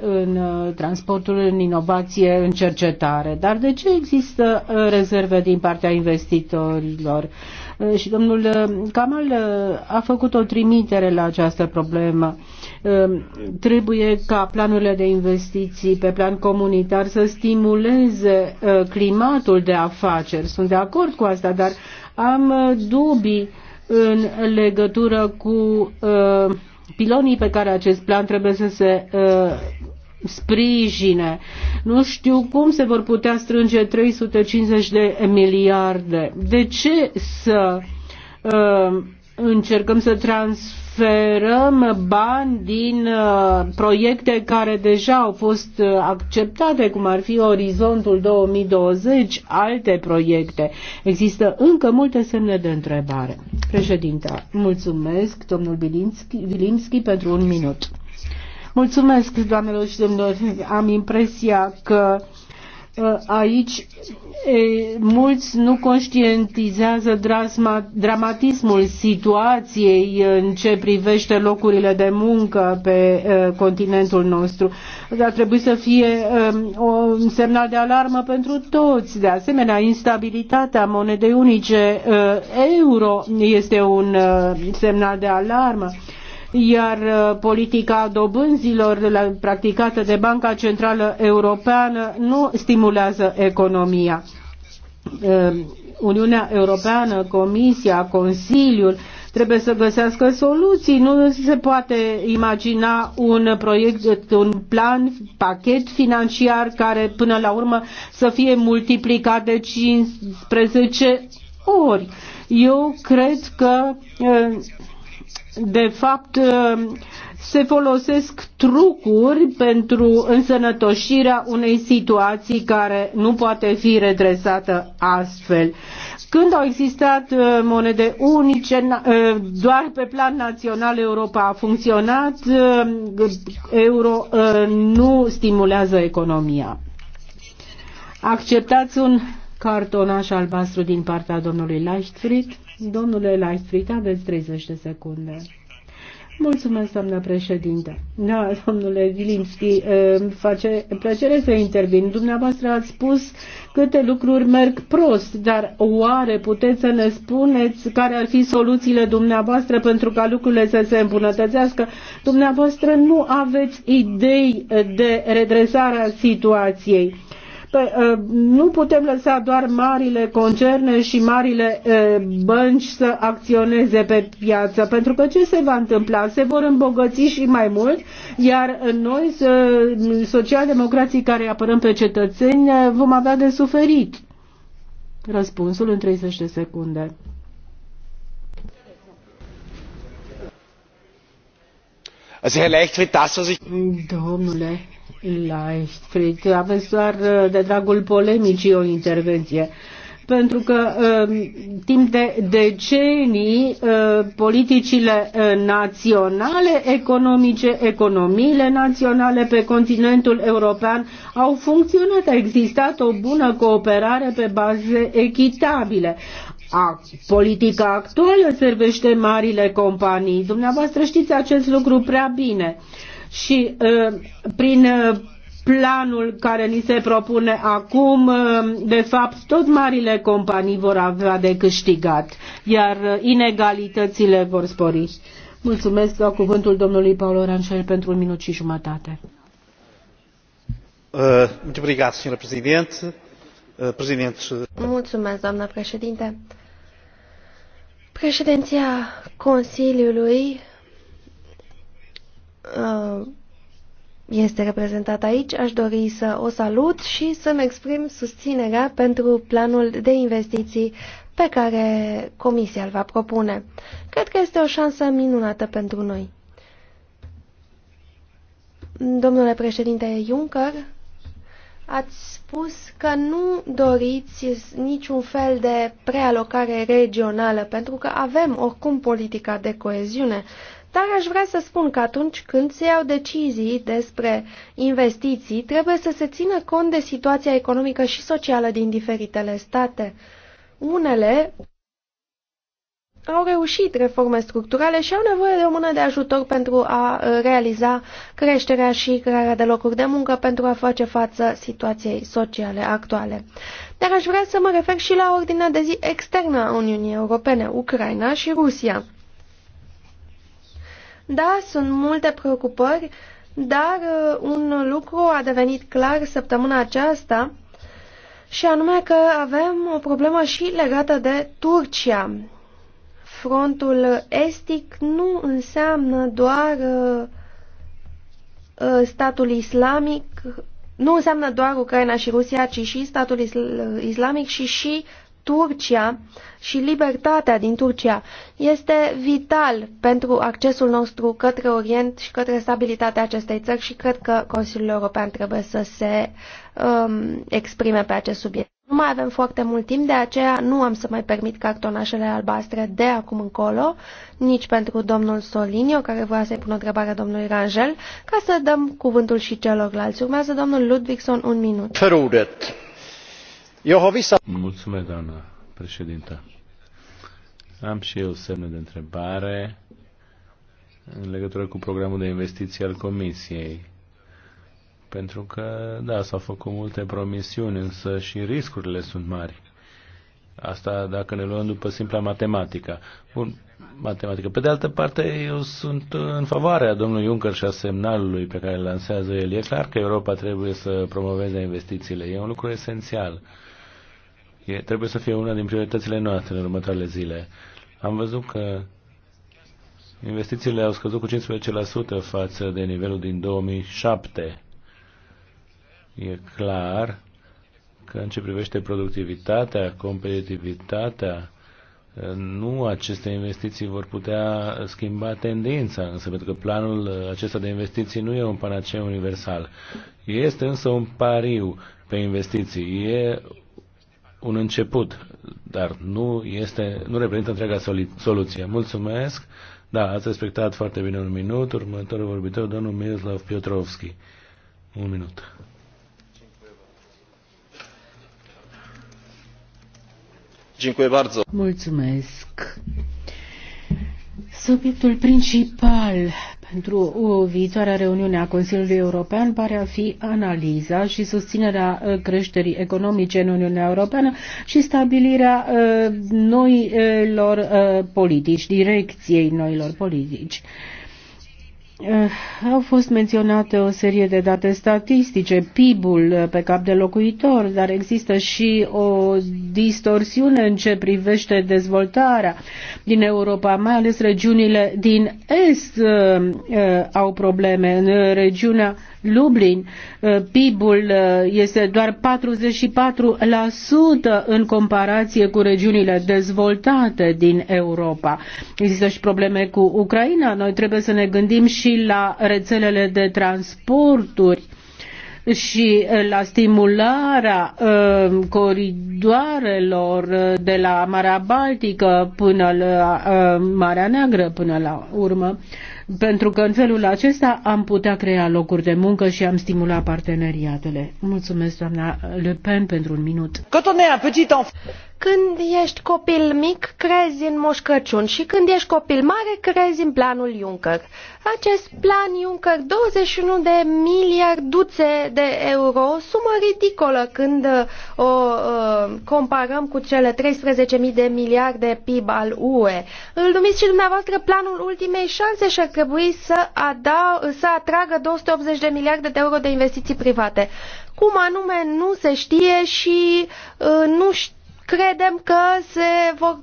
în uh, transportul, în inovație, în cercetare. Dar de ce există uh, rezerve din partea investitorilor? Uh, și domnul Kamal a făcut o trimitere la această problemă. Trebuie ca planurile de investiții pe plan comunitar să stimuleze climatul de afaceri. Sunt de acord cu asta, dar am dubii în legătură cu uh, pilonii pe care acest plan trebuie să se uh, sprijine. Nu știu cum se vor putea strânge 350 de miliarde. De ce să uh, încercăm să transferăm bani din uh, proiecte care deja au fost uh, acceptate, cum ar fi Orizontul 2020, alte proiecte. Există încă multe semne de întrebare. Președinte, mulțumesc, domnul Vilimski, pentru un minut. Mulțumesc, doamnelor și domnilor. Am impresia că Ă, aici mulți nu conștientizează drasma, dramatismul situației în ce privește locurile de muncă pe ă, continentul nostru. Ar trebui să fie ă, un semnal de alarmă pentru toți. De asemenea, instabilitatea monedei unice euro este un semnal de alarmă iar uh, politica dobânzilor practicată de Banca Centrală Europeană nu stimulează economia. Uh, Uniunea Europeană, Comisia, Consiliul trebuie să găsească soluții. Nu se poate imagina un proiect, un plan, pachet financiar care până la urmă să fie multiplicat de 15 ori. Eu cred că uh, de fapt ă, se folosesc trucuri pentru însănătoșirea unei situații care nu poate fi redresată astfel. Când au existat ă, monede unice, ă, doar pe plan național Europa a funcționat, euro nu stimulează economia. Acceptați un cartonaș albastru din partea domnului Leichtfried? Domnule Lightfried, aveți 30 de secunde. Mulțumesc, doamnă președinte. Da, domnule Vilimski, face plăcere să intervin. Dumneavoastră ați spus câte lucruri merg prost, dar oare puteți să ne spuneți care ar fi soluțiile dumneavoastră pentru ca lucrurile să se îmbunătățească? Dumneavoastră nu aveți idei de redresarea situației Uh, nu putem lăsa doar marile concerne și marile uh, bănci să acționeze pe piață, pentru că ce se va întâmpla? Se vor îmbogăți și mai mult, iar noi, socialdemocrații care apărăm pe cetățeni, uh, vom avea de suferit. Răspunsul în 30 de secunde. Domnule Leichtfried, aveți doar uh, de dragul polemicii o intervenție. Pentru că um, timp de decenii uh, politicile uh, naționale economice, economiile naționale pe continentul european au funcționat. A existat o bună cooperare pe baze echitabile. A, politica actuală servește marile companii. Dumneavoastră știți acest lucru prea bine. Uh, și uh, prin uh, planul care ni se propune acum, uh, de fapt, tot marile companii vor avea de câștigat, iar inegalitățile vor spori. Mulțumesc la cuvântul domnului Paolo Oranșel pentru un minut și jumătate. Mulțumesc, doamnă președinte. Președinția Consiliului Uh, este reprezentat aici, aș dori să o salut și să-mi exprim susținerea pentru planul de investiții pe care Comisia îl va propune. Cred că este o șansă minunată pentru noi. Domnule președinte Juncker, ați spus că nu doriți niciun fel de prealocare regională, pentru că avem oricum politica de coeziune dar aș vrea să spun că atunci când se iau decizii despre investiții, trebuie să se țină cont de situația economică și socială din diferitele state. Unele au reușit reforme structurale și au nevoie de o mână de ajutor pentru a uh, realiza creșterea și crearea de locuri de muncă pentru a face față situației sociale actuale. Dar aș vrea să mă refer și la ordinea de zi externă a Uniunii Europene, Ucraina și Rusia. Da, sunt multe preocupări, dar uh, un lucru a devenit clar săptămâna aceasta și anume că avem o problemă și legată de Turcia. Frontul estic nu înseamnă doar uh, uh, statul islamic, nu înseamnă doar Ucraina și Rusia, ci și statul islamic și și Turcia și libertatea din Turcia este vital pentru accesul nostru către Orient și către stabilitatea acestei țări și cred că Consiliul European trebuie să se um, exprime pe acest subiect. Nu mai avem foarte mult timp, de aceea nu am să mai permit cartonașele albastre de acum încolo, nici pentru domnul Solinio, care vrea să-i pună o întrebare domnului Rangel, ca să dăm cuvântul și celorlalți. Urmează domnul Ludvigson un minut. Ferudet. Eu Mulțumesc, doamna președintă. Am și eu semne de întrebare în legătură cu programul de investiții al Comisiei. Pentru că, da, s-au făcut multe promisiuni, însă și riscurile sunt mari. Asta dacă ne luăm după simpla matematică. Bun, matematică. Pe de altă parte, eu sunt în favoarea domnului Juncker și a semnalului pe care îl lansează el. E clar că Europa trebuie să promoveze investițiile. E un lucru esențial e, trebuie să fie una din prioritățile noastre în următoarele zile. Am văzut că investițiile au scăzut cu 15% față de nivelul din 2007. E clar că în ce privește productivitatea, competitivitatea, nu aceste investiții vor putea schimba tendința, însă pentru că planul acesta de investiții nu e un panaceu universal. Este însă un pariu pe investiții. E un început, dar nu, este, nu reprezintă întreaga soluție. Mulțumesc! Da, ați respectat foarte bine un minut. Următorul vorbitor, domnul Miroslav Piotrovski. Un minut. Mulțumesc. Subiectul principal pentru viitoarea reuniune a Consiliului European pare a fi analiza și susținerea uh, creșterii economice în Uniunea Europeană și stabilirea uh, noilor uh, politici, direcției noilor politici. Eh, au fost menționate o serie de date statistice, PIB-ul eh, pe cap de locuitor, dar există și o distorsiune în ce privește dezvoltarea din Europa, mai ales regiunile din Est eh, au probleme. În regiunea Lublin, uh, PIB-ul uh, este doar 44% în comparație cu regiunile dezvoltate din Europa. Există și probleme cu Ucraina. Noi trebuie să ne gândim și la rețelele de transporturi și la stimularea uh, coridoarelor de la Marea Baltică până la Marea Neagră până la urmă pentru că în felul acesta am putea crea locuri de muncă și am stimula parteneriatele. Mulțumesc, doamna Le Pen, pentru un minut. Când ești copil mic, crezi în Moș Crăciun și când ești copil mare, crezi în planul Juncker. Acest plan Juncker, 21 de miliarduțe de euro, sumă ridicolă când uh, o uh, comparăm cu cele 13.000 de miliarde PIB al UE. Îl numiți și dumneavoastră planul ultimei șanse și ar trebui să, adau, să atragă 280 de miliarde de euro de investiții private. Cum anume nu se știe și uh, nu știe credem că se vor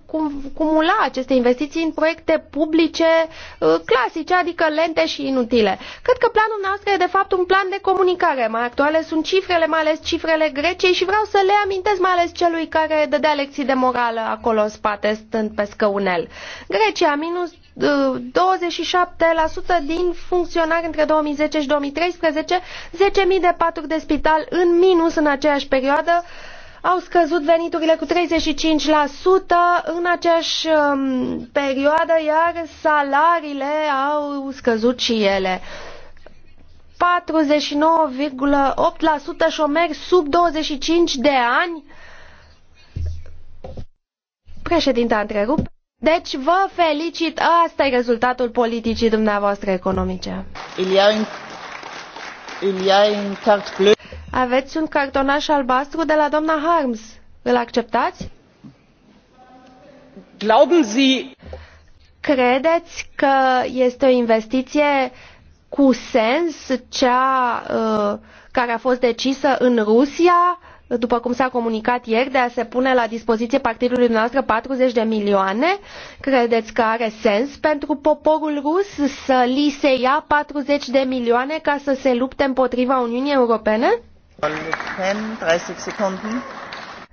cumula aceste investiții în proiecte publice uh, clasice, adică lente și inutile. Cred că planul nostru e de fapt un plan de comunicare. Mai actuale sunt cifrele, mai ales cifrele Greciei și vreau să le amintesc mai ales celui care dădea lecții de morală acolo în spate, stând pe scăunel. Grecia, minus 27% uh, din funcționari între 2010 și 2013, 10.000 de paturi de spital în minus în aceeași perioadă, au scăzut veniturile cu 35% în aceeași um, perioadă, iar salariile au scăzut și ele. 49,8% șomeri sub 25 de ani. Președinta întrerup. Deci vă felicit, asta e rezultatul politicii dumneavoastră economice. Il y a une, il y a une carte bleue. Aveți un cartonaș albastru de la doamna Harms. Îl acceptați? Glauben Sie... Credeți că este o investiție cu sens cea uh, care a fost decisă în Rusia, după cum s-a comunicat ieri, de a se pune la dispoziție partidului noastră 40 de milioane? Credeți că are sens pentru poporul rus să li se ia 40 de milioane ca să se lupte împotriva Uniunii Europene? Le secunde.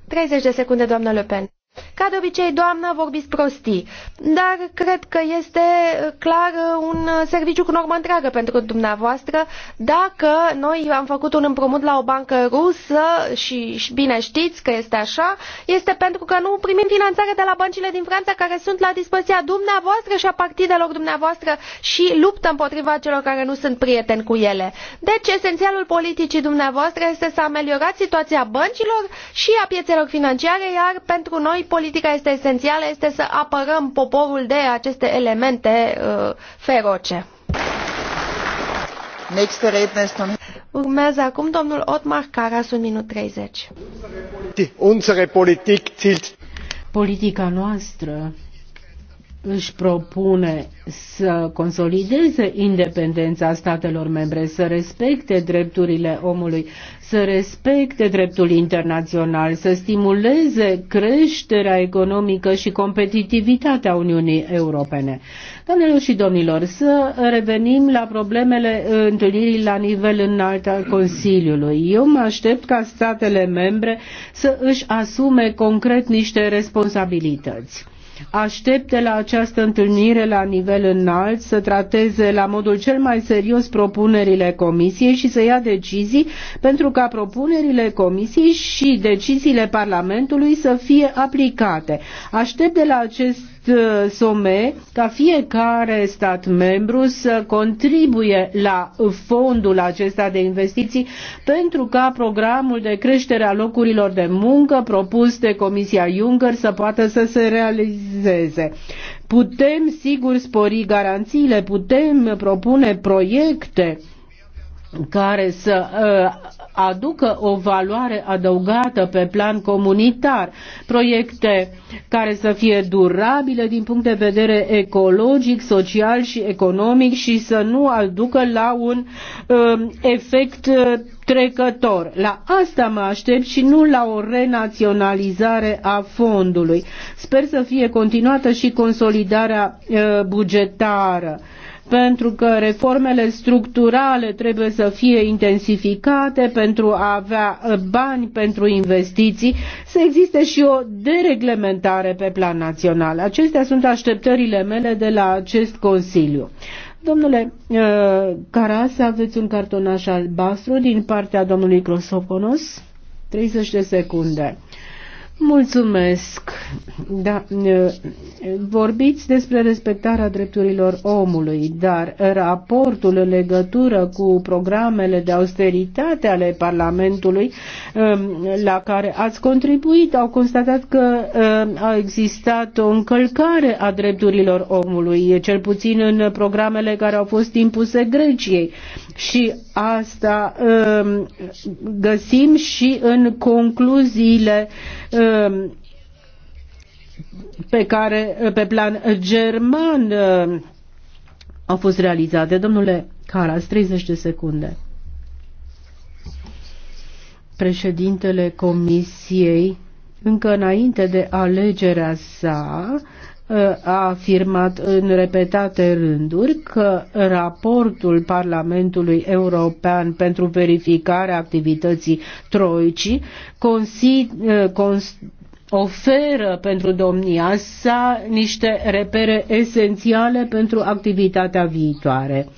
30 de secunde, doamnă Le Pen. Ca de obicei, doamnă, vorbiți prostii, dar cred că este uh, clar uh, un uh, serviciu cu normă întreagă pentru dumneavoastră dacă noi am făcut un împrumut la o bancă rusă și bine știți că este așa, este pentru că nu primim finanțare de la băncile din Franța care sunt la dispoziția dumneavoastră și a partidelor dumneavoastră și luptă împotriva celor care nu sunt prieteni cu ele. Deci, esențialul politicii dumneavoastră este să ameliorați situația băncilor și a piețelor financiare, iar pentru noi politica este esențială este să apărăm poporul de aceste elemente uh, feroce. Urmează acum domnul Otmar Caras, un minut 30. Politica noastră își propune să consolideze independența statelor membre, să respecte drepturile omului, să respecte dreptul internațional, să stimuleze creșterea economică și competitivitatea Uniunii Europene. Doamnelor și domnilor, să revenim la problemele întâlnirii la nivel înalt al Consiliului. Eu mă aștept ca statele membre să își asume concret niște responsabilități Aștept de la această întâlnire la nivel înalt să trateze la modul cel mai serios propunerile Comisiei și să ia decizii pentru ca propunerile Comisiei și deciziile Parlamentului să fie aplicate. Aștept de la acest Uh, somet ca fiecare stat membru să contribuie la fondul acesta de investiții pentru ca programul de creștere a locurilor de muncă propus de Comisia Juncker să poată să se realizeze. Putem, sigur, spori garanțiile, putem propune proiecte care să uh, aducă o valoare adăugată pe plan comunitar, proiecte care să fie durabile din punct de vedere ecologic, social și economic și să nu aducă la un um, efect uh, trecător. La asta mă aștept și nu la o renaționalizare a fondului. Sper să fie continuată și consolidarea uh, bugetară pentru că reformele structurale trebuie să fie intensificate pentru a avea uh, bani pentru investiții, să existe și o dereglementare pe plan național. Acestea sunt așteptările mele de la acest Consiliu. Domnule uh, Caras, aveți un cartonaș albastru din partea domnului Crosoponos? 30 de secunde. Mulțumesc. Da, vorbiți despre respectarea drepturilor omului, dar raportul în legătură cu programele de austeritate ale Parlamentului um, la care ați contribuit au constatat că um, a existat o încălcare a drepturilor omului, cel puțin în programele care au fost impuse Greciei și asta um, găsim și în concluziile um, pe care pe plan german um, au fost realizate. Domnule Caras, 30 de secunde. Președintele Comisiei, încă înainte de alegerea sa, a afirmat în repetate rânduri că raportul Parlamentului European pentru verificarea activității troicii eh, oferă pentru domnia sa niște repere esențiale pentru activitatea viitoare.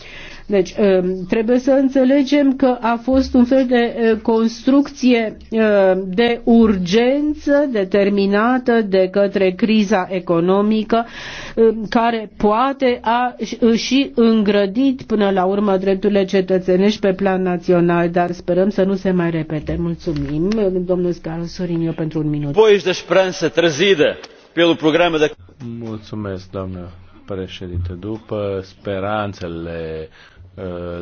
Deci um, trebuie să înțelegem că a fost un fel de uh, construcție uh, de urgență determinată de către criza economică um, care poate a uh, și îngrădit până la urmă drepturile cetățenești pe plan național, dar sperăm să nu se mai repete. Mulțumim, domnul Scaru Sorinio, pentru un minut. Pois de da speranță trezidă pelo programa de. Da- Mulțumesc, doamnă președinte. După speranțele Uh,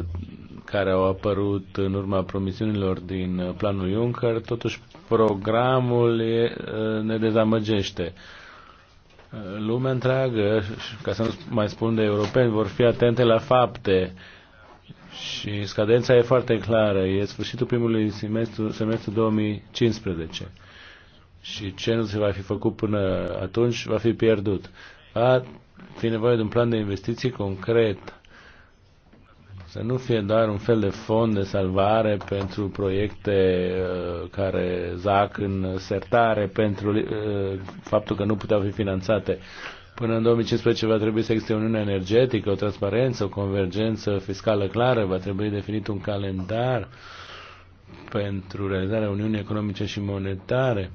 care au apărut în urma promisiunilor din planul Juncker, totuși programul uh, ne dezamăgește. Uh, lumea întreagă, ca să nu mai spun de europeni, vor fi atente la fapte și scadența e foarte clară, e sfârșitul primului semestru, semestru 2015 și ce nu se va fi făcut până atunci va fi pierdut. Va fi nevoie de un plan de investiții concret să nu fie doar un fel de fond de salvare pentru proiecte uh, care zac în sertare pentru uh, faptul că nu puteau fi finanțate. Până în 2015 va trebui să existe o uniune energetică, o transparență, o convergență fiscală clară, va trebui definit un calendar pentru realizarea Uniunii Economice și Monetare.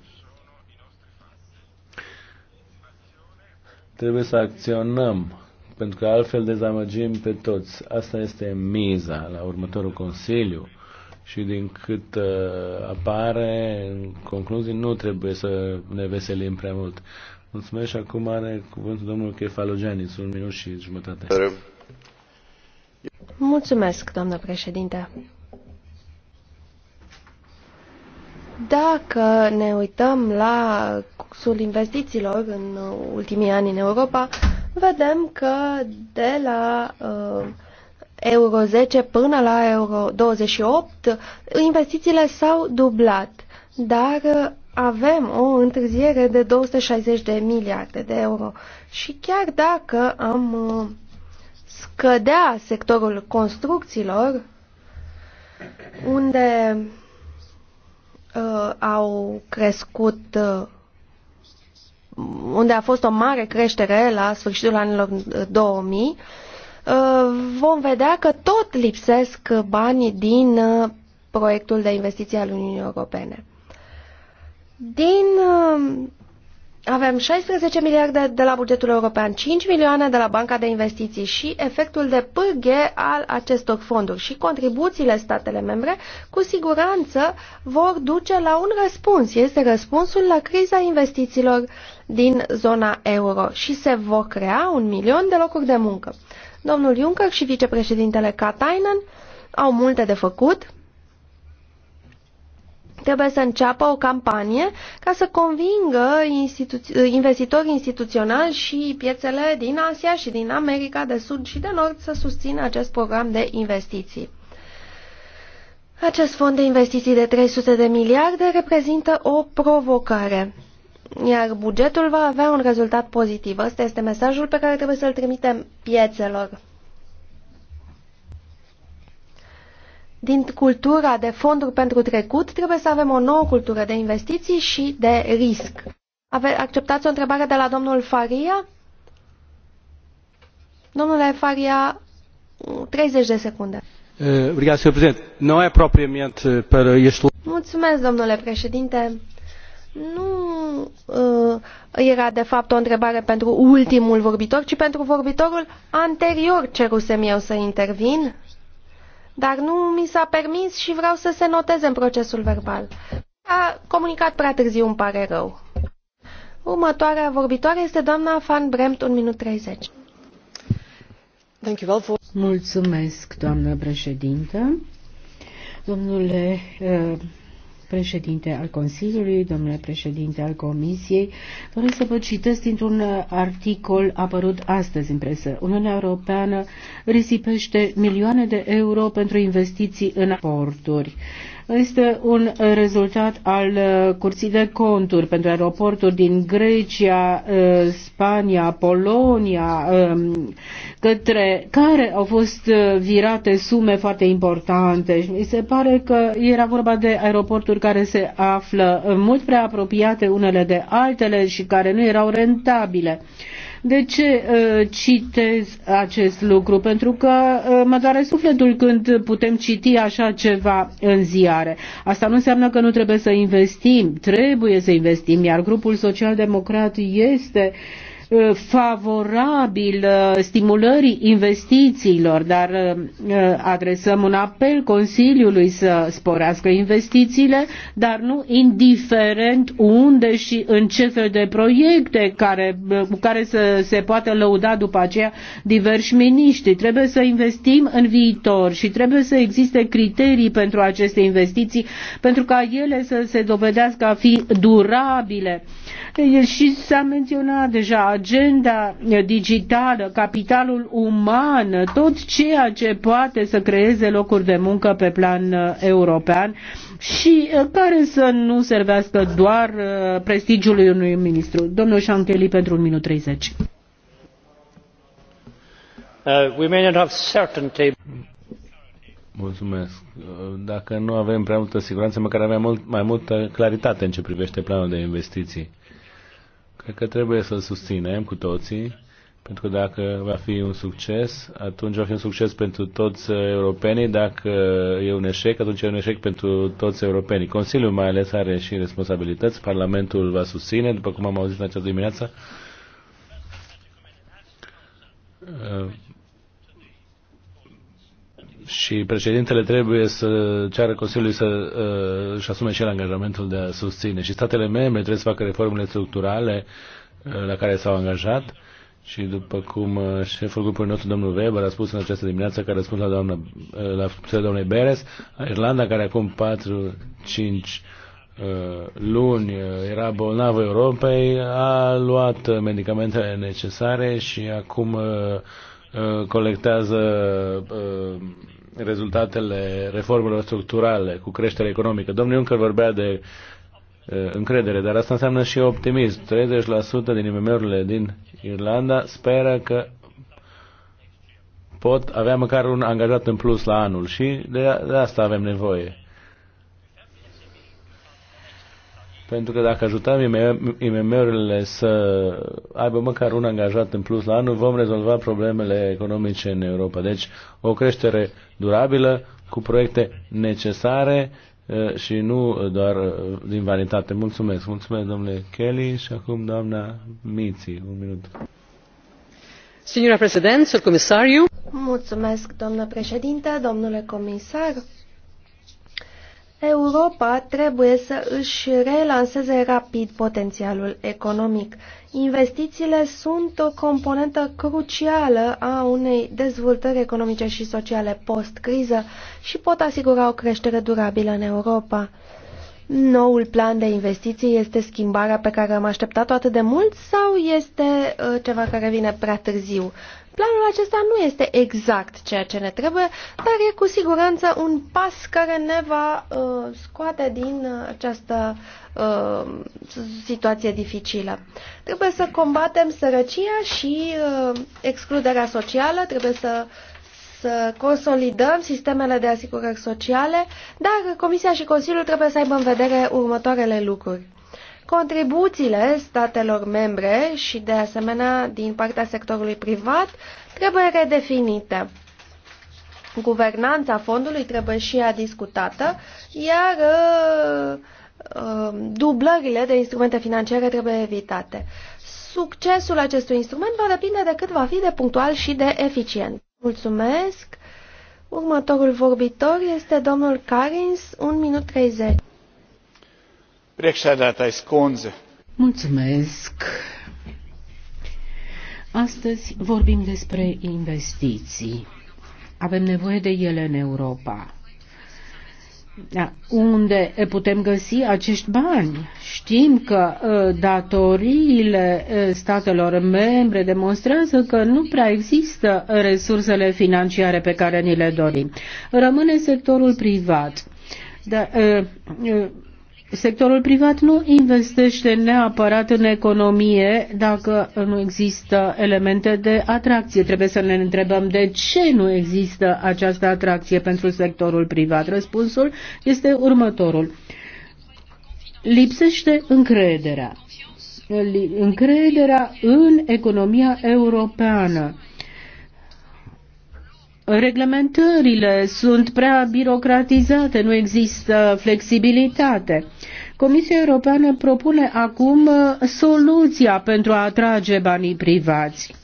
Trebuie să acționăm pentru că altfel dezamăgim pe toți. Asta este miza la următorul Consiliu și din cât uh, apare în concluzii nu trebuie să ne veselim prea mult. Mulțumesc și acum are cuvântul domnul Kefalogianis, un minut și jumătate. Mulțumesc, doamnă președinte. Dacă ne uităm la cursul investițiilor în ultimii ani în Europa, vedem că de la uh, euro 10 până la euro 28 investițiile s-au dublat, dar avem o întârziere de 260 de miliarde de euro. Și chiar dacă am uh, scădea sectorul construcțiilor, unde uh, au crescut uh, unde a fost o mare creștere la sfârșitul anilor 2000, uh, uh, vom vedea că tot lipsesc banii din uh, proiectul de investiții al Uniunii Europene. Din avem 16 miliarde de la bugetul european, 5 milioane de la Banca de Investiții și efectul de pârghe al acestor fonduri și contribuțiile statele membre cu siguranță vor duce la un răspuns. Este răspunsul la criza investițiilor din zona euro și se vor crea un milion de locuri de muncă. Domnul Juncker și vicepreședintele Katainen au multe de făcut, trebuie să înceapă o campanie ca să convingă institu- investitori instituționali și piețele din Asia și din America de Sud și de Nord să susțină acest program de investiții. Acest fond de investiții de 300 de miliarde reprezintă o provocare, iar bugetul va avea un rezultat pozitiv. Ăsta este mesajul pe care trebuie să-l trimitem piețelor. din cultura de fonduri pentru trecut, trebuie să avem o nouă cultură de investiții și de risc. Ave acceptați o întrebare de la domnul Faria? Domnule Faria, 30 de secunde. Eh, obrigado, Sr. Presidente. Não é propriamente eh, para este... Mulțumesc, domnule președinte. Nu uh, era de fapt o întrebare pentru ultimul vorbitor, ci pentru vorbitorul anterior cerusem eu să intervin dar nu mi s-a permis și vreau să se noteze în procesul verbal. A comunicat prea târziu, îmi pare rău. Următoarea vorbitoare este doamna Fan Bremt, 1 minut 30. Mulțumesc, doamnă președintă. Domnule uh, președinte al Consiliului, domnule președinte al Comisiei, doresc să vă citesc dintr-un uh, articol apărut astăzi în presă. Uniunea Europeană risipește milioane de euro pentru investiții în porturi este un rezultat al uh, curții de conturi pentru aeroporturi din Grecia, uh, Spania, Polonia, um, către care au fost uh, virate sume foarte importante mi se pare că era vorba de aeroporturi care se află mult prea apropiate unele de altele și care nu erau rentabile. De ce uh, citez acest lucru? Pentru că uh, mă doare sufletul când putem citi așa ceva în ziare. Asta nu înseamnă că nu trebuie să investim, trebuie să investim, iar grupul social-democrat este uh, favorabil stimulării investițiilor, dar adresăm un apel Consiliului să sporească investițiile, dar nu indiferent unde și în ce fel de proiecte care, cu care să se poată lăuda după aceea diversi miniștri. Trebuie să investim în viitor și trebuie să existe criterii pentru aceste investiții, pentru ca ele să se dovedească a fi durabile. Și s-a menționat deja agenda digitală, capitalul uman, tot ceea ce poate să creeze locuri de muncă pe plan uh, european și uh, care să nu servească doar uh, prestigiului unui ministru. Domnul Șancheli, pentru un minut 30. Uh, we may not have certainty. Mulțumesc. Dacă nu avem prea multă siguranță, măcar avem mult, mai multă claritate în ce privește planul de investiții. Cred că trebuie să-l susținem cu toții, pentru că dacă va fi un succes, atunci va fi un succes pentru toți europenii. Dacă e un eșec, atunci e un eșec pentru toți europenii. Consiliul mai ales are și responsabilități, Parlamentul va susține, după cum am auzit în această dimineață și președintele trebuie să ceară Consiliului să uh, își asume și el angajamentul de a susține. Și statele membre trebuie să facă reformele structurale uh, la care s-au angajat și după cum uh, șeful grupului nostru, domnul Weber, a spus în această dimineață că a răspuns la doamna, uh, la doamnei Beres, Irlanda, care acum 4-5 uh, luni uh, era bolnavă Europei, a luat medicamentele necesare și acum colectează rezultatele reformelor structurale cu creștere economică. Domnul Juncker vorbea de încredere, dar asta înseamnă și optimism. 30% din IMM-urile din Irlanda speră că pot avea măcar un angajat în plus la anul și de, de asta avem nevoie. Pentru că dacă ajutăm IMM-urile să aibă măcar un angajat în plus la anul, vom rezolva problemele economice în Europa. Deci o creștere durabilă cu proiecte necesare și nu doar din vanitate. Mulțumesc. Mulțumesc, domnule Kelly. Și acum, doamna Miții, un minut. Signora Presidente, Comisariu. Mulțumesc, doamnă președinte, domnule comisar. Europa trebuie să își relanseze rapid potențialul economic. Investițiile sunt o componentă crucială a unei dezvoltări economice și sociale post-criză și pot asigura o creștere durabilă în Europa. Noul plan de investiții este schimbarea pe care am așteptat-o atât de mult sau este uh, ceva care vine prea târziu? Planul acesta nu este exact ceea ce ne trebuie, dar e cu siguranță un pas care ne va uh, scoate din uh, această uh, situație dificilă. Trebuie să combatem sărăcia și uh, excluderea socială, trebuie să să consolidăm sistemele de asigurări sociale, dar Comisia și Consiliul trebuie să aibă în vedere următoarele lucruri. Contribuțiile statelor membre și, de asemenea, din partea sectorului privat trebuie redefinite. Guvernanța fondului trebuie și ea discutată, iar uh, uh, dublările de instrumente financiare trebuie evitate. Succesul acestui instrument va depinde de cât va fi de punctual și de eficient. Mulțumesc! Următorul vorbitor este domnul Carins, 1 minut 30. Mulțumesc. Astăzi vorbim despre investiții. Avem nevoie de ele în Europa. Da. Unde putem găsi acești bani? Știm că ă, datoriile ă, statelor membre demonstrează că nu prea există resursele financiare pe care ni le dorim. Rămâne sectorul privat. Da, ă, Sectorul privat nu investește neapărat în economie dacă nu există elemente de atracție. Trebuie să ne întrebăm de ce nu există această atracție pentru sectorul privat. Răspunsul este următorul. Lipsește încrederea. Încrederea în economia europeană reglementările sunt prea birocratizate, nu există flexibilitate. Comisia Europeană propune acum uh, soluția pentru a atrage banii privați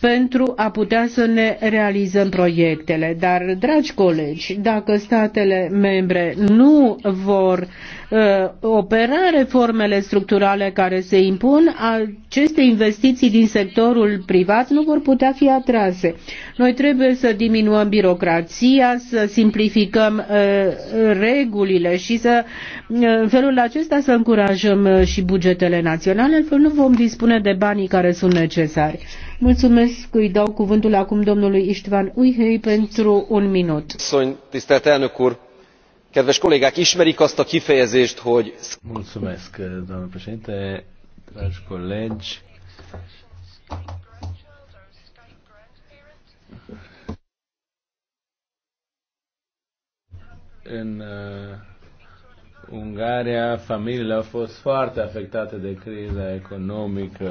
pentru a putea să ne realizăm proiectele. Dar, dragi colegi, dacă statele membre nu vor Uh, opera reformele structurale care se impun, aceste investiții din sectorul privat nu vor putea fi atrase. Noi trebuie să diminuăm birocrația, să simplificăm uh, regulile și să uh, în felul acesta să încurajăm și bugetele naționale, în felul nu vom dispune de banii care sunt necesari. Mulțumesc, îi dau cuvântul acum domnului Istvan Uihei pentru un minut. Sunt, Kedves kollégák, ismerik azt a kifejezést, hogy... dragi colegi. În uh, Ungaria, familiile au fost foarte afectate de criza economică.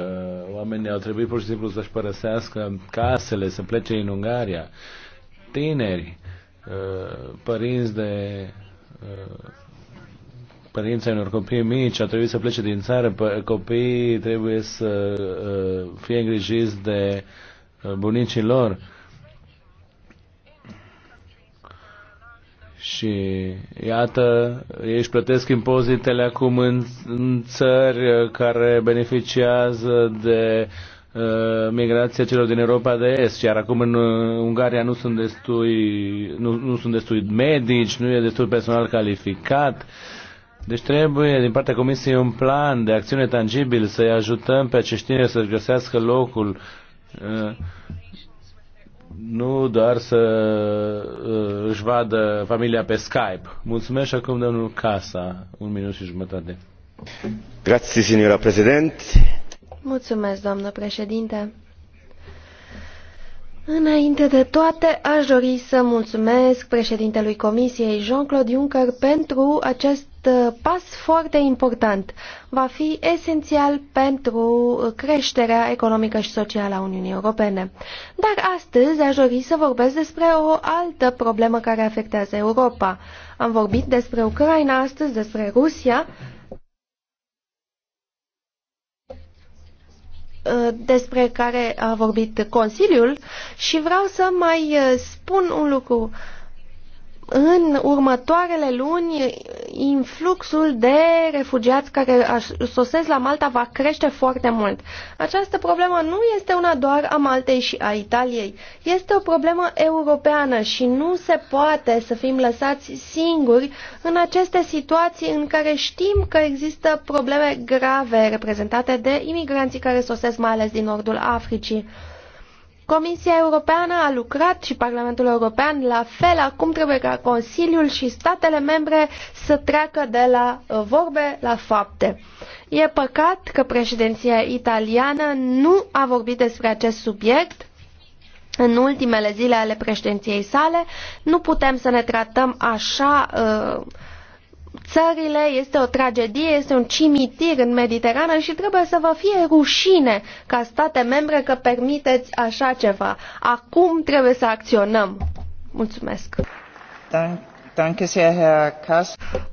Oamenii au trebuit pur și simplu să-și părăsească casele, să plece în Ungaria. Tineri, uh, părinți de părinții unor copii mici au trebuit să plece din țară, copiii trebuie să uh, fie îngrijiți de uh, bunicii lor. Și iată, ei își plătesc impozitele acum în, în țări care beneficiază de Uh, migrația celor din Europa de Est, iar acum în uh, Ungaria nu sunt destui, nu, nu sunt destui medici, nu e destul personal calificat. Deci trebuie din partea Comisiei un plan de acțiune tangibil să-i ajutăm pe acești tineri să-și găsească locul, uh, nu doar să își vadă familia pe Skype. Mulțumesc și acum domnul Casa, un minut și jumătate. Grazie, signora Presidente. Mulțumesc, doamnă președinte. Înainte de toate, aș dori să mulțumesc președintelui Comisiei Jean-Claude Juncker pentru acest uh, pas foarte important. Va fi esențial pentru creșterea economică și socială a Uniunii Europene. Dar astăzi aș dori să vorbesc despre o altă problemă care afectează Europa. Am vorbit despre Ucraina astăzi, despre Rusia, Uh, despre care a vorbit Consiliul și vreau să mai uh, spun un lucru. Uh, în următoarele luni influxul de refugiați care sosesc la Malta va crește foarte mult. Această problemă nu este una doar a Maltei și a Italiei. Este o problemă europeană și nu se poate să fim lăsați singuri în aceste situații în care știm că există probleme grave reprezentate de imigranții care sosesc mai ales din nordul Africii. Comisia Europeană a lucrat și Parlamentul European la fel. Acum trebuie ca Consiliul și statele membre să treacă de la uh, vorbe la fapte. E păcat că președinția italiană nu a vorbit despre acest subiect în ultimele zile ale președinției sale. Nu putem să ne tratăm așa uh, țările, este o tragedie, este un cimitir în Mediterană și trebuie să vă fie rușine ca state membre că permiteți așa ceva. Acum trebuie să acționăm. Mulțumesc.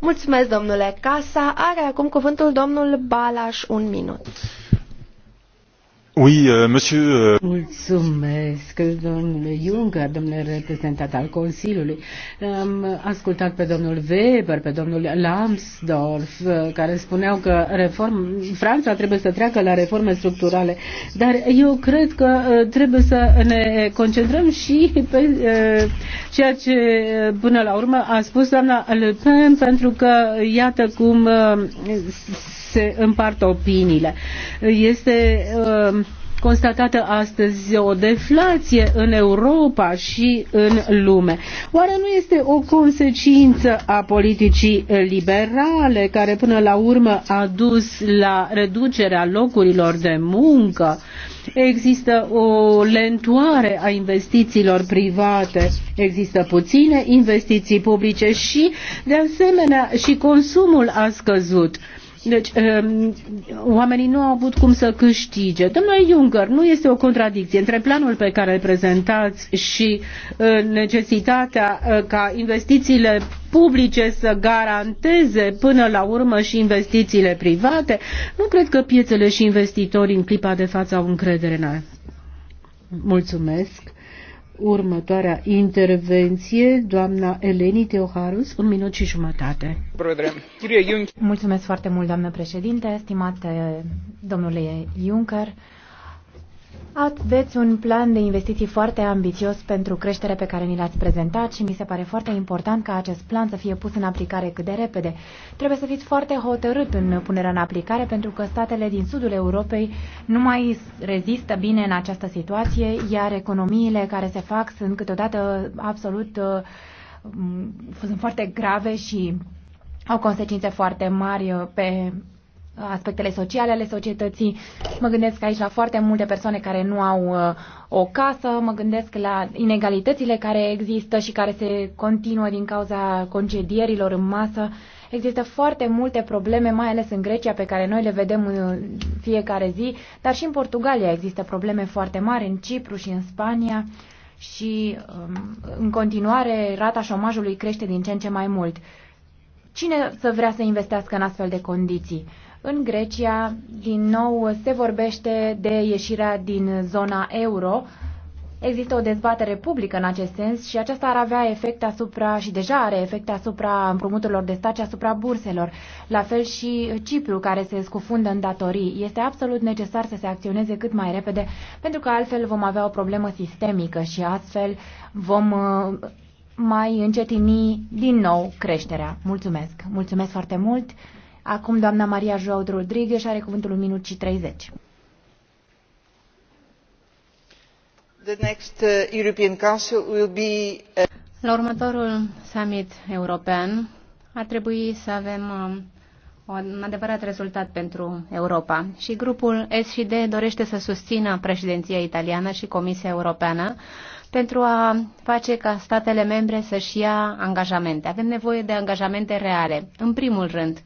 Mulțumesc, domnule Casa. Are acum cuvântul domnul Balaș un minut. Oui, euh, monsieur, Euh... Mulțumesc, domnule Juncker, domnule reprezentant al Consiliului. Am ascultat pe domnul Weber, pe domnul Lambsdorff, uh, care spuneau că reform... Franța trebuie să treacă la reforme structurale, dar eu cred că uh, trebuie să ne concentrăm și pe uh, ceea ce până la urmă a spus doamna Le Pen, pentru că iată cum se împart opiniile. Este uh, constatată astăzi o deflație în Europa și în lume. Oare nu este o consecință a politicii liberale care până la urmă a dus la reducerea locurilor de muncă? Există o lentoare a investițiilor private, există puține investiții publice și, de asemenea, și consumul a scăzut. Deci, um, oamenii nu au avut cum să câștige. Domnule Juncker, nu este o contradicție între planul pe care îl prezentați și uh, necesitatea uh, ca investițiile publice să garanteze până la urmă și investițiile private. Nu cred că piețele și investitorii în clipa de față au încredere în Mulțumesc. Următoarea intervenție, doamna Eleni Teoharus, un minut și jumătate. Mulțumesc foarte mult, doamnă președinte, stimate domnule Juncker. Aveți un plan de investiții foarte ambițios pentru creștere pe care ni l-ați prezentat și mi se pare foarte important ca acest plan să fie pus în aplicare cât de repede. Trebuie să fiți foarte hotărât în punerea în aplicare pentru că statele din sudul Europei nu mai rezistă bine în această situație, iar economiile care se fac sunt câteodată absolut uh, sunt foarte grave și au consecințe foarte mari uh, pe aspectele sociale ale societății. Mă gândesc aici la foarte multe persoane care nu au uh, o casă, mă gândesc la inegalitățile care există și care se continuă din cauza concedierilor în masă. Există foarte multe probleme, mai ales în Grecia, pe care noi le vedem în fiecare zi, dar și în Portugalia există probleme foarte mari, în Cipru și în Spania și um, în continuare rata șomajului crește din ce în ce mai mult. Cine să vrea să investească în astfel de condiții? În Grecia, din nou, se vorbește de ieșirea din zona euro. Există o dezbatere publică în acest sens și aceasta ar avea efect asupra, și deja are efect asupra împrumuturilor de stat și asupra burselor. La fel și Cipru, care se scufundă în datorii. Este absolut necesar să se acționeze cât mai repede, pentru că altfel vom avea o problemă sistemică și astfel vom uh, mai încetini din nou creșterea. Mulțumesc! Mulțumesc foarte mult! Acum doamna Maria Joao Rodriguez are cuvântul un minut și 30. The next uh, European Council will be... Uh, La următorul summit european ar trebui să avem um, un adevărat rezultat pentru Europa. Și grupul SD dorește să susțină președinția italiană și Comisia Europeană pentru a face ca statele membre să-și ia angajamente. Avem nevoie de angajamente reale. În primul rând,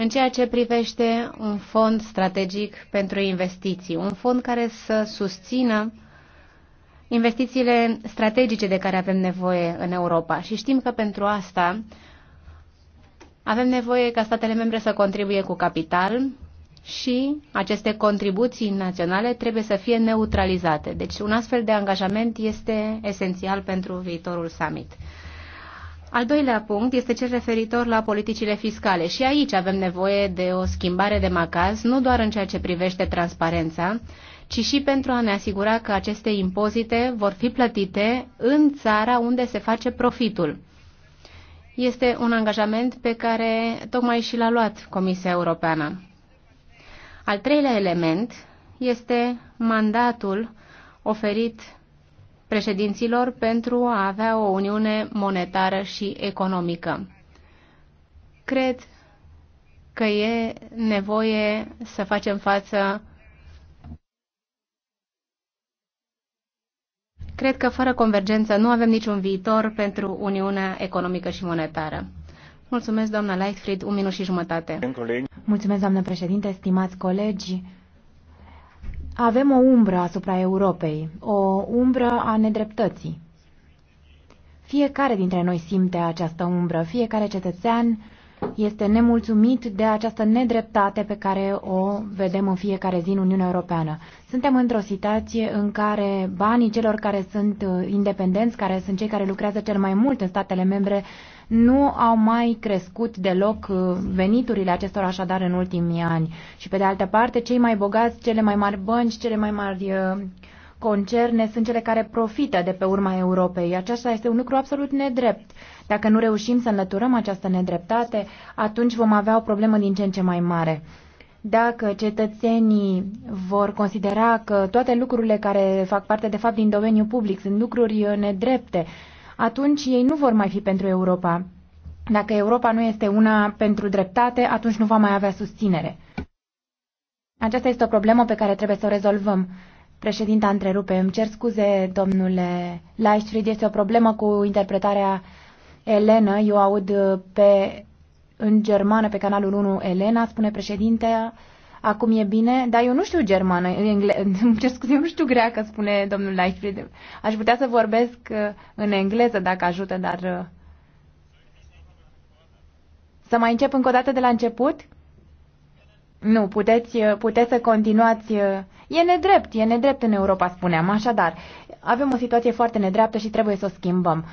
în ceea ce privește un fond strategic pentru investiții, un fond care să susțină investițiile strategice de care avem nevoie în Europa. Și știm că pentru asta avem nevoie ca statele membre să contribuie cu capital și aceste contribuții naționale trebuie să fie neutralizate. Deci un astfel de angajament este esențial pentru viitorul summit. Al doilea punct este cel referitor la politicile fiscale și aici avem nevoie de o schimbare de macaz, nu doar în ceea ce privește transparența, ci și pentru a ne asigura că aceste impozite vor fi plătite în țara unde se face profitul. Este un angajament pe care tocmai și l-a luat Comisia Europeană. Al treilea element este mandatul oferit președinților pentru a avea o uniune monetară și economică. Cred că e nevoie să facem față Cred că fără convergență nu avem niciun viitor pentru Uniunea Economică și Monetară. Mulțumesc, doamna Lightfried, un minut și jumătate. Mulțumesc, doamnă președinte, stimați colegi. Avem o umbră asupra Europei, o umbră a nedreptății. Fiecare dintre noi simte această umbră, fiecare cetățean este nemulțumit de această nedreptate pe care o vedem în fiecare zi în Uniunea Europeană. Suntem într-o situație în care banii celor care sunt uh, independenți, care sunt cei care lucrează cel mai mult în statele membre, nu au mai crescut deloc uh, veniturile acestor așadar în ultimii ani. Și pe de altă parte, cei mai bogați, cele mai mari bănci, cele mai mari uh, concerne sunt cele care profită de pe urma Europei. Aceasta este un lucru absolut nedrept. Dacă nu reușim să înlăturăm această nedreptate, atunci vom avea o problemă din ce în ce mai mare dacă cetățenii vor considera că toate lucrurile care fac parte de fapt din domeniul public sunt lucruri uh, nedrepte atunci ei nu vor mai fi pentru Europa. Dacă Europa nu este una pentru dreptate, atunci nu va mai avea susținere. Aceasta este o problemă pe care trebuie să o rezolvăm. Președinta întrerupe, îmi cer scuze, domnule Leistfried, este o problemă cu interpretarea Elena. Eu aud pe, în germană pe canalul 1 Elena, spune președintea, Acum e bine, dar eu nu știu germană, engle... ce scuze, eu nu știu greacă, spune domnul Leichfried. Aș putea să vorbesc uh, în engleză dacă ajută, dar... Uh, să mai încep încă o dată de la început? Nu, puteți, uh, puteți să continuați. E nedrept, e nedrept în Europa, spuneam, așadar. Avem o situație foarte nedreaptă și trebuie să o schimbăm.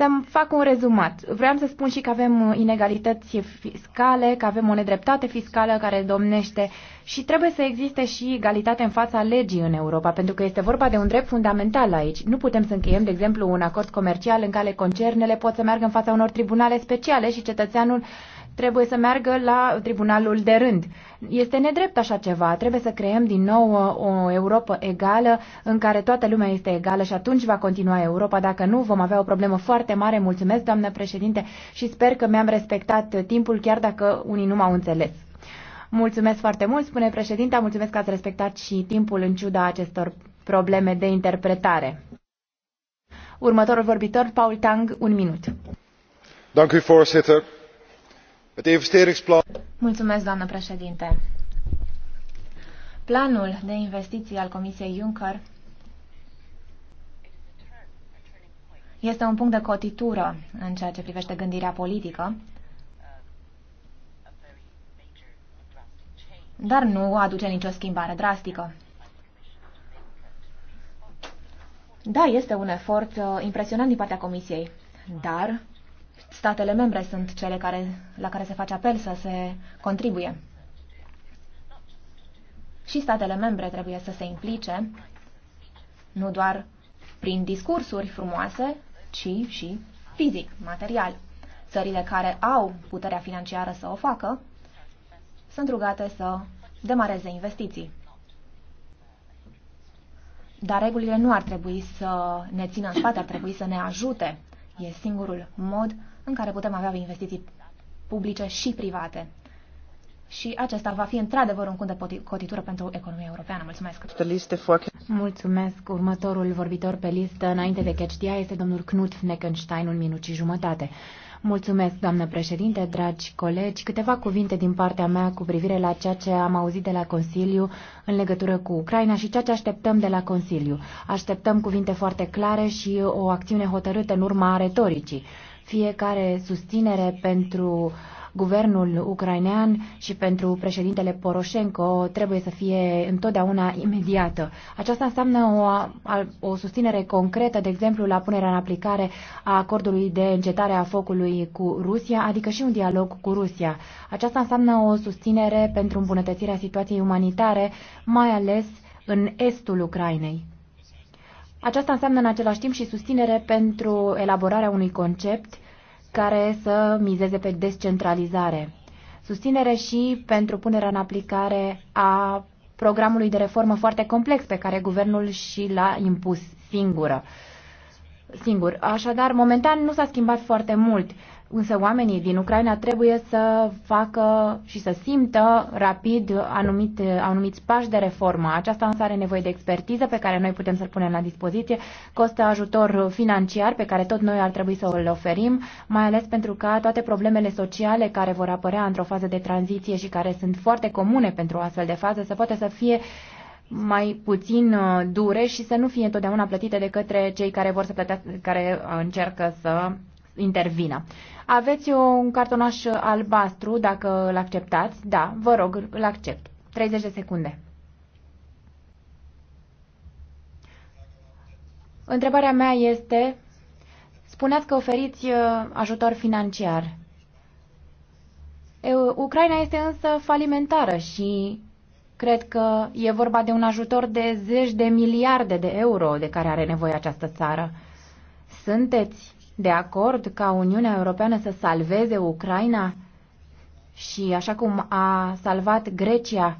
Să fac un rezumat. Vreau să spun și că avem uh, inegalități fiscale, că avem o nedreptate fiscală care domnește și trebuie să existe și egalitate în fața legii în Europa, pentru că este vorba de un drept fundamental aici. Nu putem să încheiem, de exemplu, un acord comercial în care concernele pot să meargă în fața unor tribunale speciale și cetățeanul trebuie să meargă la tribunalul de rând. Este nedrept așa ceva. Trebuie să creăm din nou uh, o Europa egală în care toată lumea este egală și atunci va continua Europa. Dacă nu, vom avea o problemă foarte mare. Mulțumesc, doamnă președinte, și sper că mi-am respectat timpul, chiar dacă unii nu m-au înțeles. Mulțumesc foarte mult, spune președinta, mulțumesc că ați respectat și timpul în ciuda acestor probleme de interpretare. Următorul vorbitor, Paul Tang, un minut. Dank u, voorzitter. Mulțumesc, doamnă președinte. Planul de investiții al Comisiei Juncker este un punct de cotitură în ceea ce privește gândirea politică, dar nu aduce nicio schimbare drastică. Da, este un efort uh, impresionant din partea Comisiei, dar statele membre sunt cele care, la care se face apel să se contribuie. Și statele membre trebuie să se implice, nu doar prin discursuri frumoase, ci și fizic, material. Țările care au puterea financiară să o facă sunt rugate să demareze investiții. Dar regulile nu ar trebui să ne țină în spate, ar trebui să ne ajute. E singurul mod în care putem avea investiții publice și private. Și acesta va fi într-adevăr un cund de cotitură pentru economia europeană. Mulțumesc! Mulțumesc! Următorul vorbitor pe listă înainte de CatchDI este domnul Knut Fneckenstein, un minut și jumătate. Mulțumesc, doamnă președinte, dragi colegi. Câteva cuvinte din partea mea cu privire la ceea ce am auzit de la Consiliu în legătură cu Ucraina și ceea ce așteptăm de la Consiliu. Așteptăm cuvinte foarte clare și o acțiune hotărâtă în urma retoricii fiecare susținere pentru guvernul ucrainean și pentru președintele Poroșenko trebuie să fie întotdeauna imediată. Aceasta înseamnă o, o susținere concretă, de exemplu, la punerea în aplicare a acordului de încetare a focului cu Rusia, adică și un dialog cu Rusia. Aceasta înseamnă o susținere pentru îmbunătățirea situației umanitare, mai ales în estul Ucrainei. Aceasta înseamnă în același timp și susținere pentru elaborarea unui concept care să mizeze pe descentralizare. Susținere și pentru punerea în aplicare a programului de reformă foarte complex pe care guvernul și l-a impus singură. Singur. Așadar, momentan nu s-a schimbat foarte mult. Însă oamenii din Ucraina trebuie să facă și să simtă rapid anumite, anumiți pași de reformă. Aceasta însă are nevoie de expertiză pe care noi putem să-l punem la dispoziție, costă ajutor financiar pe care tot noi ar trebui să îl oferim, mai ales pentru că toate problemele sociale care vor apărea într-o fază de tranziție și care sunt foarte comune pentru o astfel de fază să poată să fie mai puțin uh, dure și să nu fie întotdeauna plătite de către cei care vor să plătească, care încearcă să intervină. Aveți un cartonaș albastru, dacă îl acceptați. Da, vă rog, îl accept. 30 de secunde. Întrebarea mea este, spuneați că oferiți uh, ajutor financiar. Ucraina este însă falimentară și cred că e vorba de un ajutor de zeci de miliarde de euro de care are nevoie această țară. Sunteți de acord ca Uniunea Europeană să salveze Ucraina și așa cum a salvat Grecia,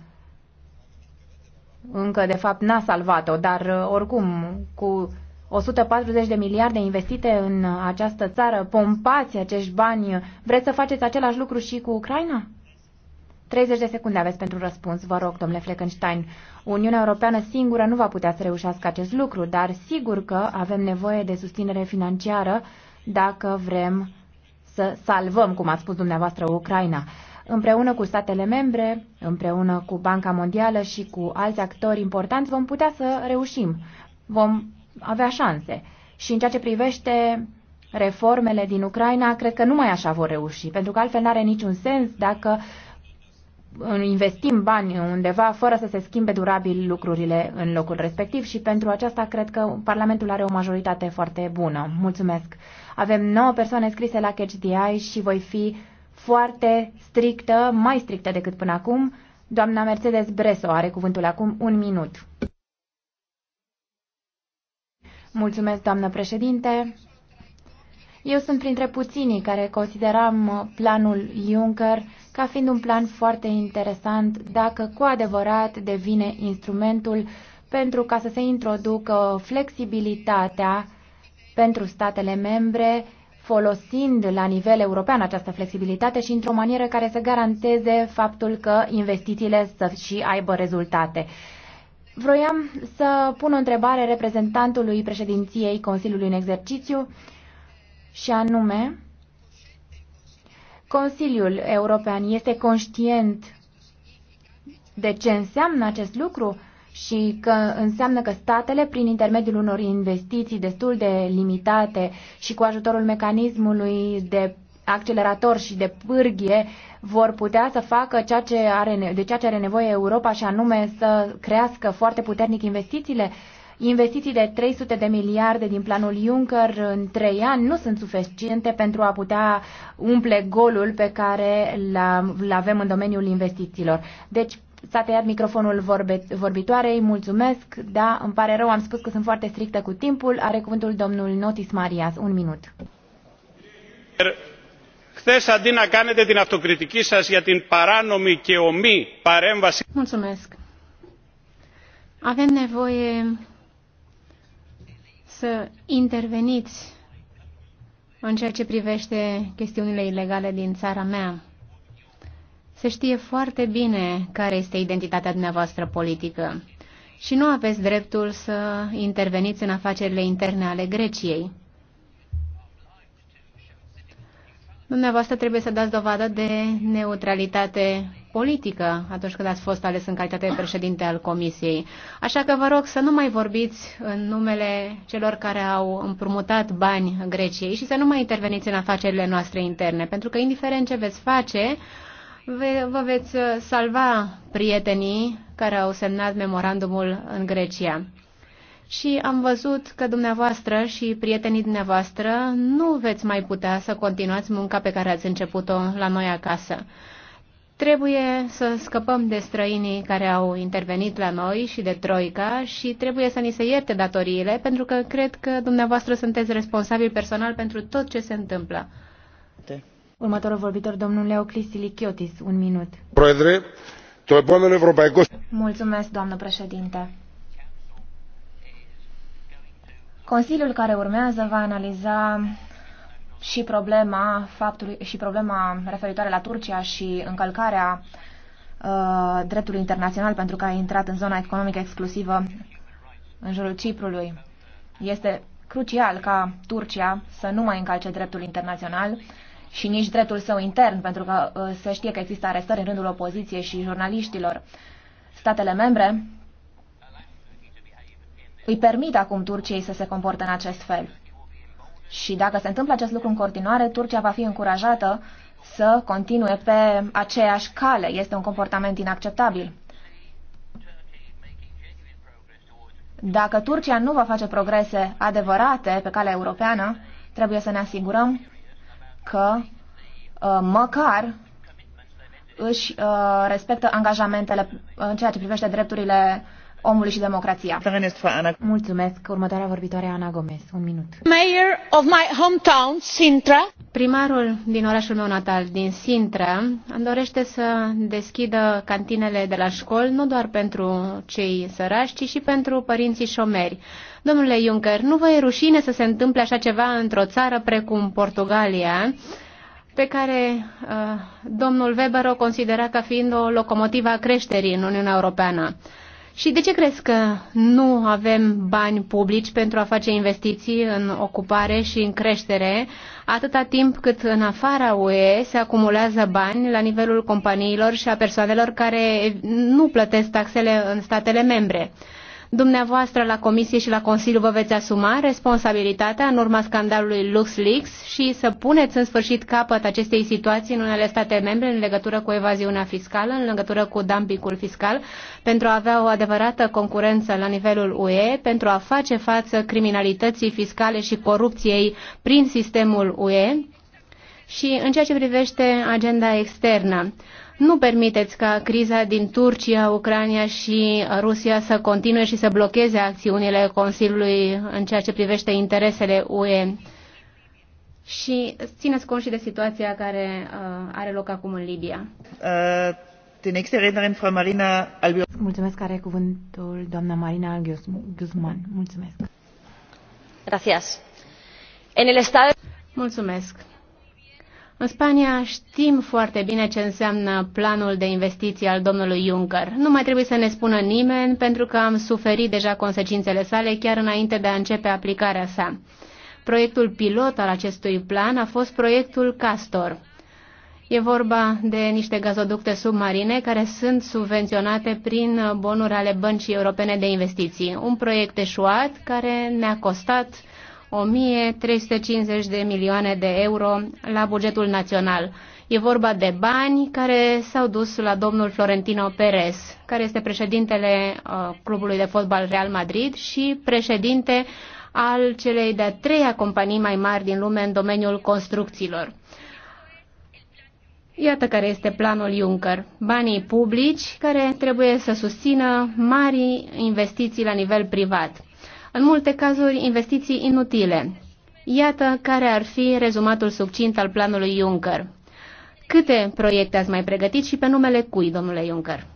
încă de fapt n-a salvat-o, dar uh, oricum cu 140 de miliarde investite în această țară, pompați acești bani, vreți să faceți același lucru și cu Ucraina? 30 de secunde aveți pentru răspuns, vă rog, domnule Fleckenstein. Uniunea Europeană singură nu va putea să reușească acest lucru, dar sigur că avem nevoie de susținere financiară dacă vrem să salvăm, cum a spus dumneavoastră, Ucraina. Împreună cu statele membre, împreună cu Banca Mondială și cu alți actori importanți vom putea să reușim. Vom avea șanse. Și în ceea ce privește reformele din Ucraina, cred că numai așa vor reuși, pentru că altfel nu are niciun sens dacă uh, investim bani undeva fără să se schimbe durabil lucrurile în locul respectiv și pentru aceasta cred că Parlamentul are o majoritate foarte bună. Mulțumesc! Avem 9 persoane scrise la Catch the Eye și voi fi foarte strictă, mai strictă decât până acum. Doamna Mercedes Breso are cuvântul acum un minut. Mulțumesc, doamnă președinte. Eu sunt printre puținii care consideram planul Juncker ca fiind un plan foarte interesant dacă cu adevărat devine instrumentul pentru ca să se introducă flexibilitatea pentru statele membre, folosind la nivel european această flexibilitate și într-o manieră care să garanteze faptul că investițiile să și aibă rezultate. Vroiam să pun o întrebare reprezentantului președinției Consiliului în exercițiu și anume Consiliul European este conștient de ce înseamnă acest lucru și că înseamnă că statele, prin intermediul unor investiții destul de limitate și cu ajutorul mecanismului de accelerator și de pârghie, vor putea să facă ceea ce are, de ceea ce are nevoie Europa și anume să crească foarte puternic investițiile Investiții de 300 de miliarde din planul Juncker în trei ani nu sunt suficiente pentru a putea umple golul pe care îl avem în domeniul investițiilor. Deci, S-a tăiat microfonul vorbe, vorbitoarei, mulțumesc, da, îmi pare rău, am spus că sunt foarte strictă cu timpul. Are cuvântul domnul Notis Marias, un minut. Χθε αντί να κάνετε την αυτοκριτική σας για την παράνομη και ομή παρέμβαση... Mulțumesc. Avem nevoie să interveniți în ceea ce privește chestiunile ilegale din țara mea. Se știe foarte bine care este identitatea dumneavoastră politică și nu aveți dreptul să interveniți în afacerile interne ale Greciei. Dumneavoastră trebuie să dați dovadă de neutralitate politică atunci când ați fost ales în calitate de președinte al Comisiei. Așa că vă rog să nu mai vorbiți în numele celor care au împrumutat bani Greciei și să nu mai interveniți în afacerile noastre interne, pentru că indiferent ce veți face, vă veți uh, salva prietenii care au semnat memorandumul în Grecia. Și am văzut că dumneavoastră și prietenii dumneavoastră nu veți mai putea să continuați munca pe care ați început-o la noi acasă. Trebuie să scăpăm de străinii care au intervenit la noi și de Troica și trebuie să ni se ierte datoriile, pentru că cred că dumneavoastră sunteți responsabil personal pentru tot ce se întâmplă. Următorul vorbitor, domnul Leo Clisilichiotis, un minut. Mulțumesc, doamnă președinte. Consiliul care urmează va analiza și problema faptului și problema referitoare la Turcia și încălcarea uh, dreptului internațional pentru că a intrat în zona economică exclusivă în jurul Ciprului. Este crucial ca Turcia să nu mai încalce dreptul internațional și nici dreptul său intern, pentru că uh, se știe că există arestări în rândul opoziției și jurnaliștilor. Statele membre îi permit acum Turciei să se comporte în acest fel. Și dacă se întâmplă acest lucru în continuare, Turcia va fi încurajată să continue pe aceeași cale. Este un comportament inacceptabil. Dacă Turcia nu va face progrese adevărate pe calea europeană, trebuie să ne asigurăm că uh, măcar își uh, respectă angajamentele în ceea ce privește drepturile omului și democrația. Mulțumesc. Următoarea vorbitoare, Ana Gomez. Un minut. Mayor of my hometown, Sintra. Primarul din orașul meu natal, din Sintra, îmi dorește să deschidă cantinele de la școli, nu doar pentru cei săraci, ci și pentru părinții șomeri. Domnule Juncker, nu vă e rușine să se întâmple așa ceva într-o țară precum Portugalia, pe care uh, domnul Weber o considera ca fiind o locomotivă a creșterii în Uniunea Europeană. Și de ce crezi că nu avem bani publici pentru a face investiții în ocupare și în creștere, atâta timp cât în afara UE se acumulează bani la nivelul companiilor și a persoanelor care nu plătesc taxele în statele membre? Dumneavoastră la Comisie și la Consiliu vă veți asuma responsabilitatea în urma scandalului LuxLeaks și să puneți în sfârșit capăt acestei situații în unele state membre în legătură cu evaziunea fiscală, în legătură cu dumpingul fiscal, pentru a avea o adevărată concurență la nivelul UE, pentru a face față criminalității fiscale și corupției prin sistemul UE și în ceea ce privește agenda externă. Nu permiteți ca criza din Turcia, Ucraina și Rusia să continue și să blocheze acțiunile Consiliului în ceea ce privește interesele UE. Și țineți cont și de situația care uh, are loc acum în Libia. Uh, Mulțumesc, are cuvântul doamna Marina Guzman. Mulțumesc. Mulțumesc. În Spania știm foarte bine ce înseamnă planul de investiții al domnului Juncker. Nu mai trebuie să ne spună nimeni pentru că am suferit deja consecințele sale chiar înainte de a începe aplicarea sa. Proiectul pilot al acestui plan a fost proiectul Castor. E vorba de niște gazoducte submarine care sunt subvenționate prin bonuri ale Băncii Europene de Investiții. Un proiect eșuat care ne-a costat 1350 de milioane de euro la bugetul național. E vorba de bani care s-au dus la domnul Florentino Perez, care este președintele uh, clubului de fotbal Real Madrid și președinte al celei de-a treia companii mai mari din lume în domeniul construcțiilor. Iată care este planul Juncker. Banii publici care trebuie să susțină mari investiții la nivel privat în multe cazuri investiții inutile. Iată care ar fi rezumatul succint al planului Juncker. Câte proiecte ați mai pregătit și pe numele cui, domnule Juncker?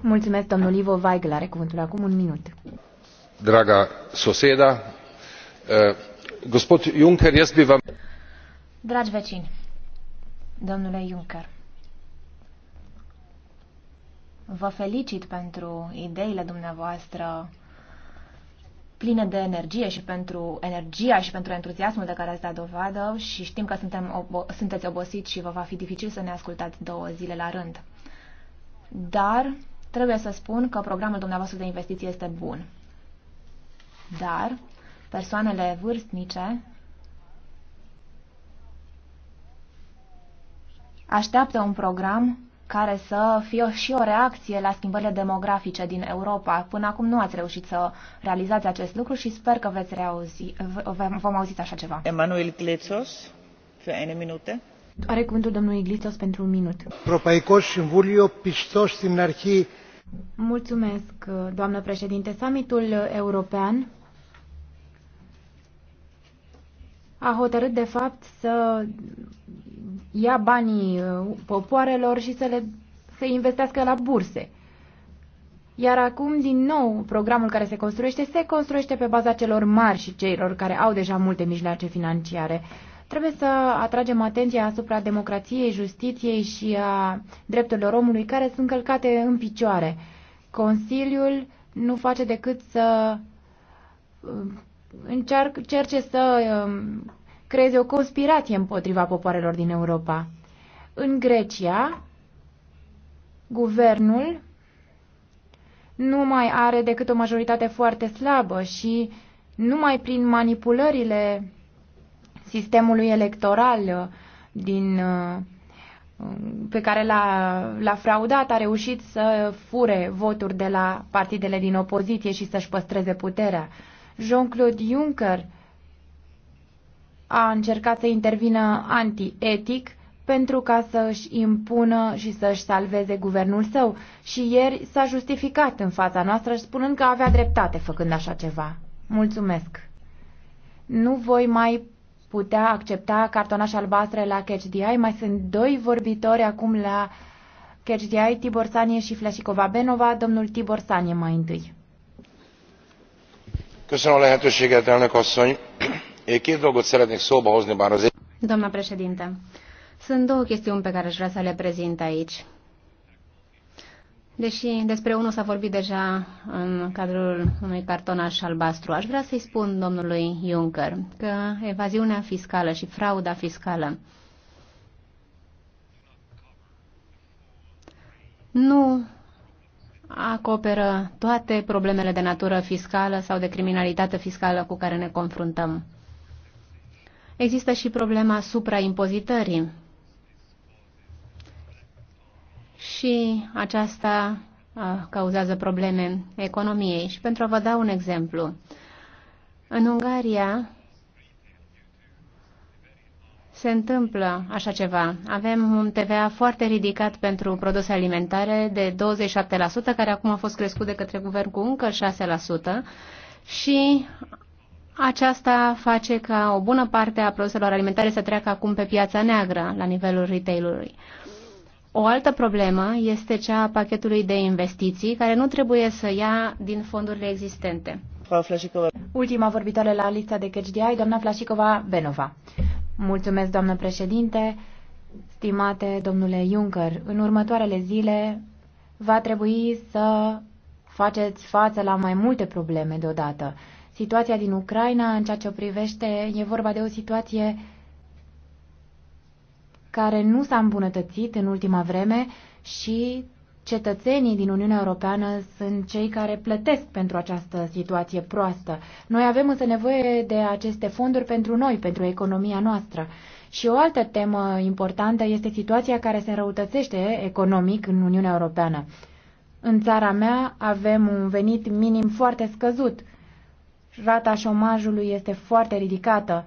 Mulțumesc, domnul Ivo Weigel. Are cuvântul acum un minut. Draga soseda, eh, gospod Juncker, jaz bi Dragi vecini, domnule Juncker, vă felicit pentru ideile dumneavoastră pline de energie și pentru energia și pentru entuziasmul de care ați dat dovadă și știm că suntem obo- sunteți obosit și vă va fi dificil să ne ascultați două zile la rând. Dar trebuie să spun că programul dumneavoastră de investiții este bun. Dar persoanele vârstnice așteaptă un program care să fie și o reacție la schimbările demografice din Europa. Până acum nu ați reușit să realizați acest lucru și sper că veți reauzi, vom auziți așa ceva. Emanuel Glețos, pe eine minute. Are cuvântul domnului Glețos pentru un minut. Propaicos vulio, πιστός din arhii. Mulțumesc, doamnă președinte. Summitul european a hotărât de fapt să ia banii uh, popoarelor și să le să investească la burse. Iar acum, din nou, programul care se construiește, se construiește pe baza celor mari și celor care au deja multe mijloace financiare. Trebuie să atragem atenția asupra democrației, justiției și a drepturilor omului care sunt călcate în picioare. Consiliul nu face decât să uh, încerce să um, creeze o conspirație împotriva popoarelor din Europa. În Grecia, guvernul nu mai are decât o majoritate foarte slabă și numai prin manipulările sistemului electoral uh, din, uh, pe care l-a, fraudat a reușit să fure voturi de la partidele din opoziție și să-și păstreze puterea. Jean-Claude Juncker a încercat să intervină antietic pentru ca să își impună și să își salveze guvernul său și ieri s-a justificat în fața noastră spunând că avea dreptate făcând așa ceva. Mulțumesc! Nu voi mai putea accepta cartonaș albastre la CatchDI. Mai sunt doi vorbitori acum la CatchDI, Tibor Sanie și Flașicova Benova. Domnul Tibor Sanie mai întâi. Köszönöm a lehetőséget, elnök Két dolgot szeretnék szóba hozni, bár az... Doamna președinte, sunt două chestiuni pe care aș vrea să le prezint aici. Deși despre unul s-a vorbit deja în cadrul unui cartonaș albastru, aș vrea să-i spun domnului Juncker că evaziunea fiscală și frauda fiscală nu acoperă toate problemele de natură fiscală sau de criminalitate fiscală cu care ne confruntăm. Există și problema supraimpozitării. Și aceasta uh, cauzează probleme economiei. Și pentru a vă da un exemplu, în Ungaria se întâmplă așa ceva. Avem un TVA foarte ridicat pentru produse alimentare de 27%, care acum a fost crescut de către guvern cu încă 6% și aceasta face ca o bună parte a produselor alimentare să treacă acum pe piața neagră la nivelul retailului. O altă problemă este cea a pachetului de investiții, care nu trebuie să ia din fondurile existente. Ultima vorbitoare la lista de CHDI, doamna Flașicova Benova. Mulțumesc, doamnă președinte. Stimate domnule Juncker, în următoarele zile va trebui să faceți față la mai multe probleme deodată situația din Ucraina, în ceea ce o privește, e vorba de o situație care nu s-a îmbunătățit în ultima vreme și cetățenii din Uniunea Europeană sunt cei care plătesc pentru această situație proastă. Noi avem însă nevoie de aceste fonduri pentru noi, pentru economia noastră. Și o altă temă importantă este situația care se înrăutățește economic în Uniunea Europeană. În țara mea avem un venit minim foarte scăzut rata șomajului este foarte ridicată.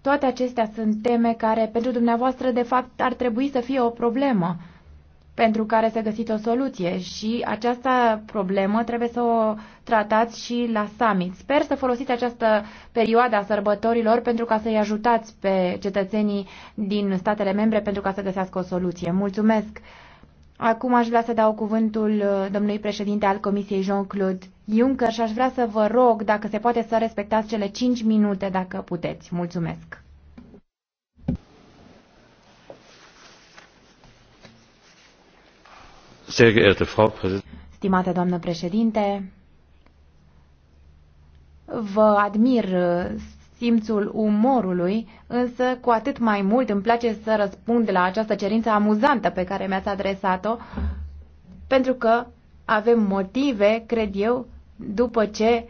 Toate acestea sunt teme care, pentru dumneavoastră, de fapt, ar trebui să fie o problemă pentru care să găsiți o soluție și această problemă trebuie să o tratați și la summit. Sper să folosiți această perioadă a sărbătorilor pentru ca să-i ajutați pe cetățenii din statele membre pentru ca să găsească o soluție. Mulțumesc! Acum aș vrea să dau cuvântul uh, domnului președinte al Comisiei Jean-Claude Juncker și aș vrea să vă rog dacă se poate să respectați cele 5 minute dacă puteți. Mulțumesc! Stimată doamnă președinte, vă admir simțul umorului, însă cu atât mai mult îmi place să răspund la această cerință amuzantă pe care mi-ați adresat-o, pentru că avem motive, cred eu, după ce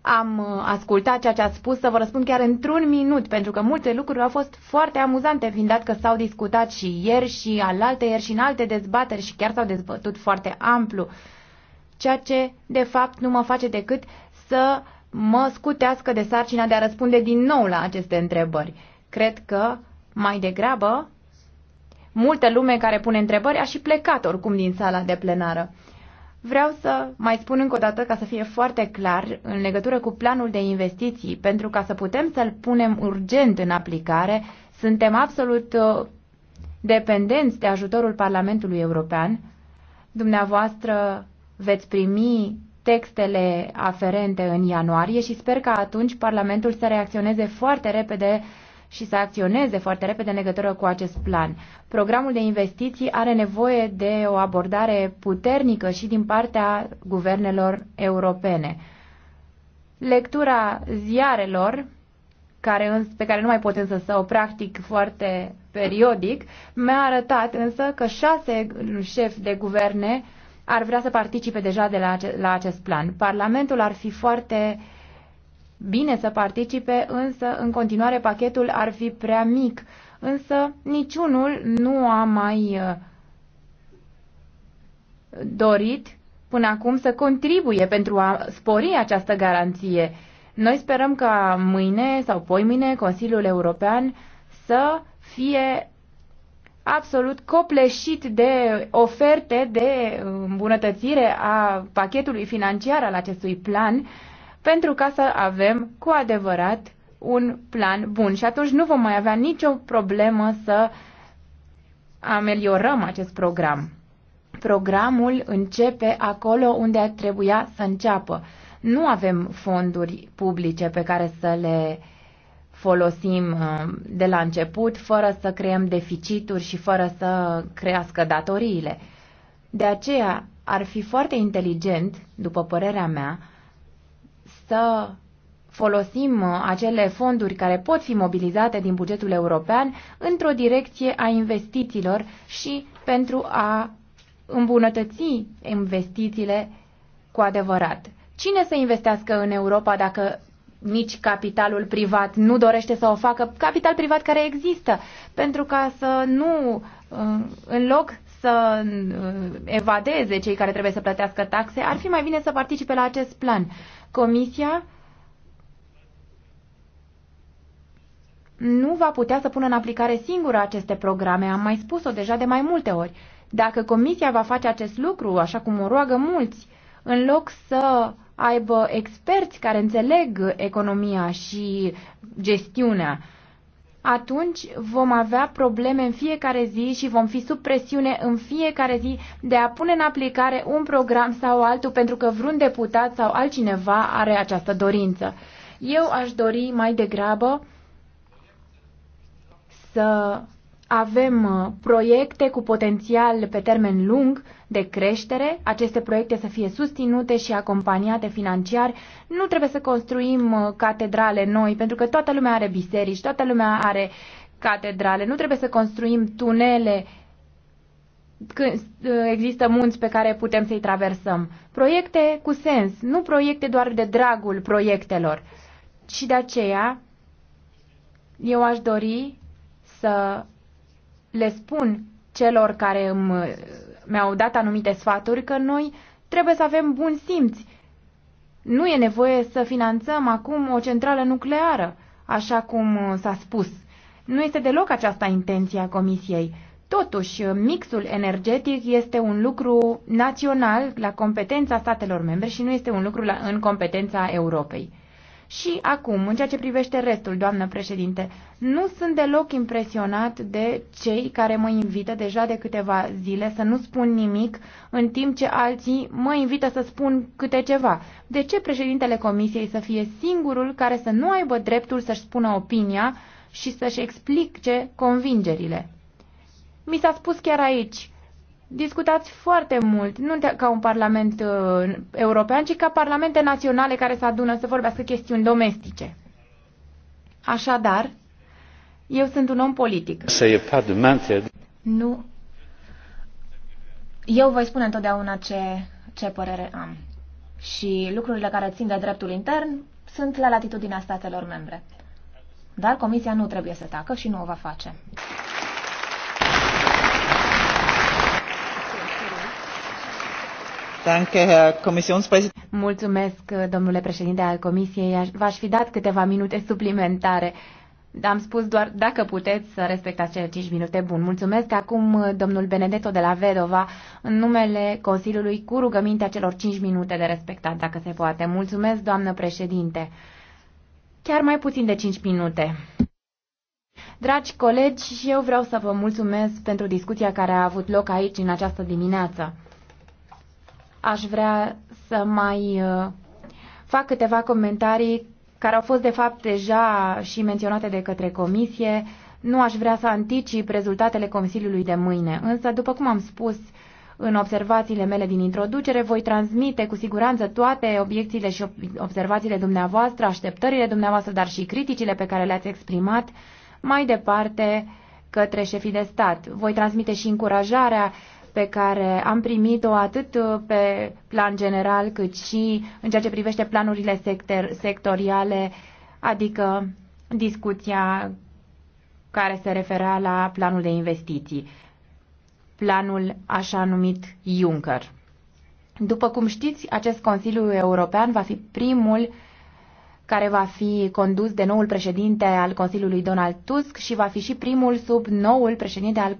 am uh, ascultat ceea ce ați spus, să vă răspund chiar într-un minut, pentru că multe lucruri au fost foarte amuzante, fiind dat că s-au discutat și ieri și alaltă ieri și în alte dezbateri și chiar s-au dezbătut foarte amplu, ceea ce, de fapt, nu mă face decât să mă scutească de sarcina de a răspunde din nou la aceste întrebări. Cred că, mai degrabă, multă lume care pune întrebări a și plecat oricum din sala de plenară. Vreau să mai spun încă o dată ca să fie foarte clar în legătură cu planul de investiții, pentru ca să putem să-l punem urgent în aplicare, suntem absolut uh, dependenți de ajutorul Parlamentului European. Dumneavoastră veți primi textele aferente în ianuarie și sper că atunci Parlamentul să reacționeze foarte repede și să acționeze foarte repede în legătură cu acest plan. Programul de investiții are nevoie de o abordare puternică și din partea guvernelor europene. Lectura ziarelor, care, pe care nu mai pot însă să o practic foarte periodic, mi-a arătat însă că șase șefi de guverne ar vrea să participe deja de la, la acest plan. Parlamentul ar fi foarte uh, bine să participe, însă în continuare pachetul ar fi prea mic. Însă niciunul nu a mai uh, dorit până acum să contribuie pentru a spori această garanție. Noi sperăm ca mâine sau mâine Consiliul European să fie absolut copleșit de oferte de uh, îmbunătățire a pachetului financiar al acestui plan pentru ca să avem cu adevărat un plan bun. Și atunci nu vom mai avea nicio problemă să ameliorăm acest program. Programul începe acolo unde trebuia să înceapă. Nu avem fonduri publice pe care să le folosim uh, de la început, fără să creăm deficituri și fără să crească datoriile. De aceea ar fi foarte inteligent, după părerea mea, să folosim uh, acele fonduri care pot fi mobilizate din bugetul european într-o direcție a investițiilor și pentru a îmbunătăți investițiile cu adevărat. Cine să investească în Europa dacă nici capitalul privat nu dorește să o facă, capital privat care există, pentru ca să nu, uh, în loc să uh, evadeze cei care trebuie să plătească taxe, ar fi mai bine să participe la acest plan. Comisia nu va putea să pună în aplicare singură aceste programe, am mai spus-o deja de mai multe ori. Dacă Comisia va face acest lucru, așa cum o roagă mulți, în loc să aibă experți care înțeleg economia și gestiunea, atunci vom avea probleme în fiecare zi și vom fi sub presiune în fiecare zi de a pune în aplicare un program sau altul pentru că vreun deputat sau altcineva are această dorință. Eu aș dori mai degrabă să avem uh, proiecte cu potențial pe termen lung de creștere, aceste proiecte să fie susținute și acompaniate financiar. Nu trebuie să construim uh, catedrale noi, pentru că toată lumea are biserici, toată lumea are catedrale. Nu trebuie să construim tunele când uh, există munți pe care putem să-i traversăm. Proiecte cu sens, nu proiecte doar de dragul proiectelor. Și de aceea eu aș dori să le spun celor care uh, mi-au dat anumite sfaturi că noi trebuie să avem bun simț. Nu e nevoie să finanțăm acum o centrală nucleară, așa cum uh, s-a spus. Nu este deloc aceasta intenția Comisiei. Totuși, uh, mixul energetic este un lucru național la competența statelor membre și nu este un lucru la, în competența Europei. Și acum, în ceea ce privește restul, doamnă președinte, nu sunt deloc impresionat de cei care mă invită deja de câteva zile să nu spun nimic, în timp ce alții mă invită să spun câte ceva. De ce președintele comisiei să fie singurul care să nu aibă dreptul să-și spună opinia și să-și explice convingerile? Mi s-a spus chiar aici discutați foarte mult, nu ca un parlament uh, european, ci ca parlamente naționale care se adună să vorbească chestiuni domestice. Așadar, eu sunt un om politic. Nu. Eu voi spune întotdeauna ce, ce părere am. Și lucrurile care țin de dreptul intern sunt la latitudinea statelor membre. Dar Comisia nu trebuie să tacă și nu o va face. Mulțumesc, domnule președinte al Comisiei. V-aș fi dat câteva minute suplimentare. Am spus doar dacă puteți să respectați cele 5 minute. Bun, mulțumesc. Acum domnul Benedetto de la Vedova, în numele Consiliului, cu rugămintea celor 5 minute de respectat, dacă se poate. Mulțumesc, doamnă președinte. Chiar mai puțin de 5 minute. Dragi colegi, eu vreau să vă mulțumesc pentru discuția care a avut loc aici în această dimineață aș vrea să mai uh, fac câteva comentarii care au fost de fapt deja și menționate de către comisie. Nu aș vrea să anticip rezultatele Consiliului de mâine, însă, după cum am spus în observațiile mele din introducere, voi transmite cu siguranță toate obiecțiile și observațiile dumneavoastră, așteptările dumneavoastră, dar și criticile pe care le-ați exprimat mai departe către șefii de stat. Voi transmite și încurajarea pe care am primit-o atât uh, pe plan general cât și în ceea ce privește planurile sector- sectoriale, adică discuția care se referea la planul de investiții, planul așa numit Juncker. După cum știți, acest Consiliu European va fi primul care va fi condus de noul președinte al Consiliului Donald Tusk și va fi și primul sub noul președinte al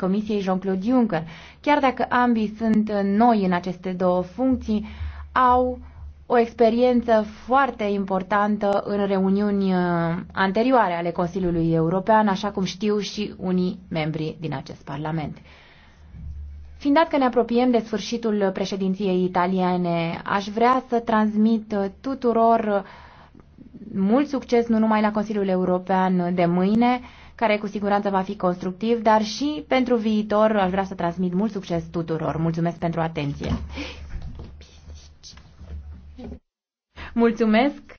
Comisiei Jean-Claude Juncker. Chiar dacă ambii sunt noi în aceste două funcții, au o experiență foarte importantă în reuniuni uh, anterioare ale Consiliului European, așa cum știu și unii membri din acest Parlament. Fiind dat că ne apropiem de sfârșitul președinției italiene, aș vrea să transmit uh, tuturor mult succes nu numai la Consiliul European de mâine, care cu siguranță va fi constructiv, dar și pentru viitor aș vrea să transmit mult succes tuturor. Mulțumesc pentru atenție! Mulțumesc!